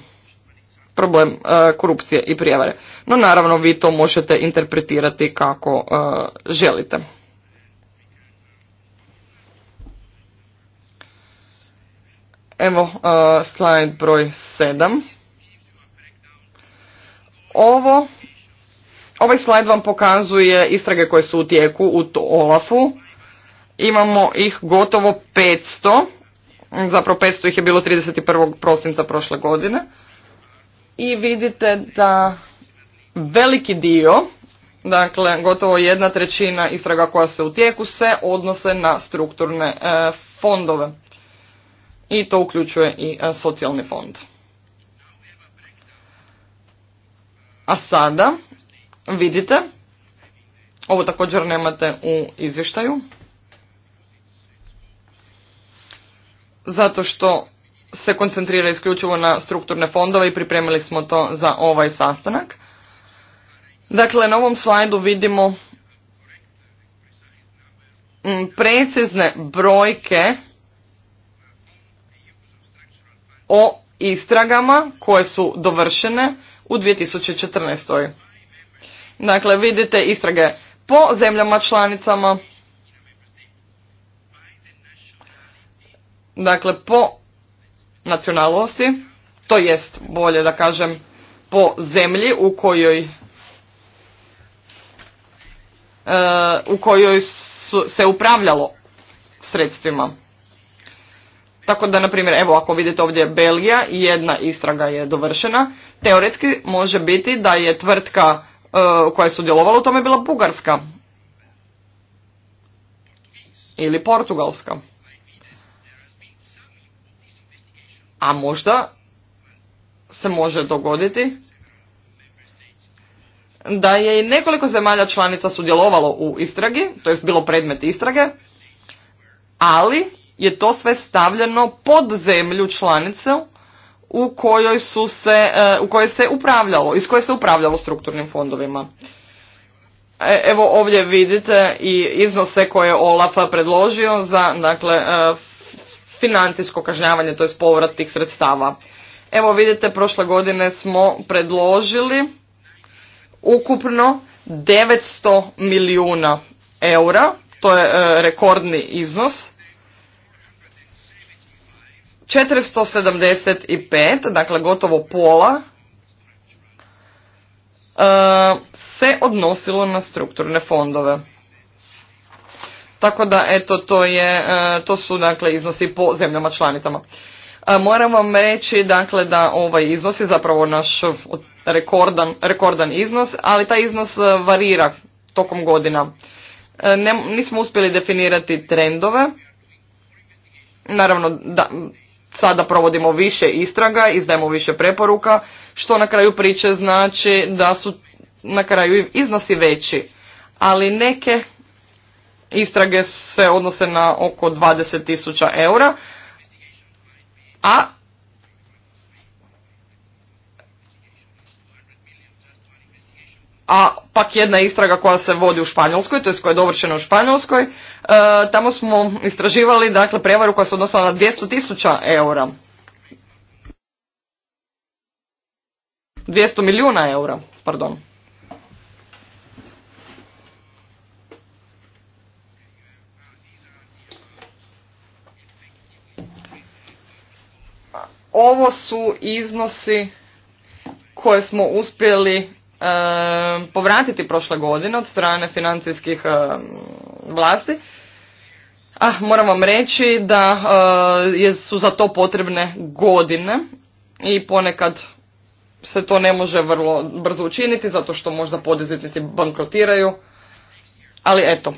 problem e, korupcije i prijevare. No naravno vi to možete interpretirati kako e, želite. Evo e, slajd broj 7. Ovo, ovaj slajd vam pokazuje istrage koje su u tijeku u Olafu. Imamo ih gotovo 500. Zapravo 500 ih je bilo 31. prosinca prošle godine i vidite da veliki dio, dakle gotovo jedna trećina istraga koja se u tijeku se odnose na strukturne e, fondove. I to uključuje i e, socijalni fond. A sada vidite, ovo također nemate u izvještaju, zato što se koncentrira isključivo na strukturne fondove i pripremili smo to za ovaj sastanak. Dakle, na ovom slajdu vidimo mm, precizne brojke o istragama koje su dovršene u 2014. Dakle, vidite istrage po zemljama članicama, dakle po nacionalnosti, to jest bolje da kažem po zemlji u kojoj eh, u kojoj se upravljalo sredstvima. Tako da, na primjer, evo ako vidite ovdje Belgija, i jedna istraga je dovršena. Teoretski može biti da je tvrtka eh, koja je sudjelovala u tome bila Bugarska ili Portugalska. a možda se može dogoditi da je i nekoliko zemalja članica sudjelovalo u istragi, to je bilo predmet istrage, ali je to sve stavljeno pod zemlju članice u kojoj su se, e, u kojoj se upravljalo, iz koje se upravljalo strukturnim fondovima. E, evo ovdje vidite i iznose koje je Olaf predložio za dakle, e, financijsko kažnjavanje, to je povrat tih sredstava. Evo vidite, prošle godine smo predložili ukupno 900 milijuna eura, to je e, rekordni iznos. 475, dakle gotovo pola, e, se odnosilo na strukturne fondove. Tako da, eto, to, je, e, to su dakle iznosi po zemljama članicama. E, moram vam reći dakle da ovaj iznos je zapravo naš rekordan, rekordan iznos, ali taj iznos e, varira tokom godina. nismo uspjeli definirati trendove. Naravno, da, sada provodimo više istraga, izdajemo više preporuka, što na kraju priče znači da su na kraju iznosi veći. Ali neke Istrage se odnose na oko 20 tisuća eura, a a pak jedna istraga koja se vodi u Španjolskoj, to je koja je dovršena u Španjolskoj, e, tamo smo istraživali dakle, prevaru koja se odnosila na 200 tisuća eura. 200 milijuna eura, pardon. ovo su iznosi koje smo uspjeli e, povratiti prošle godine od strane financijskih e, vlasti. Ah, moram vam reći da e, su za to potrebne godine i ponekad se to ne može vrlo brzo učiniti zato što možda poduzetnici bankrotiraju. Ali eto,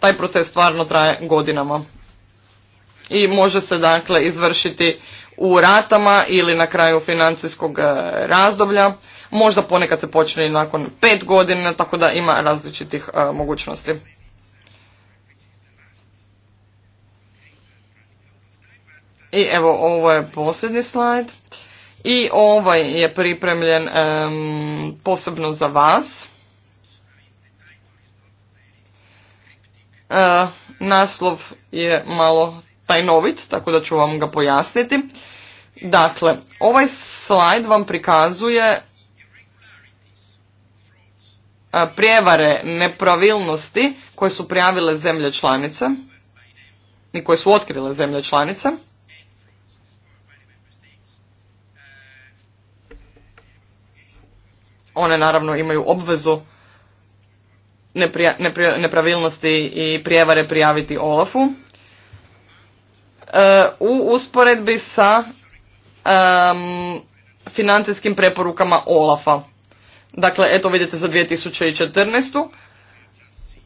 taj proces stvarno traje godinama. I može se dakle izvršiti u ratama ili na kraju financijskog e, razdoblja. Možda ponekad se počne i nakon pet godina, tako da ima različitih e, mogućnosti. I evo, ovo je posljednji slajd. I ovaj je pripremljen posebno za vas. E, naslov je malo tajnovit, tako da ću vam ga pojasniti. Dakle, ovaj slajd vam prikazuje e, prijevare nepravilnosti koje su prijavile zemlje članice i koje su otkrile zemlje članice. One naravno imaju obvezu nepravilnosti i prijevare prijaviti Olafu. E, u usporedbi sa um, financijskim preporukama Olafa. Dakle, eto vidite za 2014.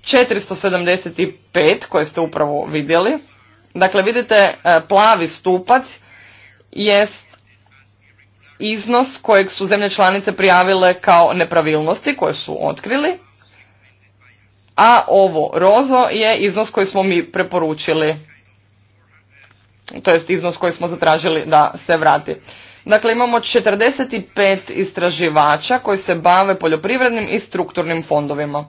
475 koje ste upravo vidjeli. Dakle, vidite e, plavi stupac jest iznos kojeg su zemlje članice prijavile kao nepravilnosti koje su otkrili. A ovo rozo je iznos koji smo mi preporučili to jest iznos koji smo zatražili da se vrati. Dakle, imamo 45 istraživača koji se bave poljoprivrednim i strukturnim fondovima.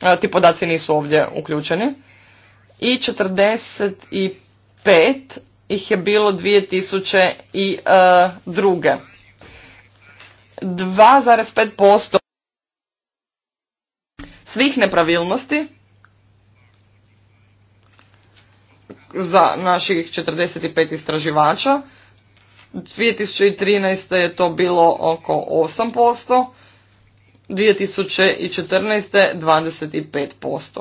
E, ti podaci nisu ovdje uključeni. I 45 ih je bilo 2002. 2,5% e, svih nepravilnosti za naših 45 istraživača. 2013. je to bilo oko 8%, 2014. 25%.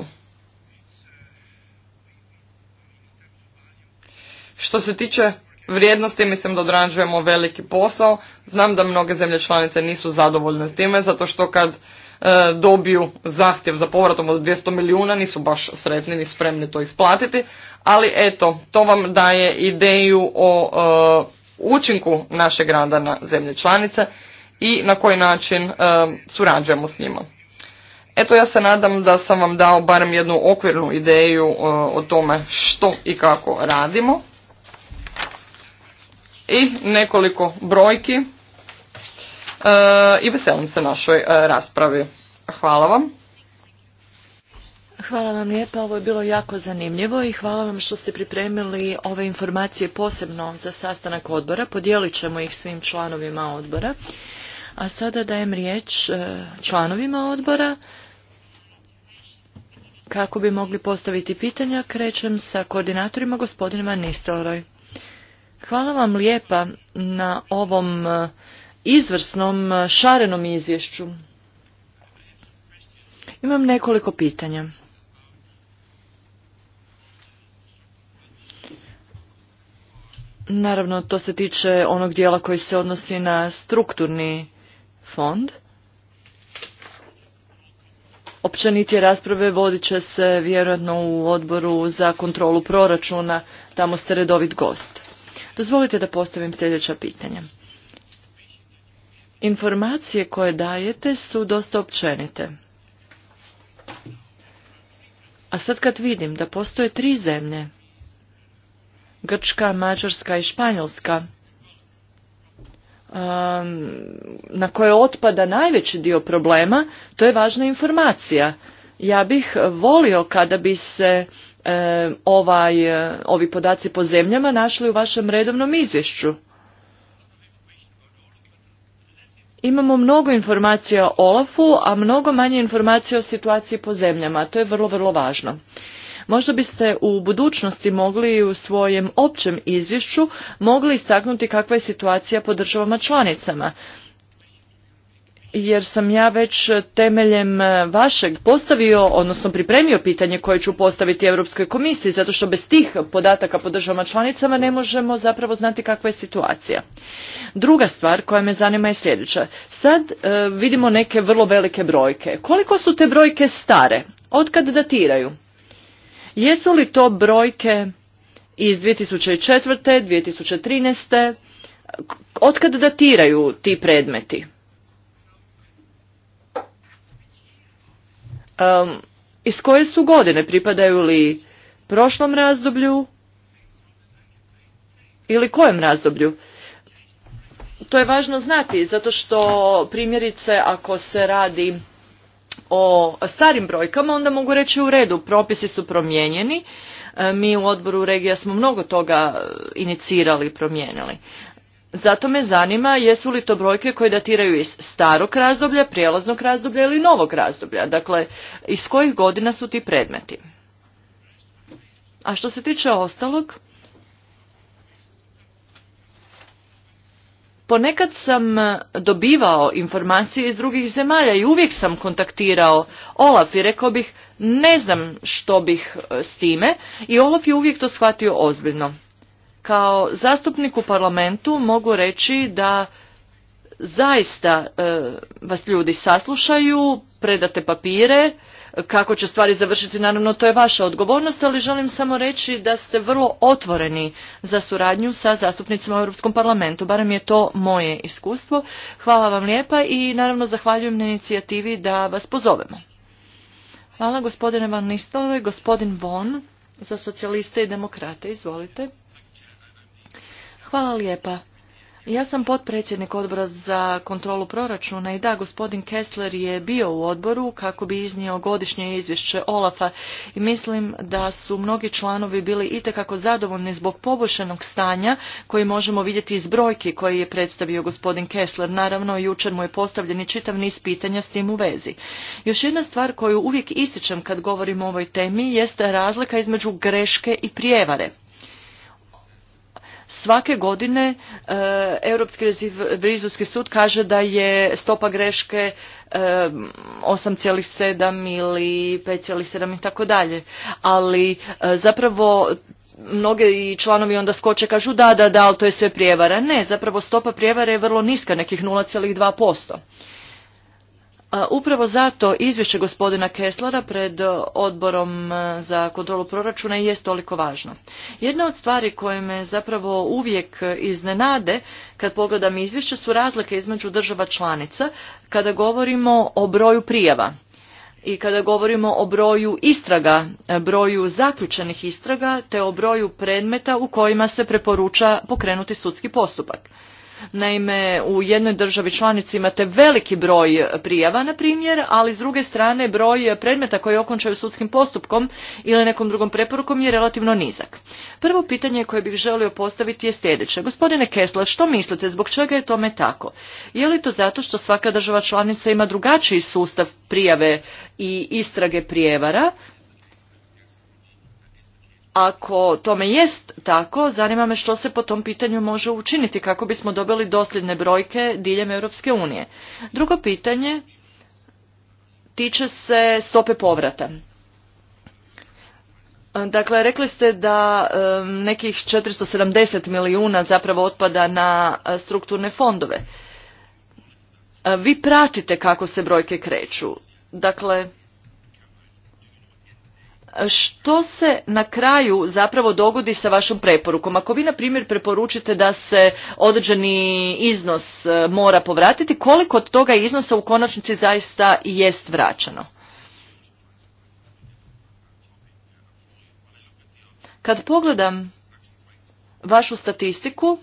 Što se tiče vrijednosti, mislim da odrađujemo veliki posao. Znam da mnoge zemlje članice nisu zadovoljne s time, zato što kad E, dobiju zahtjev za povratom od 200 milijuna, nisu baš sretni ni spremni to isplatiti, ali eto, to vam daje ideju o e, učinku našeg rada na zemlje članice i na koji način e, surađujemo s njima. Eto, ja se nadam da sam vam dao barem jednu okvirnu ideju o tome što i kako radimo. I nekoliko brojki E, i veselim se našoj e, raspravi. Hvala vam. Hvala vam lijepa, ovo je bilo jako zanimljivo i hvala vam što ste pripremili ove informacije posebno za sastanak odbora. Podijelit ćemo ih svim članovima odbora. A sada dajem riječ e, članovima odbora. Kako bi mogli postaviti pitanja, krećem sa koordinatorima gospodinima Nistelroj. Hvala vam lijepa na ovom izvrsnom e, šarenom izvješću. Imam nekoliko pitanja. Naravno, to se tiče onog dijela koji se odnosi na strukturni fond. Općenitije rasprave vodit će se vjerojatno u odboru za kontrolu proračuna, tamo ste redovit gost. Dozvolite da postavim sljedeća pitanja informacije koje dajete su dosta općenite. A sad kad vidim da postoje tri zemlje, Grčka, Mađarska i Španjolska, um, na koje otpada najveći dio problema, to je važna informacija. Ja bih volio kada bi se um, ovaj, ovi podaci po zemljama našli u vašem redovnom izvješću. imamo mnogo informacija o OLAF-u, a mnogo manje informacija o situaciji po zemljama. To je vrlo, vrlo važno. Možda biste u budućnosti mogli u svojem općem izvješću mogli istaknuti kakva je situacija po državama članicama jer sam ja već temeljem e, vašeg postavio, odnosno pripremio pitanje koje ću postaviti Europskoj komisiji, zato što bez tih podataka po državama članicama ne možemo zapravo znati kakva je situacija. Druga stvar koja me zanima je sljedeća. Sad e, vidimo neke vrlo velike brojke. Koliko su te brojke stare? Otkad datiraju? Jesu li to brojke iz 2004. 2013. Otkad datiraju ti predmeti? iz koje su godine, pripadaju li prošlom razdoblju ili kojem razdoblju. To je važno znati, zato što primjerice ako se radi o starim brojkama, onda mogu reći u redu, propisi su promijenjeni, mi u odboru regija smo mnogo toga e, inicirali i promijenili. Zato me zanima jesu li to brojke koje datiraju iz starog razdoblja, prijelaznog razdoblja ili novog razdoblja. Dakle, iz kojih godina su ti predmeti? A što se tiče ostalog, ponekad sam dobivao informacije iz drugih zemalja i uvijek sam kontaktirao Olaf i rekao bih ne znam što bih e, s time i Olaf je uvijek to shvatio ozbiljno. Kao zastupnik u parlamentu mogu reći da zaista e, vas ljudi saslušaju, predate papire, kako će stvari završiti, naravno to je vaša odgovornost, ali želim samo reći da ste vrlo otvoreni za suradnju sa zastupnicima u Europskom parlamentu, barem je to moje iskustvo. Hvala vam lijepa i naravno zahvaljujem na inicijativi da vas pozovemo. Hvala gospodine Van Nistelove, gospodin Von za socijaliste i demokrate, izvolite. Hvala lijepa. Ja sam potpredsjednik odbora za kontrolu proračuna i da, gospodin Kessler je bio u odboru kako bi iznio godišnje izvješće Olafa i mislim da su mnogi članovi bili itekako zadovoljni zbog poboljšanog stanja koji možemo vidjeti iz brojki koje je predstavio gospodin Kessler. Naravno, jučer mu je postavljeni i čitav niz pitanja s tim u vezi. Još jedna stvar koju uvijek ističem kad govorim o ovoj temi jeste razlika između greške i prijevare. Svake godine e, Europski revizorski sud kaže da je stopa greške 8,7 e, ili 5,7 i tako dalje. Ali e, zapravo mnoge i članovi onda skoče kažu da, da, da, ali to je sve prijevara. Ne, zapravo stopa prijevara je vrlo niska, nekih 0,2%. Upravo zato izvješće gospodina Kesslera pred odborom e, za kontrolu proračuna jest toliko važno. Jedna od stvari koje me zapravo uvijek iznenade kad pogledam izvješće su razlike između država članica kada govorimo o broju prijava i kada govorimo o broju istraga, e, broju zaključenih istraga te o broju predmeta u kojima se preporuča pokrenuti sudski postupak. Naime, u jednoj državi članici imate veliki broj prijava, na primjer, ali s druge strane broj predmeta koji okončaju sudskim postupkom ili nekom drugom preporukom je relativno nizak. Prvo pitanje koje bih želio postaviti je sljedeće. Gospodine Kessler, što mislite, zbog čega je tome tako? Je li to zato što svaka država članica ima drugačiji sustav prijave i istrage prijevara, ako tome jest tako, zanima me što se po tom pitanju može učiniti kako bismo dobili dosljedne brojke diljem Europske unije. Drugo pitanje tiče se stope povrata. Dakle, rekli ste da nekih 470 milijuna zapravo otpada na e, strukturne fondove. E, vi pratite kako se brojke kreću. Dakle, što se na kraju zapravo dogodi sa vašom preporukom? Ako vi, na primjer, preporučite da se određeni iznos e, mora povratiti, koliko od toga iznosa u konačnici zaista jest vraćano? Kad pogledam vašu statistiku,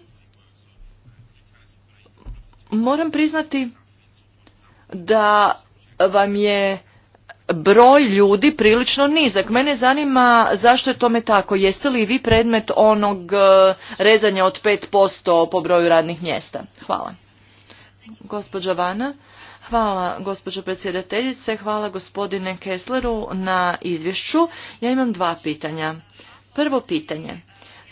moram priznati da vam je broj ljudi prilično nizak. Mene zanima zašto je tome tako. Jeste li vi predmet onog e, rezanja od 5% po broju radnih mjesta? Hvala. Gospođa Vana. Hvala gospođo predsjedateljice, hvala gospodine Kessleru na izvješću. Ja imam dva pitanja. Prvo pitanje.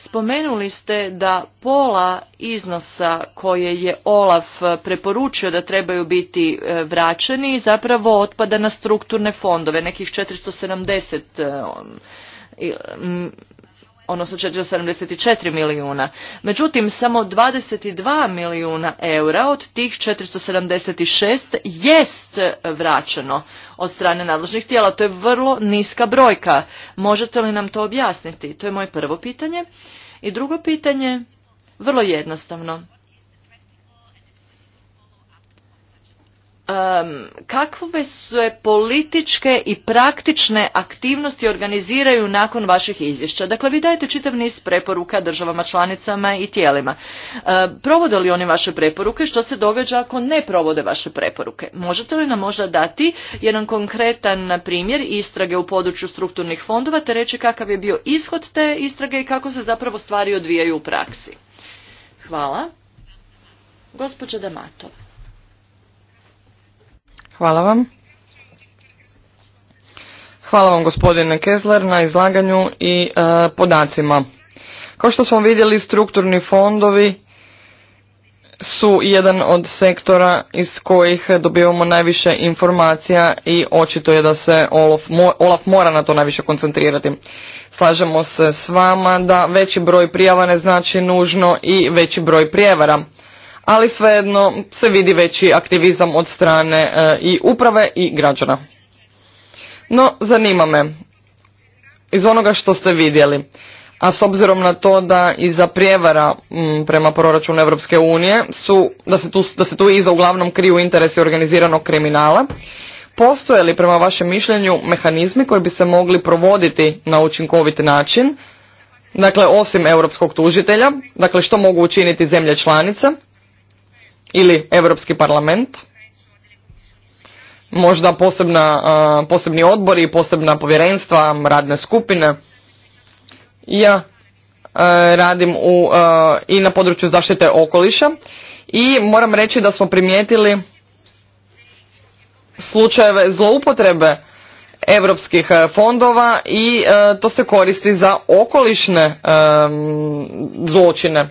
Spomenuli ste da pola iznosa koje je Olaf eh, preporučio da trebaju biti eh, vraćeni zapravo otpada na strukturne fondove, nekih 470 odnosno 474 milijuna. Međutim, samo 22 milijuna eura od tih 476 jest vraćeno od strane nadležnih tijela. To je vrlo niska brojka. Možete li nam to objasniti? To je moje prvo pitanje. I drugo pitanje, vrlo jednostavno. kakve se političke i praktične aktivnosti organiziraju nakon vaših izvješća? Dakle, vi dajete čitav niz preporuka državama, članicama i tijelima. Provode li oni vaše preporuke? Što se događa ako ne provode vaše preporuke? Možete li nam možda dati jedan konkretan primjer istrage u području strukturnih fondova te reći kakav je bio ishod te istrage i kako se zapravo stvari odvijaju u praksi? Hvala. Gospođa Damatova. Hvala vam. Hvala vam gospodine Kessler, na izlaganju i e, podacima. Kao što smo vidjeli, strukturni fondovi su jedan od sektora iz kojih dobivamo najviše informacija i očito je da se Olaf, Olaf mora na to najviše koncentrirati. Slažemo se s vama da veći broj prijava ne znači nužno i veći broj prijevara ali svejedno se vidi veći aktivizam od strane e, i uprave i građana. No, zanima me, iz onoga što ste vidjeli, a s obzirom na to da iza prijevara prema proračunu Europske unije su, da se, tu, da se tu iza uglavnom kriju interesi organiziranog kriminala, postoje li prema vašem mišljenju mehanizmi koji bi se mogli provoditi na učinkovit način, dakle osim europskog tužitelja, dakle što mogu učiniti zemlje članice, ili Europski parlament, možda posebna, posebni odbori, posebna povjerenstva, radne skupine. Ja e, radim u, e, i na području zaštite okoliša i moram reći da smo primijetili slučajeve zloupotrebe europskih e, fondova i to se koristi za okolišne zločine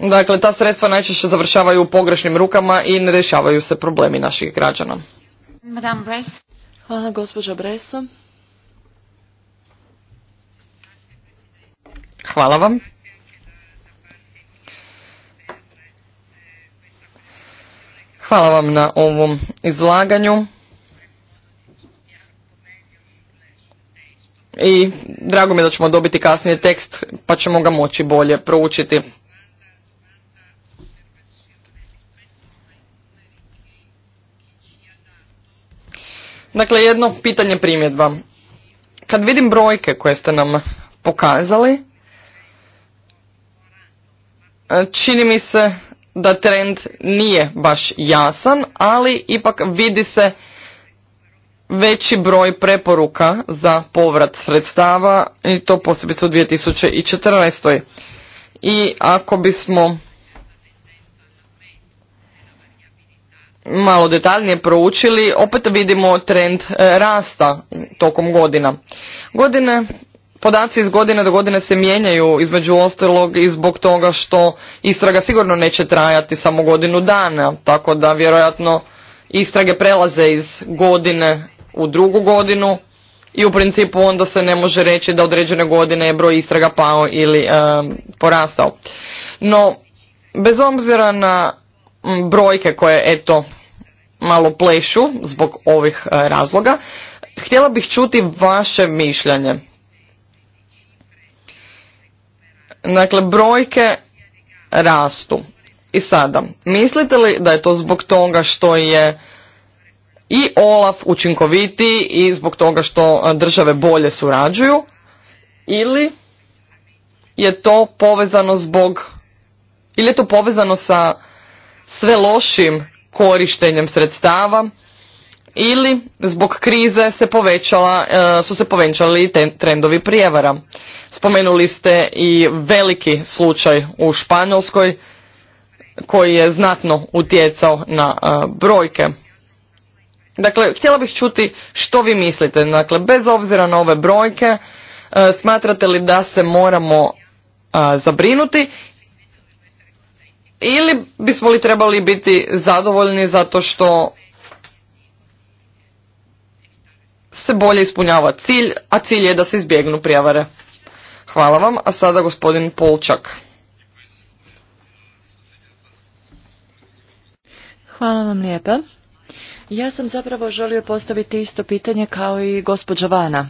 Dakle, ta sredstva najčešće završavaju u pogrešnim rukama i ne rješavaju se problemi naših građana. Madame Bres. Hvala, gospođa Breso. Hvala vam. Hvala vam na ovom izlaganju. I drago mi je da ćemo dobiti kasnije tekst, pa ćemo ga moći bolje proučiti. Dakle, jedno pitanje primjedba. Kad vidim brojke koje ste nam pokazali, e, čini mi se da trend nije baš jasan, ali ipak vidi se veći broj preporuka za povrat sredstava i to posebice u 2014. I ako bismo malo detaljnije proučili, opet vidimo trend e, rasta tokom godina. Godine, podaci iz godine do godine se mijenjaju između ostalog i zbog toga što istraga sigurno neće trajati samo godinu dana, tako da vjerojatno istrage prelaze iz godine u drugu godinu i u principu onda se ne može reći da određene godine je broj istraga pao ili e, porastao. No, bez obzira na brojke koje eto malo plešu zbog ovih e, razloga. Htjela bih čuti vaše mišljenje. Dakle, brojke rastu. I sada, mislite li da je to zbog toga što je i Olaf učinkovitiji i zbog toga što e, države bolje surađuju ili je to povezano zbog ili je to povezano sa sve lošim korištenjem sredstava ili zbog krize se povećala, e, su se povećali trendovi prijevara. Spomenuli ste i veliki slučaj u Španjolskoj koji je znatno utjecao na e, brojke. Dakle, htjela bih čuti što vi mislite. Dakle, bez obzira na ove brojke, e, smatrate li da se moramo zabrinuti ili bismo li trebali biti zadovoljni zato što se bolje ispunjava cilj, a cilj je da se izbjegnu prijavare. Hvala vam, a sada gospodin Polčak. Hvala vam lijepa. Ja sam zapravo želio postaviti isto pitanje kao i gospođa Vana.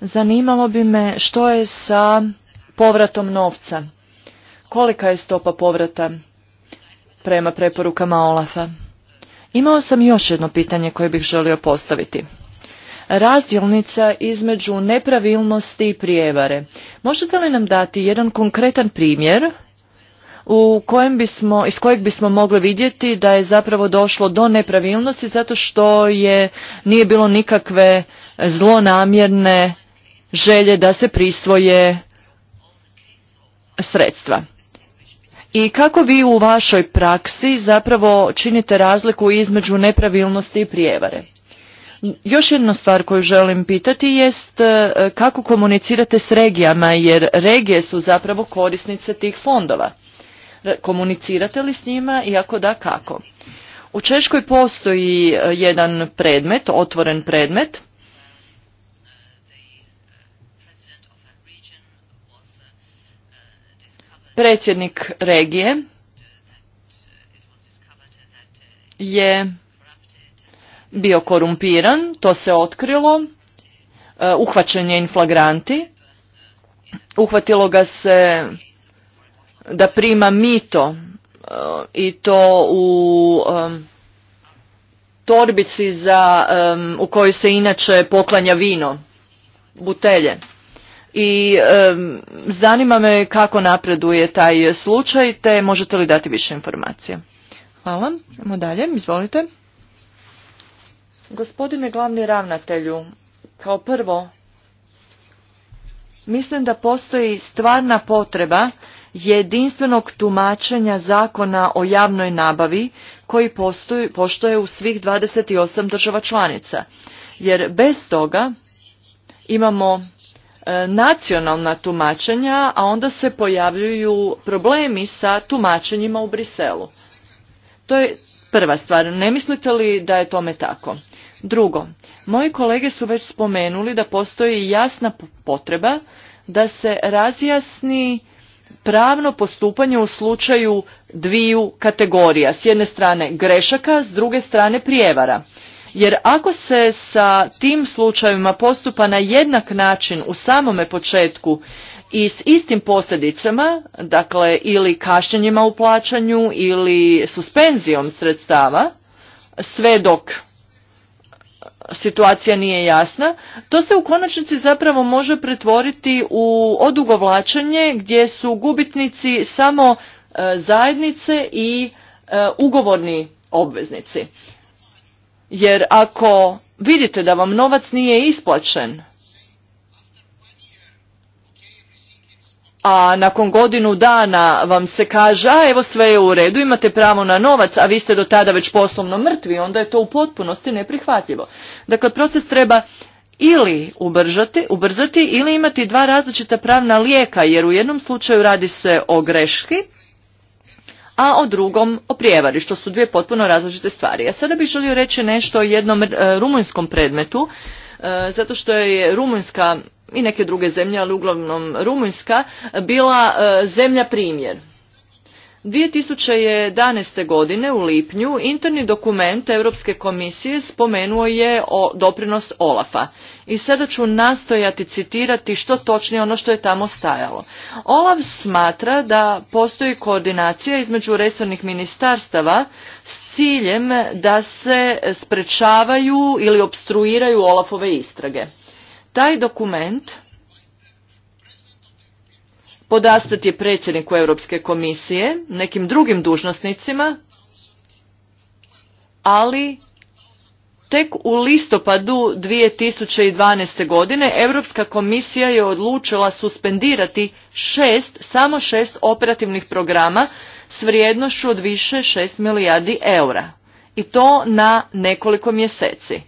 Zanimalo bi me što je sa povratom novca kolika je stopa povrata prema preporukama Olafa. Imao sam još jedno pitanje koje bih želio postaviti. Razdjelnica između nepravilnosti i prijevare. Možete li nam dati jedan konkretan primjer u kojem bismo, iz kojeg bismo mogli vidjeti da je zapravo došlo do nepravilnosti zato što je, nije bilo nikakve zlonamjerne želje da se prisvoje sredstva i kako vi u vašoj praksi zapravo činite razliku između nepravilnosti i prijevare? Još jedna stvar koju želim pitati jest e, kako komunicirate s regijama, jer regije su zapravo korisnice tih fondova. Komunicirate li s njima i ako da kako? U Češkoj postoji e, jedan predmet, otvoren predmet, Predsjednik regije je bio korumpiran, to se otkrilo, e, uhvaćen je inflagranti, uhvatilo ga se da prima mito e, i to u e, torbici u kojoj se inače poklanja vino, butelje i zanima me kako napreduje taj slučaj te možete li dati više informacija. Hvala. Idemo dalje. Izvolite. Gospodine glavni ravnatelju, kao prvo, mislim da postoji stvarna potreba jedinstvenog tumačenja zakona o javnoj nabavi koji postoji, u svih 28 država članica. Jer bez toga imamo E, nacionalna tumačenja, a onda se pojavljuju problemi sa tumačenjima u Briselu. To je prva stvar. Ne mislite li da je tome tako? Drugo, moji kolege su već spomenuli da postoji jasna potreba da se razjasni pravno postupanje u slučaju dviju kategorija. S jedne strane grešaka, s druge strane prijevara. Jer ako se sa tim slučajevima postupa na jednak način u samome početku i s istim posljedicama, dakle ili kašnjenjima u plaćanju ili suspenzijom sredstava, sve dok situacija nije jasna, to se u konačnici zapravo može pretvoriti u odugovlačenje gdje su gubitnici samo e, zajednice i e, ugovorni obveznici. Jer ako vidite da vam novac nije isplaćen, a nakon godinu dana vam se kaže, a evo sve je u redu, imate pravo na novac, a vi ste do tada već poslovno mrtvi, onda je to u potpunosti neprihvatljivo. Dakle, proces treba ili ubrzati ili imati dva različita pravna lijeka, jer u jednom slučaju radi se o greški, a o drugom o prijevari, što su dvije potpuno različite stvari. A sada bih želio reći nešto o jednom e, rumunjskom predmetu, e, zato što je Rumunjska i neke druge zemlje, ali uglavnom Rumunjska, bila e, zemlja primjer. 2011. godine u lipnju interni dokument Europske komisije spomenuo je o doprinost Olafa. I sada ću nastojati citirati što točnije ono što je tamo stajalo. Olaf smatra da postoji koordinacija između resornih ministarstava s ciljem da se sprečavaju ili obstruiraju Olafove istrage. Taj dokument podastat je predsjedniku Europske komisije, nekim drugim dužnosnicima, ali tek u listopadu 2012. godine Europska komisija je odlučila suspendirati šest, samo šest operativnih programa s vrijednošću od više šest milijardi eura. I to na nekoliko mjeseci.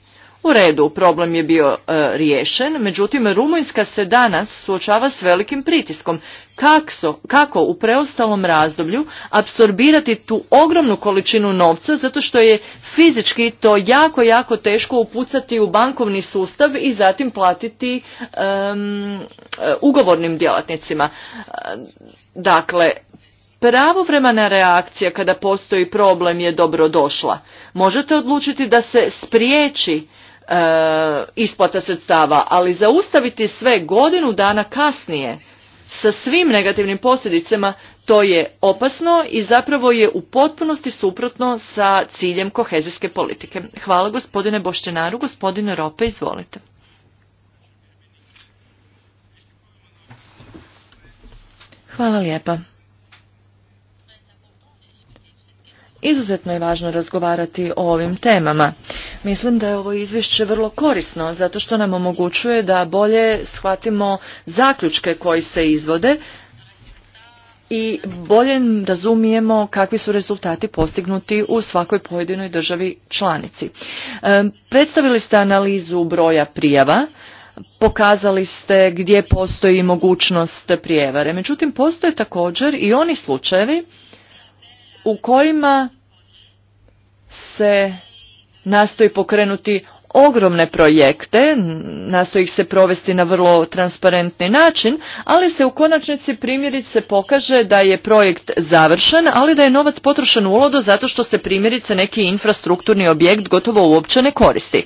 U redu, problem je bio e, riješen, međutim Rumunjska se danas suočava s velikim pritiskom. kako u preostalom razdoblju apsorbirati tu ogromnu količinu novca, zato što je fizički to jako, jako teško upucati u bankovni sustav i zatim platiti e, ugovornim djelatnicima. E, dakle, Pravovremena reakcija kada postoji problem je dobro došla. Možete odlučiti da se spriječi E, isplata sredstava, ali zaustaviti sve godinu dana kasnije sa svim negativnim posljedicama, to je opasno i zapravo je u potpunosti suprotno sa ciljem kohezijske politike. Hvala gospodine Boštenaru, gospodine Rope, izvolite. Hvala lijepa. Izuzetno je važno razgovarati o ovim temama. Mislim da je ovo izvješće vrlo korisno zato što nam omogućuje da bolje shvatimo zaključke koji se izvode i bolje razumijemo kakvi su rezultati postignuti u svakoj pojedinoj državi članici. E, predstavili ste analizu broja prijava, pokazali ste gdje postoji mogućnost prijevare. Međutim, postoje također i oni slučajevi u kojima se nastoji pokrenuti ogromne projekte, nastoji ih se provesti na vrlo transparentni način, ali se u konačnici primjerice pokaže da je projekt završen, ali da je novac potrošen u ulodu zato što se primjerice neki infrastrukturni objekt gotovo uopće ne koristi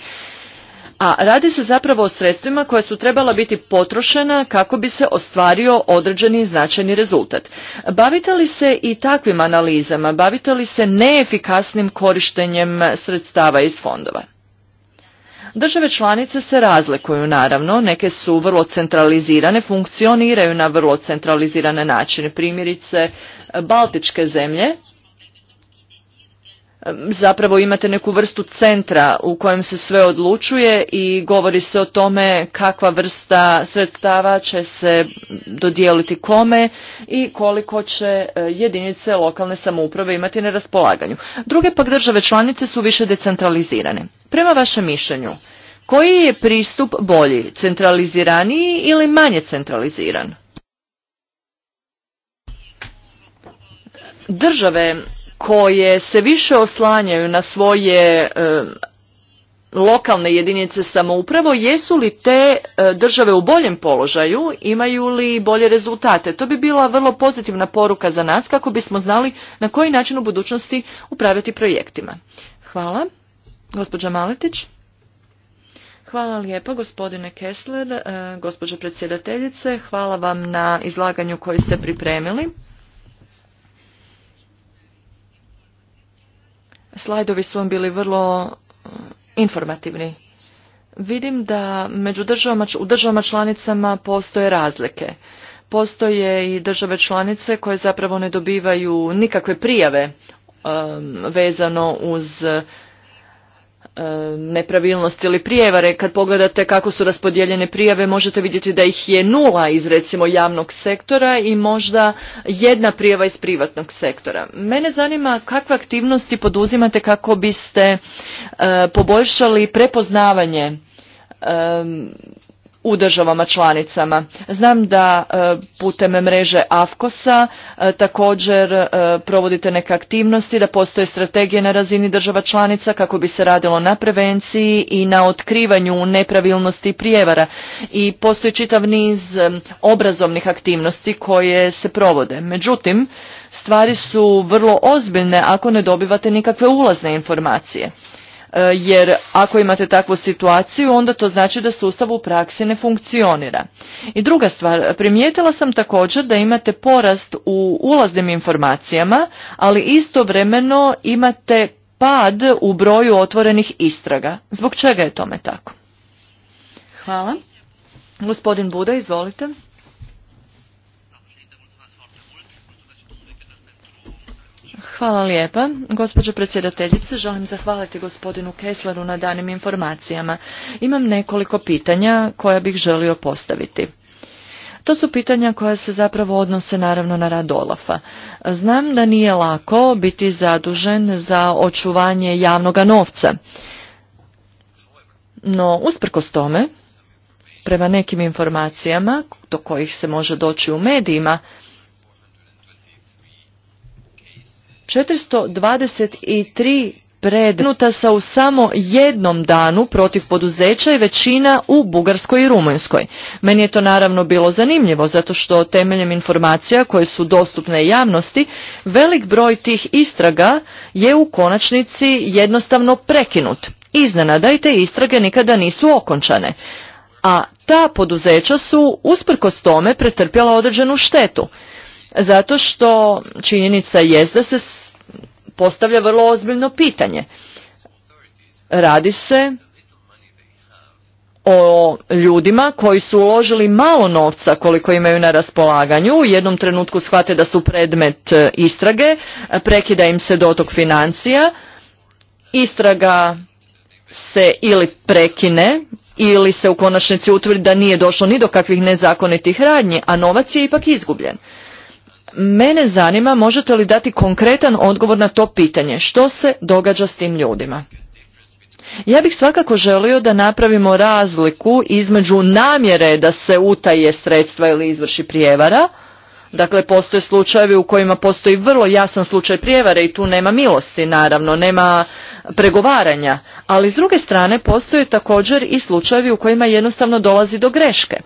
a radi se zapravo o sredstvima koja su trebala biti potrošena kako bi se ostvario određeni značajni rezultat. Bavite li se i takvim analizama, bavite li se neefikasnim korištenjem sredstava iz fondova? Države članice se razlikuju naravno, neke su vrlo centralizirane, funkcioniraju na vrlo centralizirane načine, primjerice Baltičke zemlje zapravo imate neku vrstu centra u kojem se sve odlučuje i govori se o tome kakva vrsta sredstava će se dodijeliti kome i koliko će e, jedinice lokalne samouprave imati na raspolaganju. Druge pak države članice su više decentralizirane. Prema vašem mišljenju, koji je pristup bolji, centraliziraniji ili manje centraliziran? Države koje se više oslanjaju na svoje e, lokalne jedinice samoupravo, jesu li te e, države u boljem položaju, imaju li bolje rezultate? To bi bila vrlo pozitivna poruka za nas kako bismo znali na koji način u budućnosti upravljati projektima. Hvala. Gospođa Maletić. Hvala lijepo, gospodine Kessler, gospođa e, gospođo predsjedateljice, hvala vam na izlaganju koje ste pripremili. Slajdovi su vam bili vrlo uh, informativni. Vidim da među državama, u državama članicama postoje razlike. Postoje i države članice koje zapravo ne dobivaju nikakve prijave um, vezano uz E, nepravilnosti ili prijevare. Kad pogledate kako su raspodijeljene prijave možete vidjeti da ih je nula iz recimo javnog sektora i možda jedna prijava iz privatnog sektora. Mene zanima kakve aktivnosti poduzimate kako biste e, poboljšali prepoznavanje e, u državama članicama. Znam da e, putem mreže AFKOSA e, također e, provodite neke aktivnosti, da postoje strategije na razini država članica kako bi se radilo na prevenciji i na otkrivanju nepravilnosti i prijevara. I postoji čitav niz obrazovnih aktivnosti koje se provode. Međutim, stvari su vrlo ozbiljne ako ne dobivate nikakve ulazne informacije. E, jer ako imate takvu situaciju onda to znači da sustav u praksi ne funkcionira. I druga stvar, primijetila sam također da imate porast u ulaznim informacijama, ali istovremeno imate pad u broju otvorenih istraga. Zbog čega je tome tako? Hvala. Gospodin Buda, izvolite. Hvala lijepa. Gospođo predsjedateljice, želim zahvaliti gospodinu Kesleru na danim informacijama. Imam nekoliko pitanja koja bih želio postaviti. To su pitanja koja se zapravo odnose naravno na rad Olafa. Znam da nije lako biti zadužen za očuvanje javnoga novca. No, usprkos tome, prema nekim informacijama do kojih se može doći u medijima, 423 prednuta sa u samo jednom danu protiv poduzeća i većina u Bugarskoj i Rumunjskoj. Meni je to naravno bilo zanimljivo zato što temeljem informacija koje su dostupne javnosti, velik broj tih istraga je u konačnici jednostavno prekinut. Iznenada i te istrage nikada nisu okončane. A ta poduzeća su usprkos tome pretrpjela određenu štetu zato što činjenica jest da se postavlja vrlo ozbiljno pitanje. Radi se o ljudima koji su uložili malo novca koliko imaju na raspolaganju, u jednom trenutku shvate da su predmet e, istrage, prekida im se dotok financija, istraga se ili prekine ili se u konačnici utvrdi da nije došlo ni do kakvih nezakonitih radnji, a novac je ipak izgubljen. Mene zanima možete li dati konkretan odgovor na to pitanje. Što se događa s tim ljudima? Ja bih svakako želio da napravimo razliku između namjere da se utaje sredstva ili izvrši prijevara. Dakle, postoje slučajevi u kojima postoji vrlo jasan slučaj prijevare i tu nema milosti, naravno, nema pregovaranja. Ali s druge strane postoje također i slučajevi u kojima jednostavno dolazi do greške.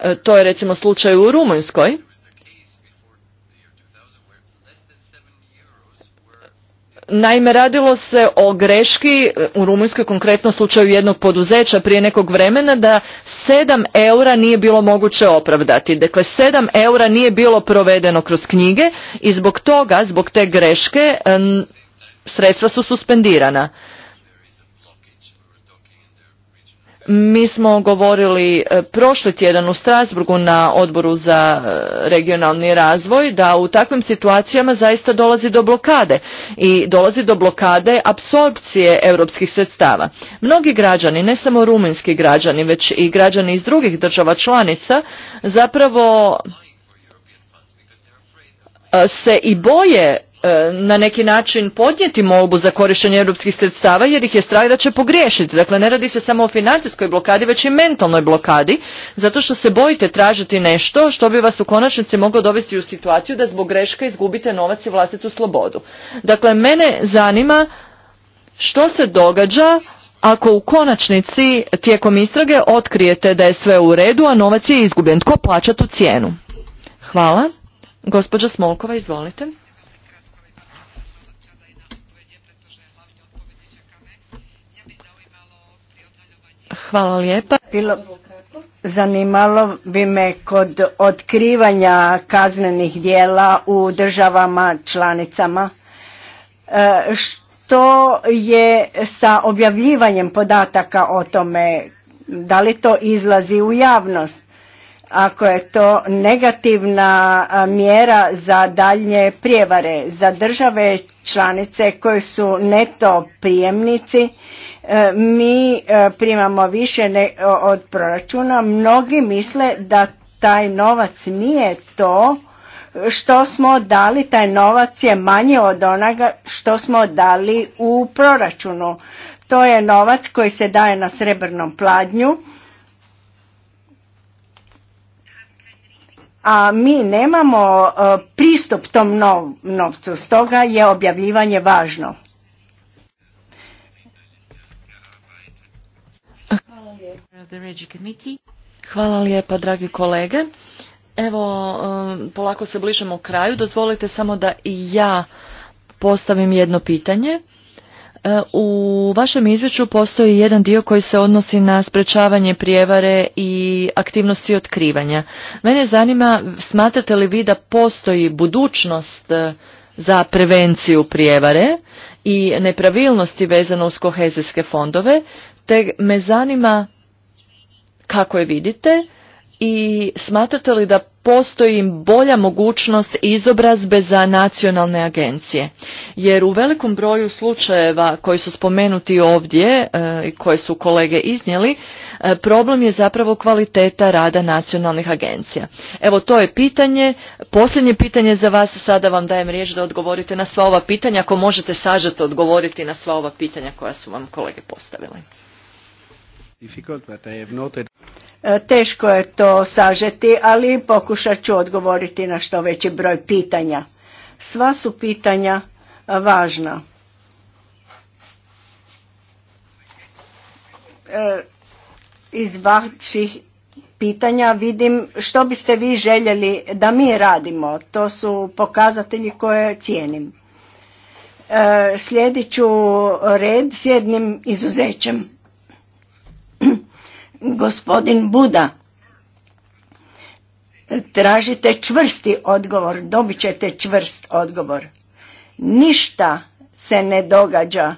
E, to je recimo slučaj u Rumunjskoj Naime, radilo se o greški, u Rumunjskoj konkretno slučaju jednog poduzeća prije nekog vremena, da 7 eura nije bilo moguće opravdati. Dakle, 7 eura nije bilo provedeno kroz knjige i zbog toga, zbog te greške, sredstva su suspendirana. Mi smo govorili e, prošli tjedan u Strasburgu na odboru za e, regionalni razvoj da u takvim situacijama zaista dolazi do blokade i dolazi do blokade apsorpcije europskih sredstava. Mnogi građani, ne samo rumunjski građani, već i građani iz drugih država članica zapravo e, se i boje E, na neki način podnijeti molbu za korištenje europskih sredstava jer ih je strah da će pogriješiti. Dakle, ne radi se samo o financijskoj blokadi, već i mentalnoj blokadi, zato što se bojite tražiti nešto što bi vas u konačnici moglo dovesti u situaciju da zbog greška izgubite novac i vlastitu slobodu. Dakle, mene zanima što se događa ako u konačnici tijekom istrage otkrijete da je sve u redu, a novac je izgubljen. Tko plaća tu cijenu? Hvala. Gospođa Smolkova, izvolite. Hvala lijepa. Bilo, zanimalo bi me kod otkrivanja kaznenih dijela u državama članicama. E, što je sa objavljivanjem podataka o tome? Da li to izlazi u javnost? Ako je to negativna mjera za daljnje prijevare, za države članice koje su neto prijemnici, E, mi e, primamo više od proračuna. Mnogi misle da taj novac nije to što smo dali, taj novac je manje od onoga što smo dali u proračunu. To je novac koji se daje na srebrnom pladnju. a mi nemamo e, pristup tom novcu, stoga je objavljivanje važno. Hvala lijepa, dragi kolege. Evo, um, polako se bližemo kraju. Dozvolite samo da i ja postavim jedno pitanje. E, u vašem izvješću postoji jedan dio koji se odnosi na sprečavanje prijevare i aktivnosti otkrivanja. Mene zanima, smatrate li vi da postoji budućnost e, za prevenciju prijevare i nepravilnosti vezano uz kohezijske fondove, te me zanima kako je vidite i smatrate li da postoji bolja mogućnost izobrazbe za nacionalne agencije? Jer u velikom broju slučajeva koji su spomenuti ovdje e, i koje su kolege iznijeli, e, problem je zapravo kvaliteta rada nacionalnih agencija. Evo to je pitanje, posljednje pitanje za vas, sada vam dajem riječ da odgovorite na sva ova pitanja, ako možete sažeto odgovoriti na sva ova pitanja koja su vam kolege postavili. E, teško je to sažeti, ali pokušat ću odgovoriti na što veći broj pitanja. Sva su pitanja e, važna. E, iz vaših pitanja vidim što biste vi željeli da mi radimo. To su pokazatelji koje cijenim. Slijedit ću red s jednim izuzećem. Gospodin Buda, tražite čvrsti odgovor, dobit ćete čvrst odgovor. Ništa se ne događa,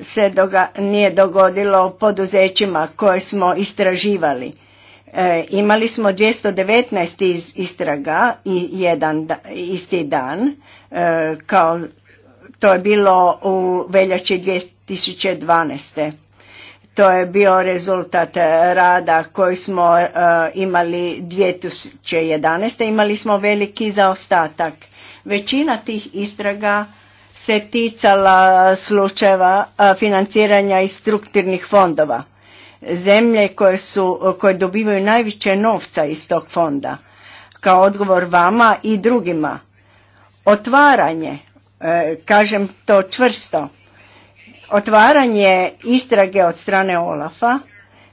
se nije dogodilo poduzećima koje smo istraživali. E, imali smo 219 istraga i jedan isti dan, e, kao to je bilo u veljači 2012. To je bio rezultat e, rada koji smo e, imali 2011. Imali smo veliki zaostatak. Većina tih istraga se ticala slučajeva e, financiranja iz strukturnih fondova. Zemlje koje, su, koje dobivaju najviše novca iz tog fonda. Kao odgovor vama i drugima. Otvaranje, kažem to čvrsto, Otvaranje istrage od strane Olafa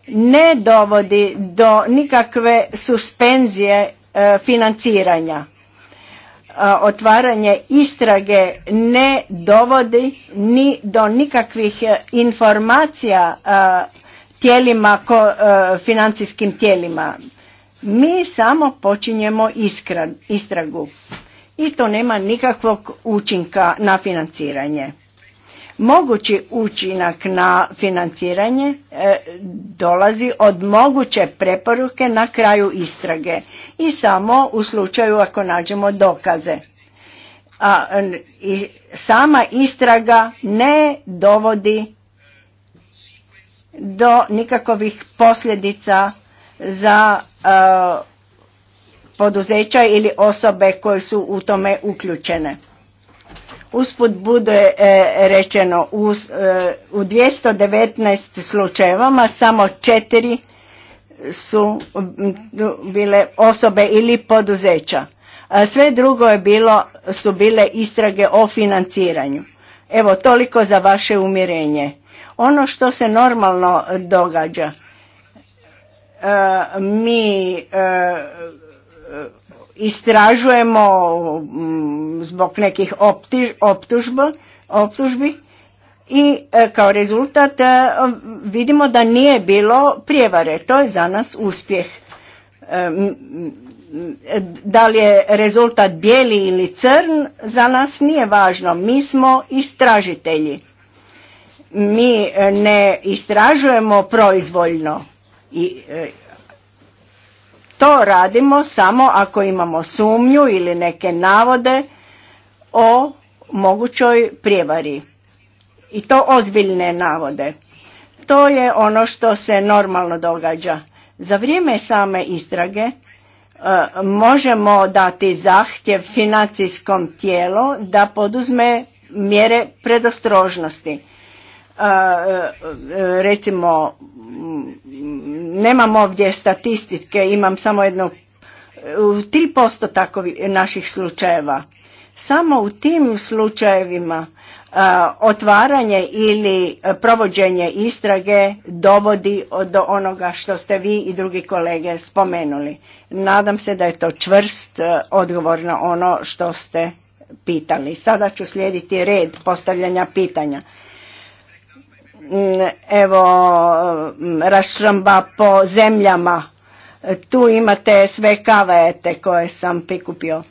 ne dovodi do nikakve suspenzije e, financiranja. E, otvaranje istrage ne dovodi ni do nikakvih e, informacija tijelima, ko, financijskim tijelima. Mi samo počinjemo istragu i to nema nikakvog učinka na financiranje. Mogući učinak na financiranje e, dolazi od moguće preporuke na kraju istrage i samo u slučaju ako nađemo dokaze. A sama istraga ne dovodi do nikakovih posljedica za e, poduzeća ili osobe koje su u tome uključene. Usput bude e, rečeno u 219 e, slučajevama samo četiri su bile osobe ili poduzeća. Sve drugo je bilo, su bile istrage o financiranju. Evo, toliko za vaše umirenje. Ono što se normalno događa, e, mi istražujemo mm, zbog nekih optužbi i e, kao rezultat e, vidimo da nije bilo prijevare. To je za nas uspjeh. E, da li je rezultat bijeli ili crn, za nas nije važno. Mi smo istražitelji. Mi ne istražujemo proizvoljno i to radimo samo ako imamo sumnju ili neke navode o mogućoj prijevari. I to ozbiljne navode. To je ono što se normalno događa. Za vrijeme same istrage e, možemo dati zahtjev financijskom tijelu da poduzme mjere predostrožnosti E, recimo nemam ovdje statistike, imam samo jedno u 3% takovih naših slučajeva. Samo u tim slučajevima otvaranje ili provođenje istrage dovodi do onoga što ste vi i drugi kolege spomenuli. Nadam se da je to čvrst e, odgovor na ono što ste pitali. Sada ću slijediti red postavljanja pitanja. Mm, evo mm, raštramba po zemljama. E, tu imate sve kavajete koje sam prikupio.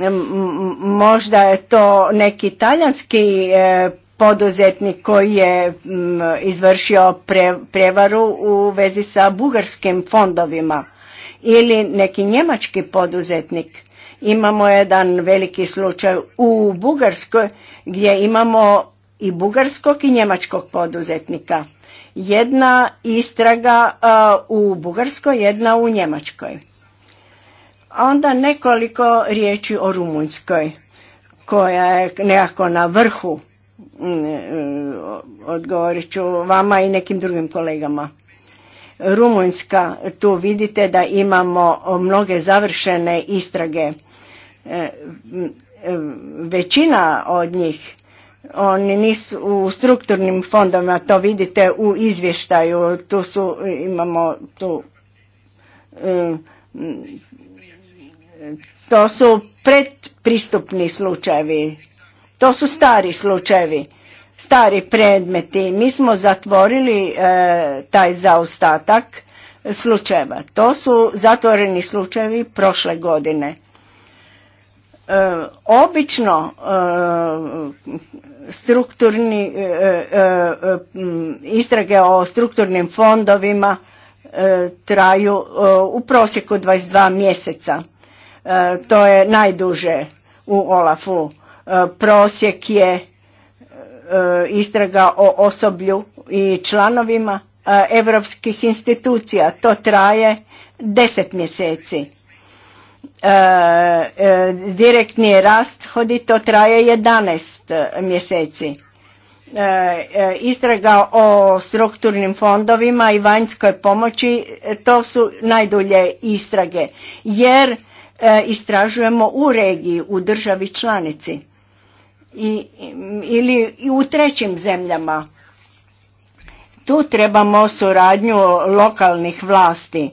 E, možda je to neki talijanski e, poduzetnik koji je mm, izvršio prevaru u vezi sa bugarskim fondovima ili neki njemački poduzetnik. Imamo jedan veliki slučaj u Bugarskoj gdje imamo i bugarskog i njemačkog poduzetnika. Jedna istraga u Bugarskoj, jedna u Njemačkoj. Onda nekoliko riječi o Rumunjskoj koja je nekako na vrhu. Mm, e, odgovorit ću vama i nekim drugim kolegama. Rumunjska, tu vidite da imamo mnoge završene istrage. E, e, većina od njih oni nisu u strukturnim fondovima, to vidite u izvještaju, tu su, imamo tu, e, to su predpristupni slučajevi, to su stari slučajevi, stari predmeti. Mi smo zatvorili e, taj zaostatak slučajeva. To su zatvoreni slučajevi prošle godine. E, obično e, strukturni e, istrage o strukturnim fondovima traju u prosjeku 22 mjeseca. To je najduže u Olafu. Prosjek je istraga o osoblju i članovima europskih institucija. To traje 10 mjeseci E, e, direktni rast hodi to traje 11 e, mjeseci. Istraga o strukturnim fondovima i vanjskoj pomoći to su najdulje istrage jer istražujemo u regiji, u državi članici i, ili i u trećim zemljama. Tu trebamo suradnju lokalnih vlasti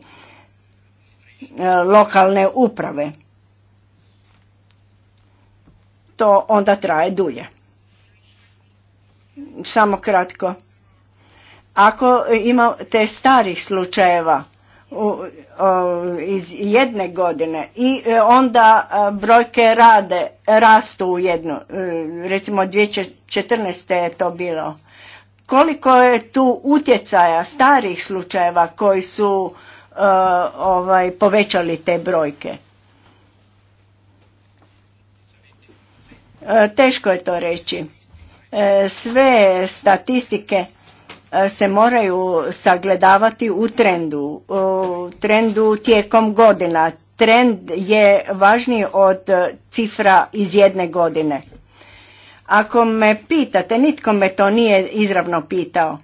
E, lokalne uprave. To onda traje dulje. Samo kratko. Ako imate starih slučajeva iz jedne godine i e, onda e, brojke rade, rastu u jednu, recimo 2014. je to bilo. Koliko je tu utjecaja starih slučajeva koji su Eh, ovaj, povećali te brojke. Eh, teško je to reći. Eh, sve statistike se moraju sagledavati u trendu, u trendu tijekom godina. Trend je važniji od cifra iz jedne godine. Ako me pitate, nitko me to nije izravno pitao,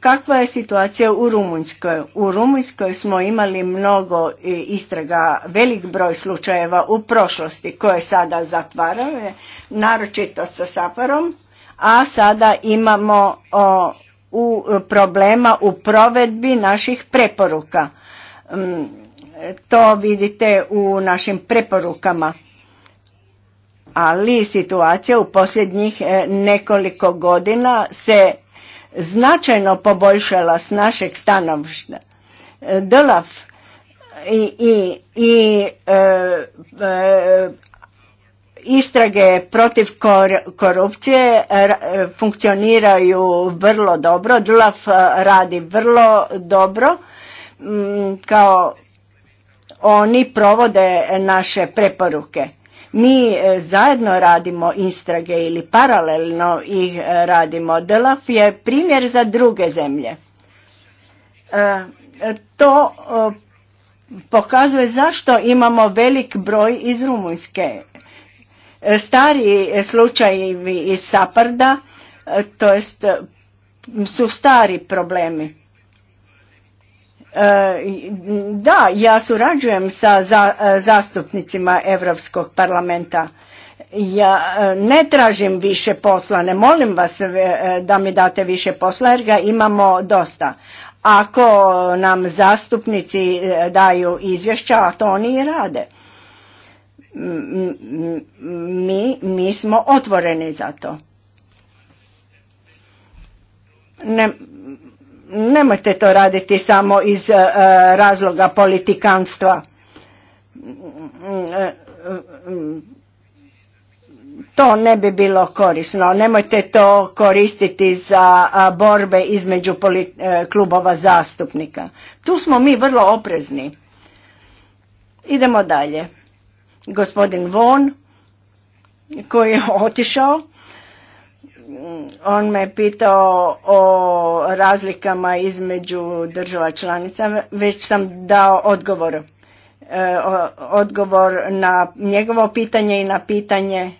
Kakva je situacija u Rumunjskoj? U Rumunjskoj smo imali mnogo e, istraga, velik broj slučajeva u prošlosti koje sada zatvaraju, e, naročito sa Saparom, a sada imamo u problema u provedbi naših preporuka. Mm, to vidite u našim preporukama. Ali situacija u posljednjih e, nekoliko godina se značajno poboljšala s našeg stanovišta. Dolav i, i, i e, e istrage protiv korupcije funkcioniraju vrlo dobro. Dolav radi vrlo dobro mm, kao oni provode naše preporuke. Mi e, zajedno radimo istrage ili paralelno ih e, radimo. Delaf je primjer za druge zemlje. E, to pokazuje zašto imamo velik broj iz Rumunjske. Stari slučajevi iz Saparda, to jest su stari problemi. E, da, ja surađujem sa e, zastupnicima Europskog parlamenta. Ja e, ne tražim više posla, ne molim vas da mi date više posla jer ga imamo dosta. Ako nam zastupnici daju izvješća, a to oni i rade. Mi, mi smo otvoreni za to. Ne, Nemojte to raditi samo iz e, e, razloga politikanstva. To ne bi bilo korisno. Nemojte to koristiti za borbe između e, klubova zastupnika. Tu smo mi vrlo oprezni. Idemo dalje. Gospodin Von koji je otišao Mm, on me pitao o razlikama između država članica, već sam dao odgovor. E, odgovor na njegovo pitanje i na pitanje e,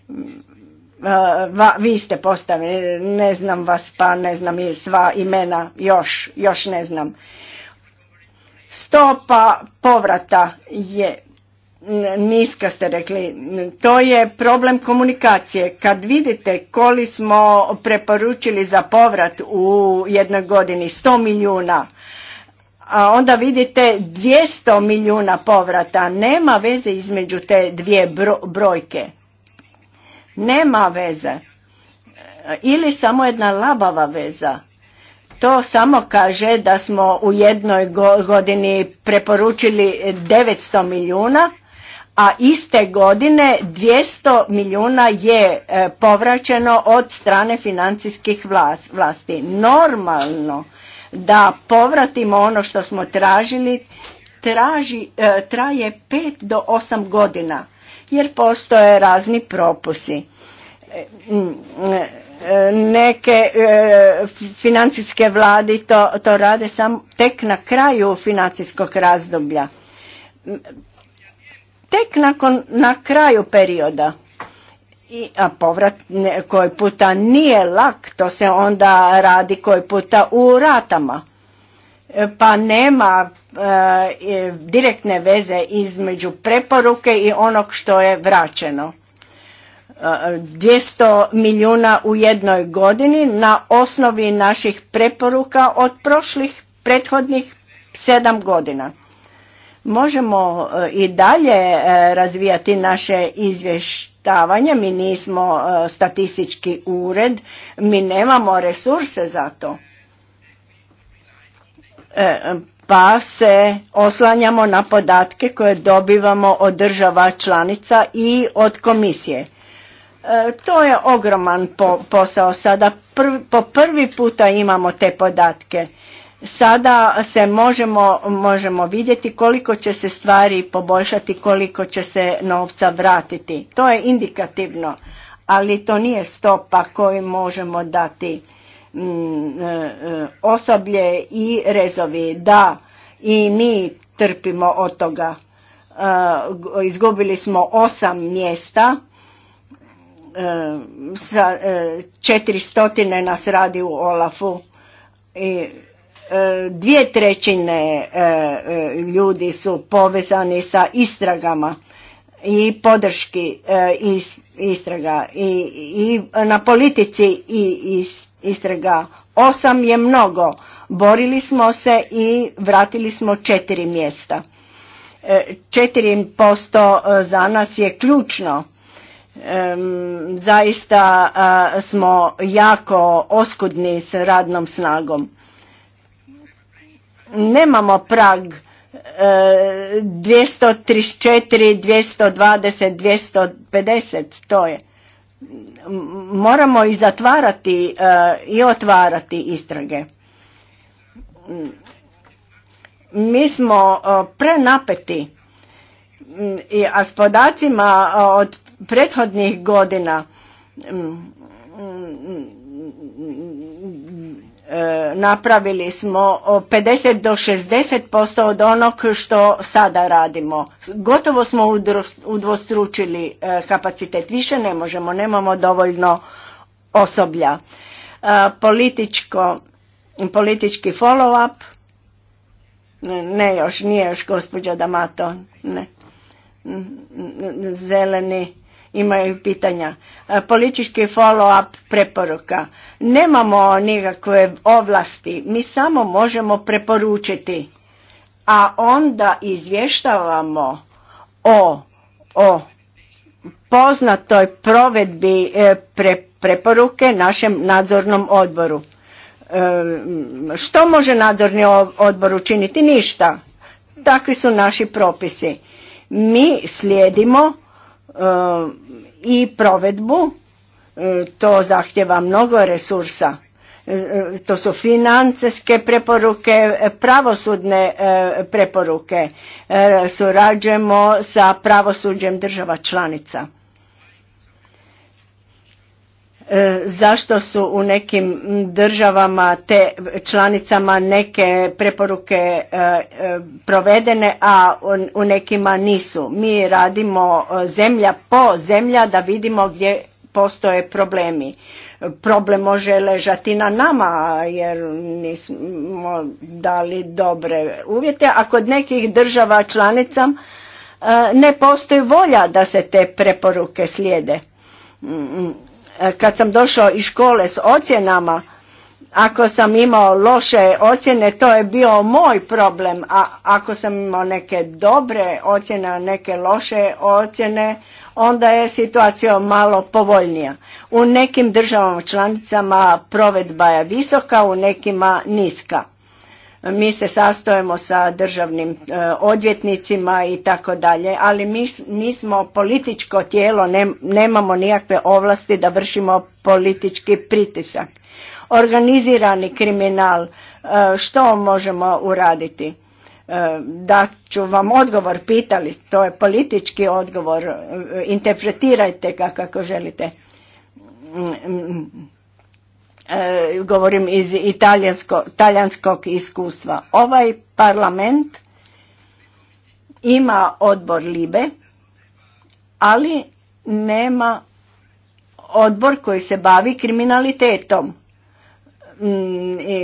vi ste postavili, ne znam vas pa ne znam i sva imena, još, još ne znam. Stopa povrata je niska ste rekli. To je problem komunikacije. Kad vidite koli smo preporučili za povrat u jednoj godini, 100 milijuna, a onda vidite 200 milijuna povrata. Nema veze između te dvije brojke. Nema veze. Ili samo jedna labava veza. To samo kaže da smo u jednoj godini preporučili 900 milijuna, a iste godine 200 milijuna je e, povraćeno od strane financijskih vlasti. Normalno da povratimo ono što smo tražili traži, e, traje 5 do 8 godina jer postoje razni propusi. E, neke financijske vladi to, to rade sam tek na kraju financijskog razdoblja Tek nakon, na kraju perioda, i, a povrat koji puta nije lak, to se onda radi koji puta u ratama. E, pa nema e, direktne veze između preporuke i onog što je vraćeno. 200 e, milijuna u jednoj godini na osnovi naših preporuka od prošlih prethodnih sedam godina. Možemo e, i dalje e, razvijati naše izvještavanje, mi nismo e, statistički ured, mi nemamo resurse za to. Pa se oslanjamo na podatke koje dobivamo od država članica i od komisije. To je ogroman posao sada. Po prvi puta imamo te podatke Sada se možemo, možemo vidjeti koliko će se stvari poboljšati, koliko će se novca vratiti. To je indikativno, ali to nije stopa koju možemo dati mm, e, e, osoblje i rezovi. Da, i mi trpimo od toga. E, izgubili smo osam mjesta, sa četiri stotine nas radi u Olafu i E, dvije trećine e, e, ljudi su povezani sa istragama i podrški istraga i, na politici i istraga. Osam je mnogo. Borili smo se i vratili smo četiri mjesta. Četiri posto za nas je ključno. Zaista smo jako oskudni s radnom snagom nemamo prag 234, 220, 250, to je. Moramo i zatvarati e, i otvarati istrage. Mi smo e, prenapeti, a s podacima e, od prethodnih godina E, napravili smo 50 do 60% od onog što sada radimo. Gotovo smo udvostručili e, kapacitet, više ne možemo, nemamo dovoljno osoblja. E, političko, politički follow up, ne još, nije još gospođa Damato, ne, zeleni imaju pitanja. E, politički follow-up preporuka. Nemamo nikakve ovlasti, mi samo možemo preporučiti, a onda izvještavamo o, o poznatoj provedbi e, preporuke našem nadzornom odboru. E, što može nadzorni odbor učiniti? Ništa. Takvi su naši propisi. Mi slijedimo i provedbu. E, to zahtjeva mnogo resursa. E, to su financijske preporuke, pravosudne e, preporuke. Surađujemo sa pravosuđem država članica. E, zašto su u nekim državama te članicama neke preporuke e, e, provedene, a u nekima nisu. Mi radimo zemlja po zemlja da vidimo gdje postoje problemi. Problem može ležati na nama jer nismo dali dobre uvjete, a kod nekih država članica ne postoji volja da se te preporuke slijede mm, mm. E, kad sam došao iz škole s ocjenama, ako sam imao loše ocjene, to je bio moj problem, a ako sam imao neke dobre ocjene, neke loše ocjene, onda je situacija malo povoljnija. U nekim državama članicama provedba je visoka, u nekima niska. Mi se sastojemo sa državnim e, odvjetnicima i tako dalje, ali mi nismo političko tijelo, nemamo nikakve ovlasti da vršimo politički pritisak. Organizirani kriminal, e, što možemo uraditi? E, da ću vam odgovor pitali, to je politički odgovor, interpretirajte ga kako želite. Mm, mm, mm. E, govorim iz italijanskog talijanskog iskustva. Ovaj parlament ima odbor Libe, ali nema odbor koji se bavi kriminalitetom mm, i,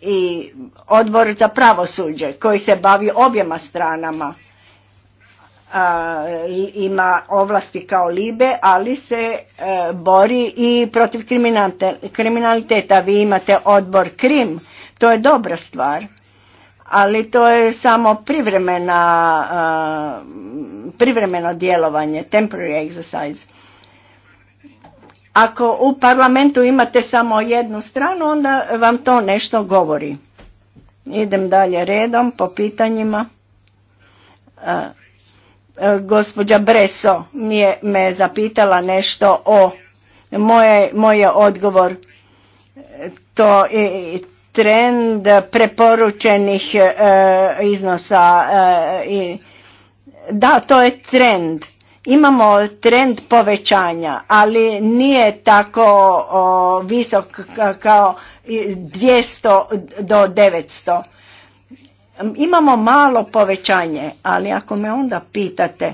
i odbor za pravosuđe koji se bavi objema stranama ima ovlasti kao libe, ali se e, bori i protiv kriminaliteta. Vi imate odbor Krim, to je dobra stvar, ali to je samo privremeno djelovanje, temporary exercise. Ako u parlamentu imate samo jednu stranu, onda vam to nešto govori. Idem dalje redom po pitanjima. E, gospođa Breso mi me zapitala nešto o moje, moje odgovor. E, to je trend preporučenih e, iznosa i da, to je trend. Imamo trend povećanja, ali nije tako visok kao 200 do 900 Imamo malo povećanje, ali ako me onda pitate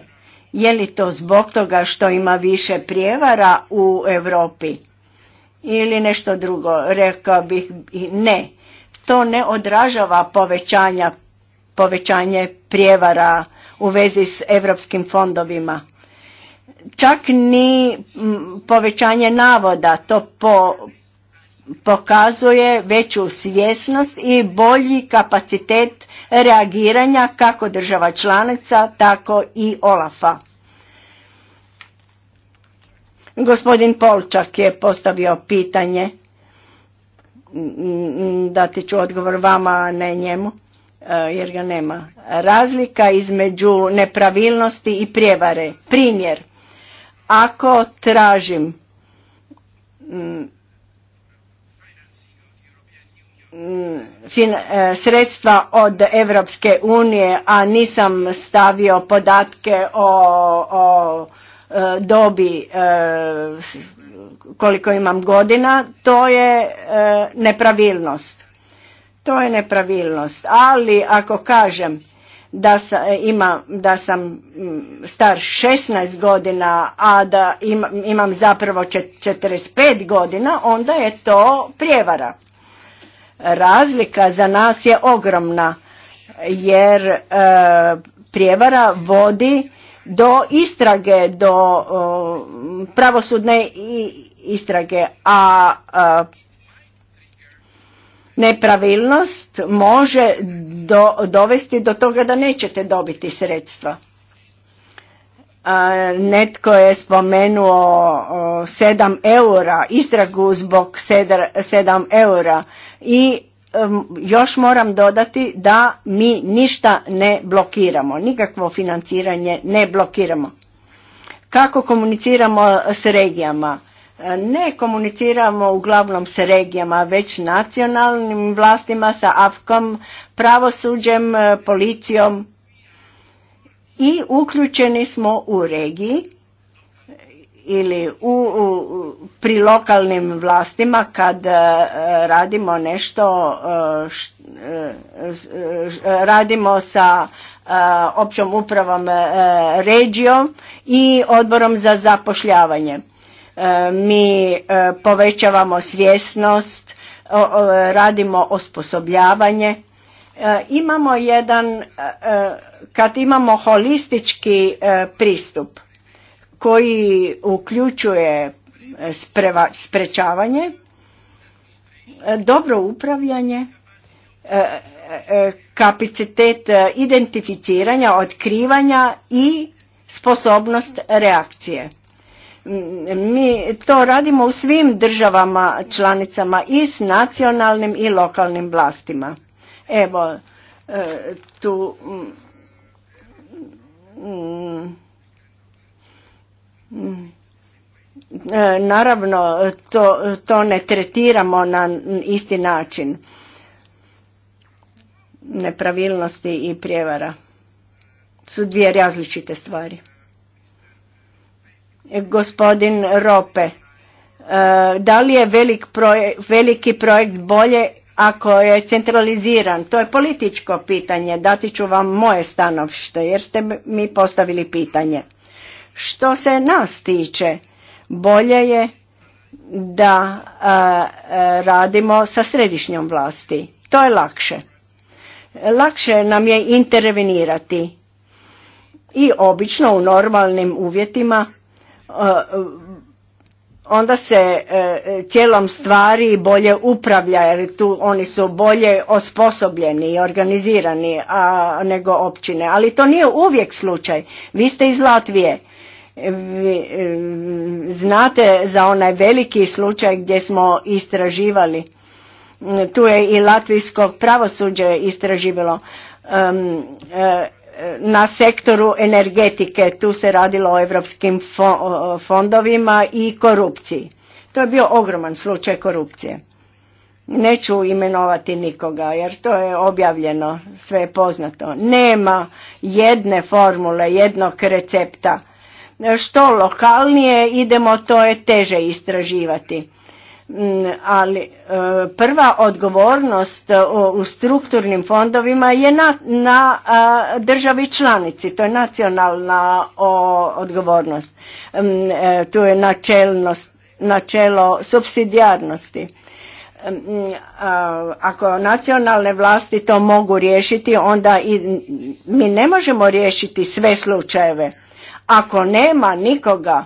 je li to zbog toga što ima više prijevara u Europi ili nešto drugo, rekao bih ne. To ne odražava povećanja, povećanje prijevara u vezi s europskim fondovima. Čak ni povećanje navoda to pokazuje veću svjesnost i bolji kapacitet reagiranja kako država članica, tako i Olafa. Gospodin Polčak je postavio pitanje, dati ću odgovor vama, a ne njemu, e, jer ga nema. Razlika između nepravilnosti i prijevare. Primjer, ako tražim Mm, e, sredstva od Europske unije, a nisam stavio podatke o, e, dobi e, koliko imam godina, to je nepravilnost. To je nepravilnost, ali ako kažem da sam, ima, da sam mm, star 16 godina, a da imam, imam zapravo 45 godina, onda je to prijevara. Razlika za nas je ogromna jer e, prijevara vodi do istrage, do pravosudne istrage, a, e, nepravilnost može dovesti do toga da nećete dobiti sredstva. E, netko je spomenuo 7 eura, istragu zbog 7 eura i još moram dodati da mi ništa ne blokiramo, nikakvo financiranje ne blokiramo. Kako komuniciramo s regijama? Ne komuniciramo uglavnom s regijama, već nacionalnim vlastima, sa AFKOM, pravosuđem, eh, policijom i uključeni smo u regiji ili u, pri lokalnim vlastima kad e, radimo nešto e, e, radimo sa općom upravom regijom i odborom za zapošljavanje. Mi povećavamo svjesnost, radimo osposobljavanje. Imamo jedan, kad imamo holistički pristup, koji uključuje e, sprečavanje, e, dobro upravljanje, e, kapacitet identificiranja, otkrivanja i sposobnost reakcije. Mi to radimo u svim državama članicama i s nacionalnim i lokalnim vlastima. Evo, tu... Mm. E, naravno, to, to ne tretiramo na isti način nepravilnosti i prijevara su dvije različite stvari. E, gospodin Rope, e, da li je velik veliki projekt bolje ako je centraliziran? To je političko pitanje, dati ću vam moje stanovšte jer ste mi postavili pitanje. Što se nas tiče, bolje je da radimo sa središnjom vlasti. To je lakše. Lakše nam je intervenirati. I obično u normalnim uvjetima onda se cijelom e, stvari bolje upravlja jer tu oni su bolje osposobljeni i organizirani a, nego općine. Ali to nije uvijek slučaj. Vi ste iz Latvije Mm, znate za onaj veliki slučaj gdje smo istraživali, tu je i latvijsko pravosuđe istraživalo eh, na sektoru energetike, tu se radilo o europskim fondovima i korupciji. To je bio ogroman slučaj korupcije. Neću imenovati nikoga jer to je objavljeno, sve je poznato. Nema jedne formule, jednog recepta što lokalnije idemo, to je teže istraživati. Mm, ali e, prva odgovornost e, u strukturnim fondovima je na, na e, državi članici, to je nacionalna odgovornost. Mm, tu je načelnost, načelo subsidijarnosti mm, ako nacionalne vlasti to mogu riješiti, onda i mi ne možemo riješiti sve slučajeve. Ako nema nikoga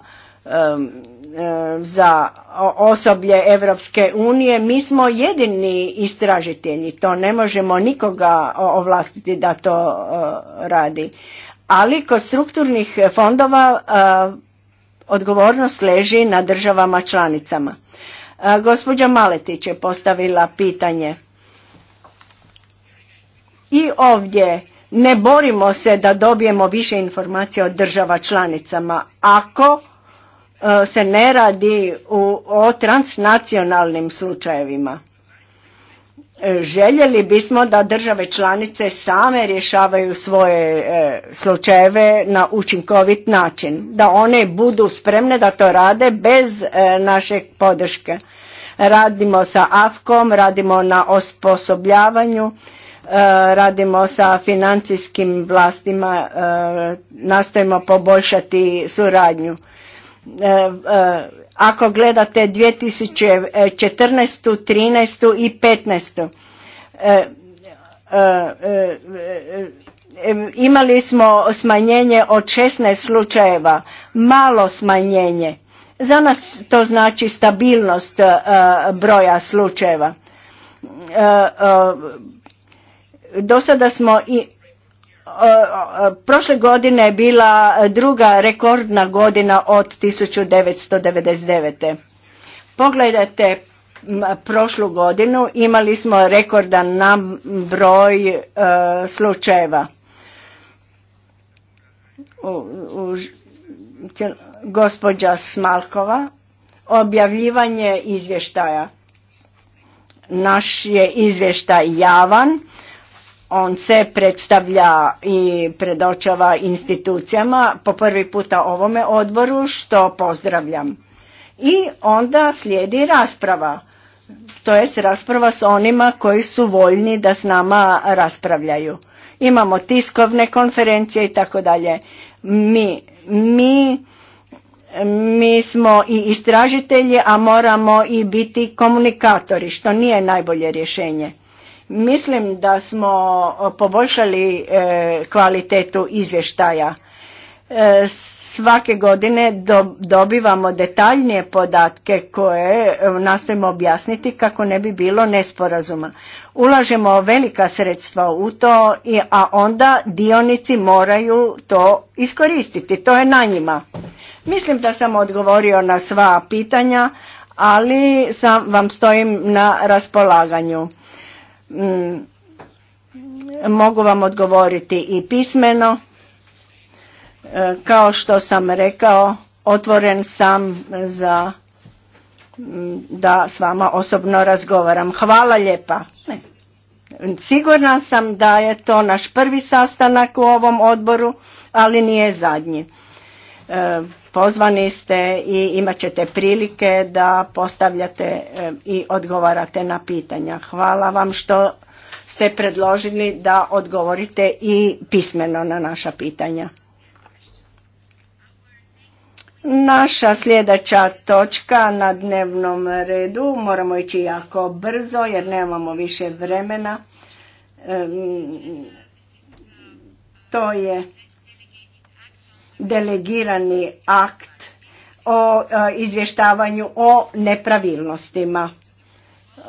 za osoblje Evropske unije, mi smo jedini istražitelji. To ne možemo nikoga ovlastiti da to e, radi. Ali kod strukturnih fondova e, odgovornost leži na državama članicama. E, gospođa Maletić je postavila pitanje. I ovdje ne borimo se da dobijemo više informacija od država članicama ako e, se ne radi u, o transnacionalnim slučajevima. E, željeli bismo da države članice same rješavaju svoje e, slučajeve na učinkovit način, da one budu spremne da to rade bez naše podrške. Radimo sa AFKOM, radimo na osposobljavanju E, radimo sa financijskim vlastima, e, nastojimo poboljšati suradnju. E, ako gledate 2014. 13. i 15. Imali smo smanjenje od 16 slučajeva, malo smanjenje. Za nas to znači stabilnost broja slučajeva do sada smo i e, e, prošle godine je bila druga rekordna godina od 1999. Pogledajte prošlu godinu imali smo rekordan nam broj e, slučajeva. U, Smalkova, objavljivanje izvještaja. Naš je izvještaj javan on se predstavlja i predočava institucijama po prvi puta ovome odboru što pozdravljam. I onda slijedi rasprava, to jest rasprava s onima koji su voljni da s nama raspravljaju. Imamo tiskovne konferencije i tako dalje. Mi, mi mi smo i istražitelji, a moramo i biti komunikatori, što nije najbolje rješenje. Mislim da smo e, poboljšali e, kvalitetu izvještaja. E, svake godine dobivamo detaljnije podatke koje nastojimo objasniti kako ne bi bilo nesporazuma. Ulažemo velika sredstva u to, a onda dionici moraju to iskoristiti. To je na njima. Mislim da sam odgovorio na sva pitanja, ali sam, vam stojim na raspolaganju Mm, mogu vam odgovoriti i pismeno. E, kao što sam rekao, otvoren sam za mm, da s vama osobno razgovaram. Hvala lijepa. E, sigurna sam da je to naš prvi sastanak u ovom odboru, ali nije zadnji. E, pozvani ste i imat ćete prilike da postavljate e, i odgovarate na pitanja. Hvala vam što ste predložili da odgovorite i pismeno na naša pitanja. Naša sljedeća točka na dnevnom redu, moramo ići jako brzo jer nemamo više vremena, e, to je delegirani akt o e, izvještavanju o nepravilnostima. E,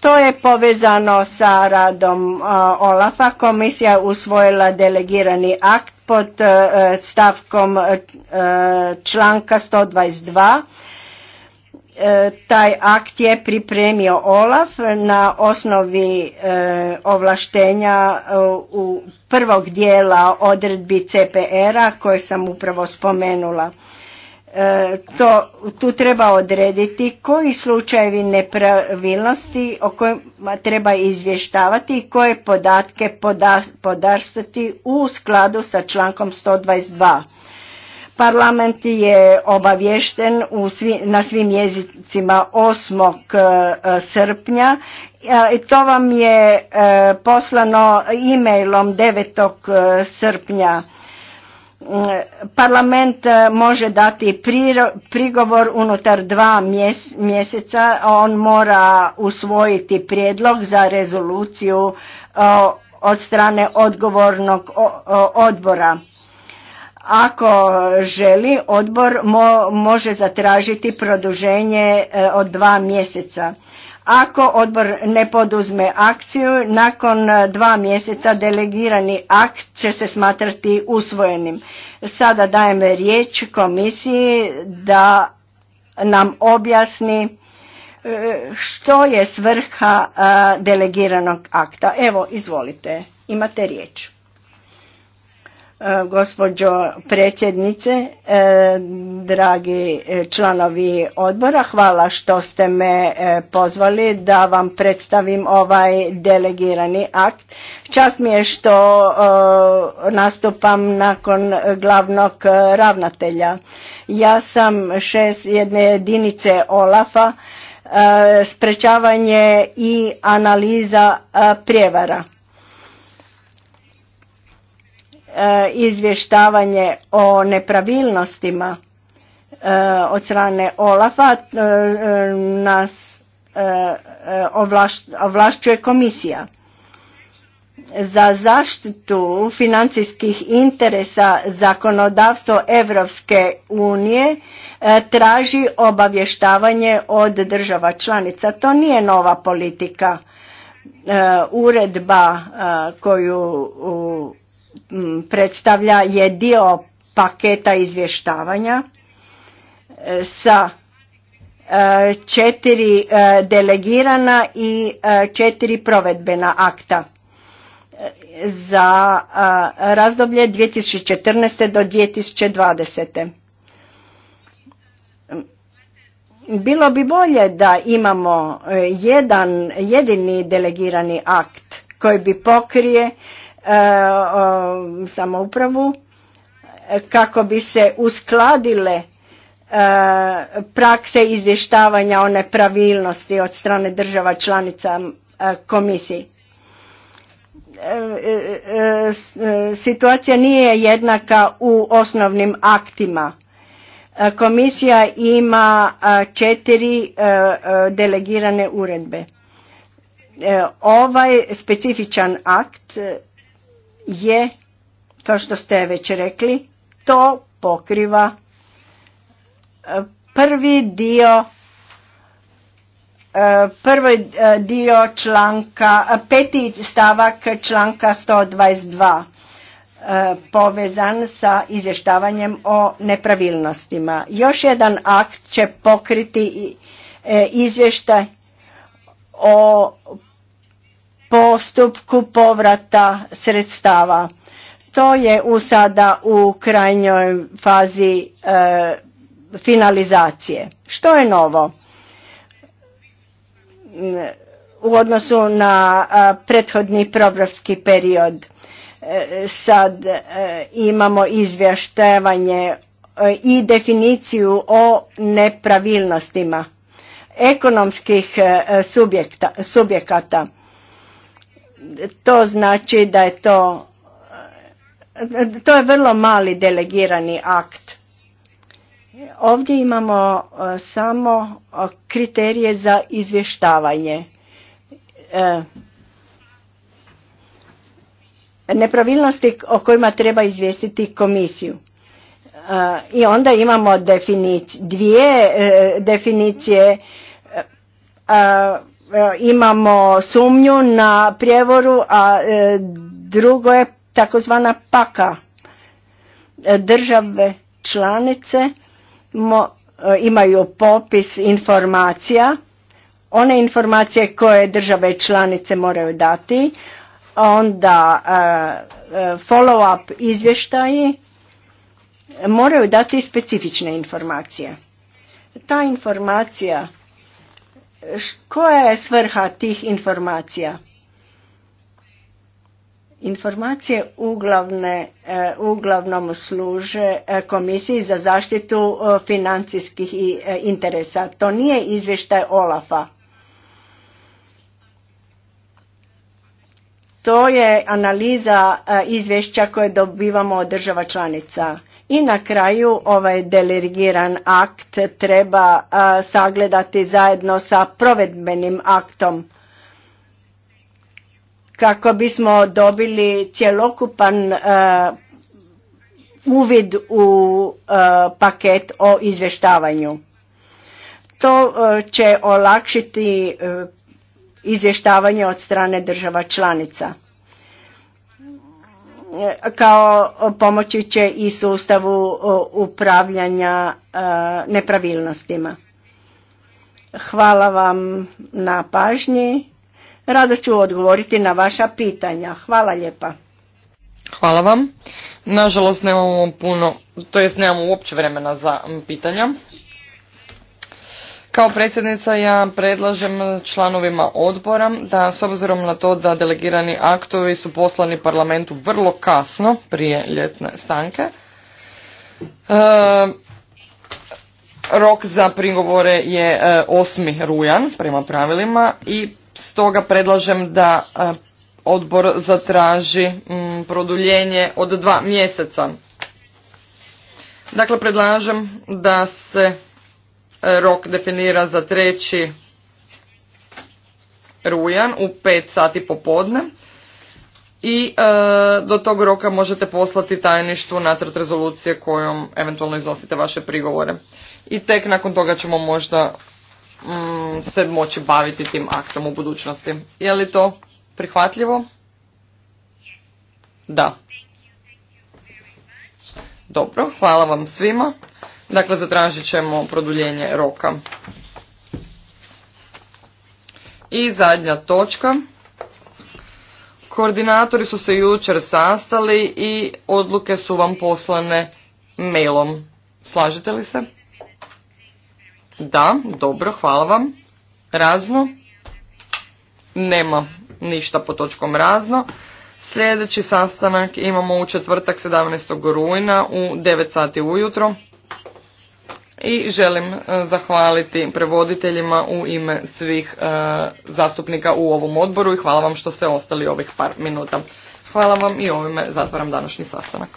to je povezano sa radom e, Olafa. Komisija je usvojila delegirani akt pod stavkom članka 122 E, taj akt je pripremio Olaf na osnovi e, ovlaštenja e, u prvog dijela odredbi CPR-a koje sam upravo spomenula. to, tu treba odrediti koji slučajevi nepravilnosti o kojima treba izvještavati i koje podatke poda, podarstati u skladu sa člankom 122 Parlament je obavješten na svim jezicima 8. E, srpnja e, i to vam je e, poslano e-mailom 9. srpnja. Mm, parlament može dati prigovor unutar dva mjeseca, on mora usvojiti prijedlog za rezoluciju od strane odgovornog odbora. Ako želi, odbor može zatražiti produženje e, od dva mjeseca. Ako odbor ne poduzme akciju, nakon e, dva mjeseca delegirani akt će se smatrati usvojenim. Sada dajem riječ komisiji da nam objasni e, što je svrha delegiranog akta. Evo, izvolite, imate riječ. E, gospođo predsjednice, e, dragi članovi odbora, hvala što ste me e, pozvali da vam predstavim ovaj delegirani akt. Čast mi je što nastupam nakon glavnog ravnatelja. Ja sam šest jedne jedinice Olafa, sprečavanje i analiza prijevara E, izvještavanje o nepravilnostima e, od strane Olafa e, nas ovlašćuje komisija. Za zaštitu financijskih interesa zakonodavstvo Evropske unije traži obavještavanje od država članica. To nije nova politika. Uredba koju predstavlja je dio paketa izvještavanja e, sa e, četiri e, delegirana i četiri provedbena akta za razdoblje 2014. do 2020. Bilo bi bolje da imamo jedan jedini delegirani akt koji bi pokrije E, samoupravu kako bi se uskladile e, prakse izvještavanja o nepravilnosti od strane država članica e, komisiji. Situacija nije jednaka u osnovnim aktima. Komisija ima četiri delegirane uredbe. Ovaj specifičan akt je, to što ste već rekli, to pokriva e, prvi dio e, prvi e, dio članka, peti stavak članka 122 povezan sa izvještavanjem o nepravilnostima. Još jedan akt će pokriti izvještaj o postupku povrata sredstava. To je u sada u krajnjoj fazi e, finalizacije. Što je novo? U odnosu na e, prethodni programski period e, sad imamo izvještavanje i definiciju o nepravilnostima ekonomskih subjekata to znači da je to, to je vrlo mali delegirani akt. Ovdje imamo e, samo e, kriterije za izvještavanje. E, nepravilnosti o kojima treba izvijestiti komisiju. I onda imamo dvije definicije E, imamo sumnju na prijevoru, a e, drugo je takozvana paka. E, države članice imaju popis informacija, one informacije koje države članice moraju dati, onda follow up izvještaji moraju dati specifične informacije. Ta informacija koja je svrha tih informacija? Informacije uglavne, e, uglavnom služe e, Komisiji za zaštitu e, financijskih interesa. To nije izvještaj Olafa. To je analiza izvješća koje dobivamo od država članica i na kraju ovaj delegiran akt treba sagledati zajedno sa provedbenim aktom kako bismo dobili cjelokupan uvid u paket o izvještavanju. To će olakšiti izvještavanje od strane država članica. E, kao pomoći će i sustavu upravljanja e, nepravilnostima. Hvala vam na pažnji. Rado ću odgovoriti na vaša pitanja. Hvala lijepa. Hvala vam. Nažalost nemamo puno, to jest nemamo uopće vremena za pitanja. Kao predsjednica ja predlažem članovima odbora da s obzirom na to da delegirani aktovi su poslani parlamentu vrlo kasno prije ljetne stanke, e, rok za prigovore je 8. E, rujan prema pravilima i stoga predlažem da e, odbor zatraži produljenje od dva mjeseca. Dakle, predlažem da se E, rok definira za treći rujan u 5 sati popodne i e, do tog roka možete poslati tajništvu nacrt rezolucije kojom eventualno iznosite vaše prigovore. I tek nakon toga ćemo možda mm, se moći baviti tim aktom u budućnosti. Je li to prihvatljivo? Da. Dobro, hvala vam svima. Dakle, zatražit ćemo produljenje roka. I zadnja točka. Koordinatori su se jučer sastali i odluke su vam poslane mailom. Slažete li se? Da, dobro, hvala vam. Razno? Nema ništa po točkom razno. Sljedeći sastanak imamo u četvrtak 17. rujna u 9 sati ujutro i želim e, zahvaliti prevoditeljima u ime svih e, zastupnika u ovom odboru i hvala vam što ste ostali ovih par minuta. Hvala vam i ovime zatvaram današnji sastanak.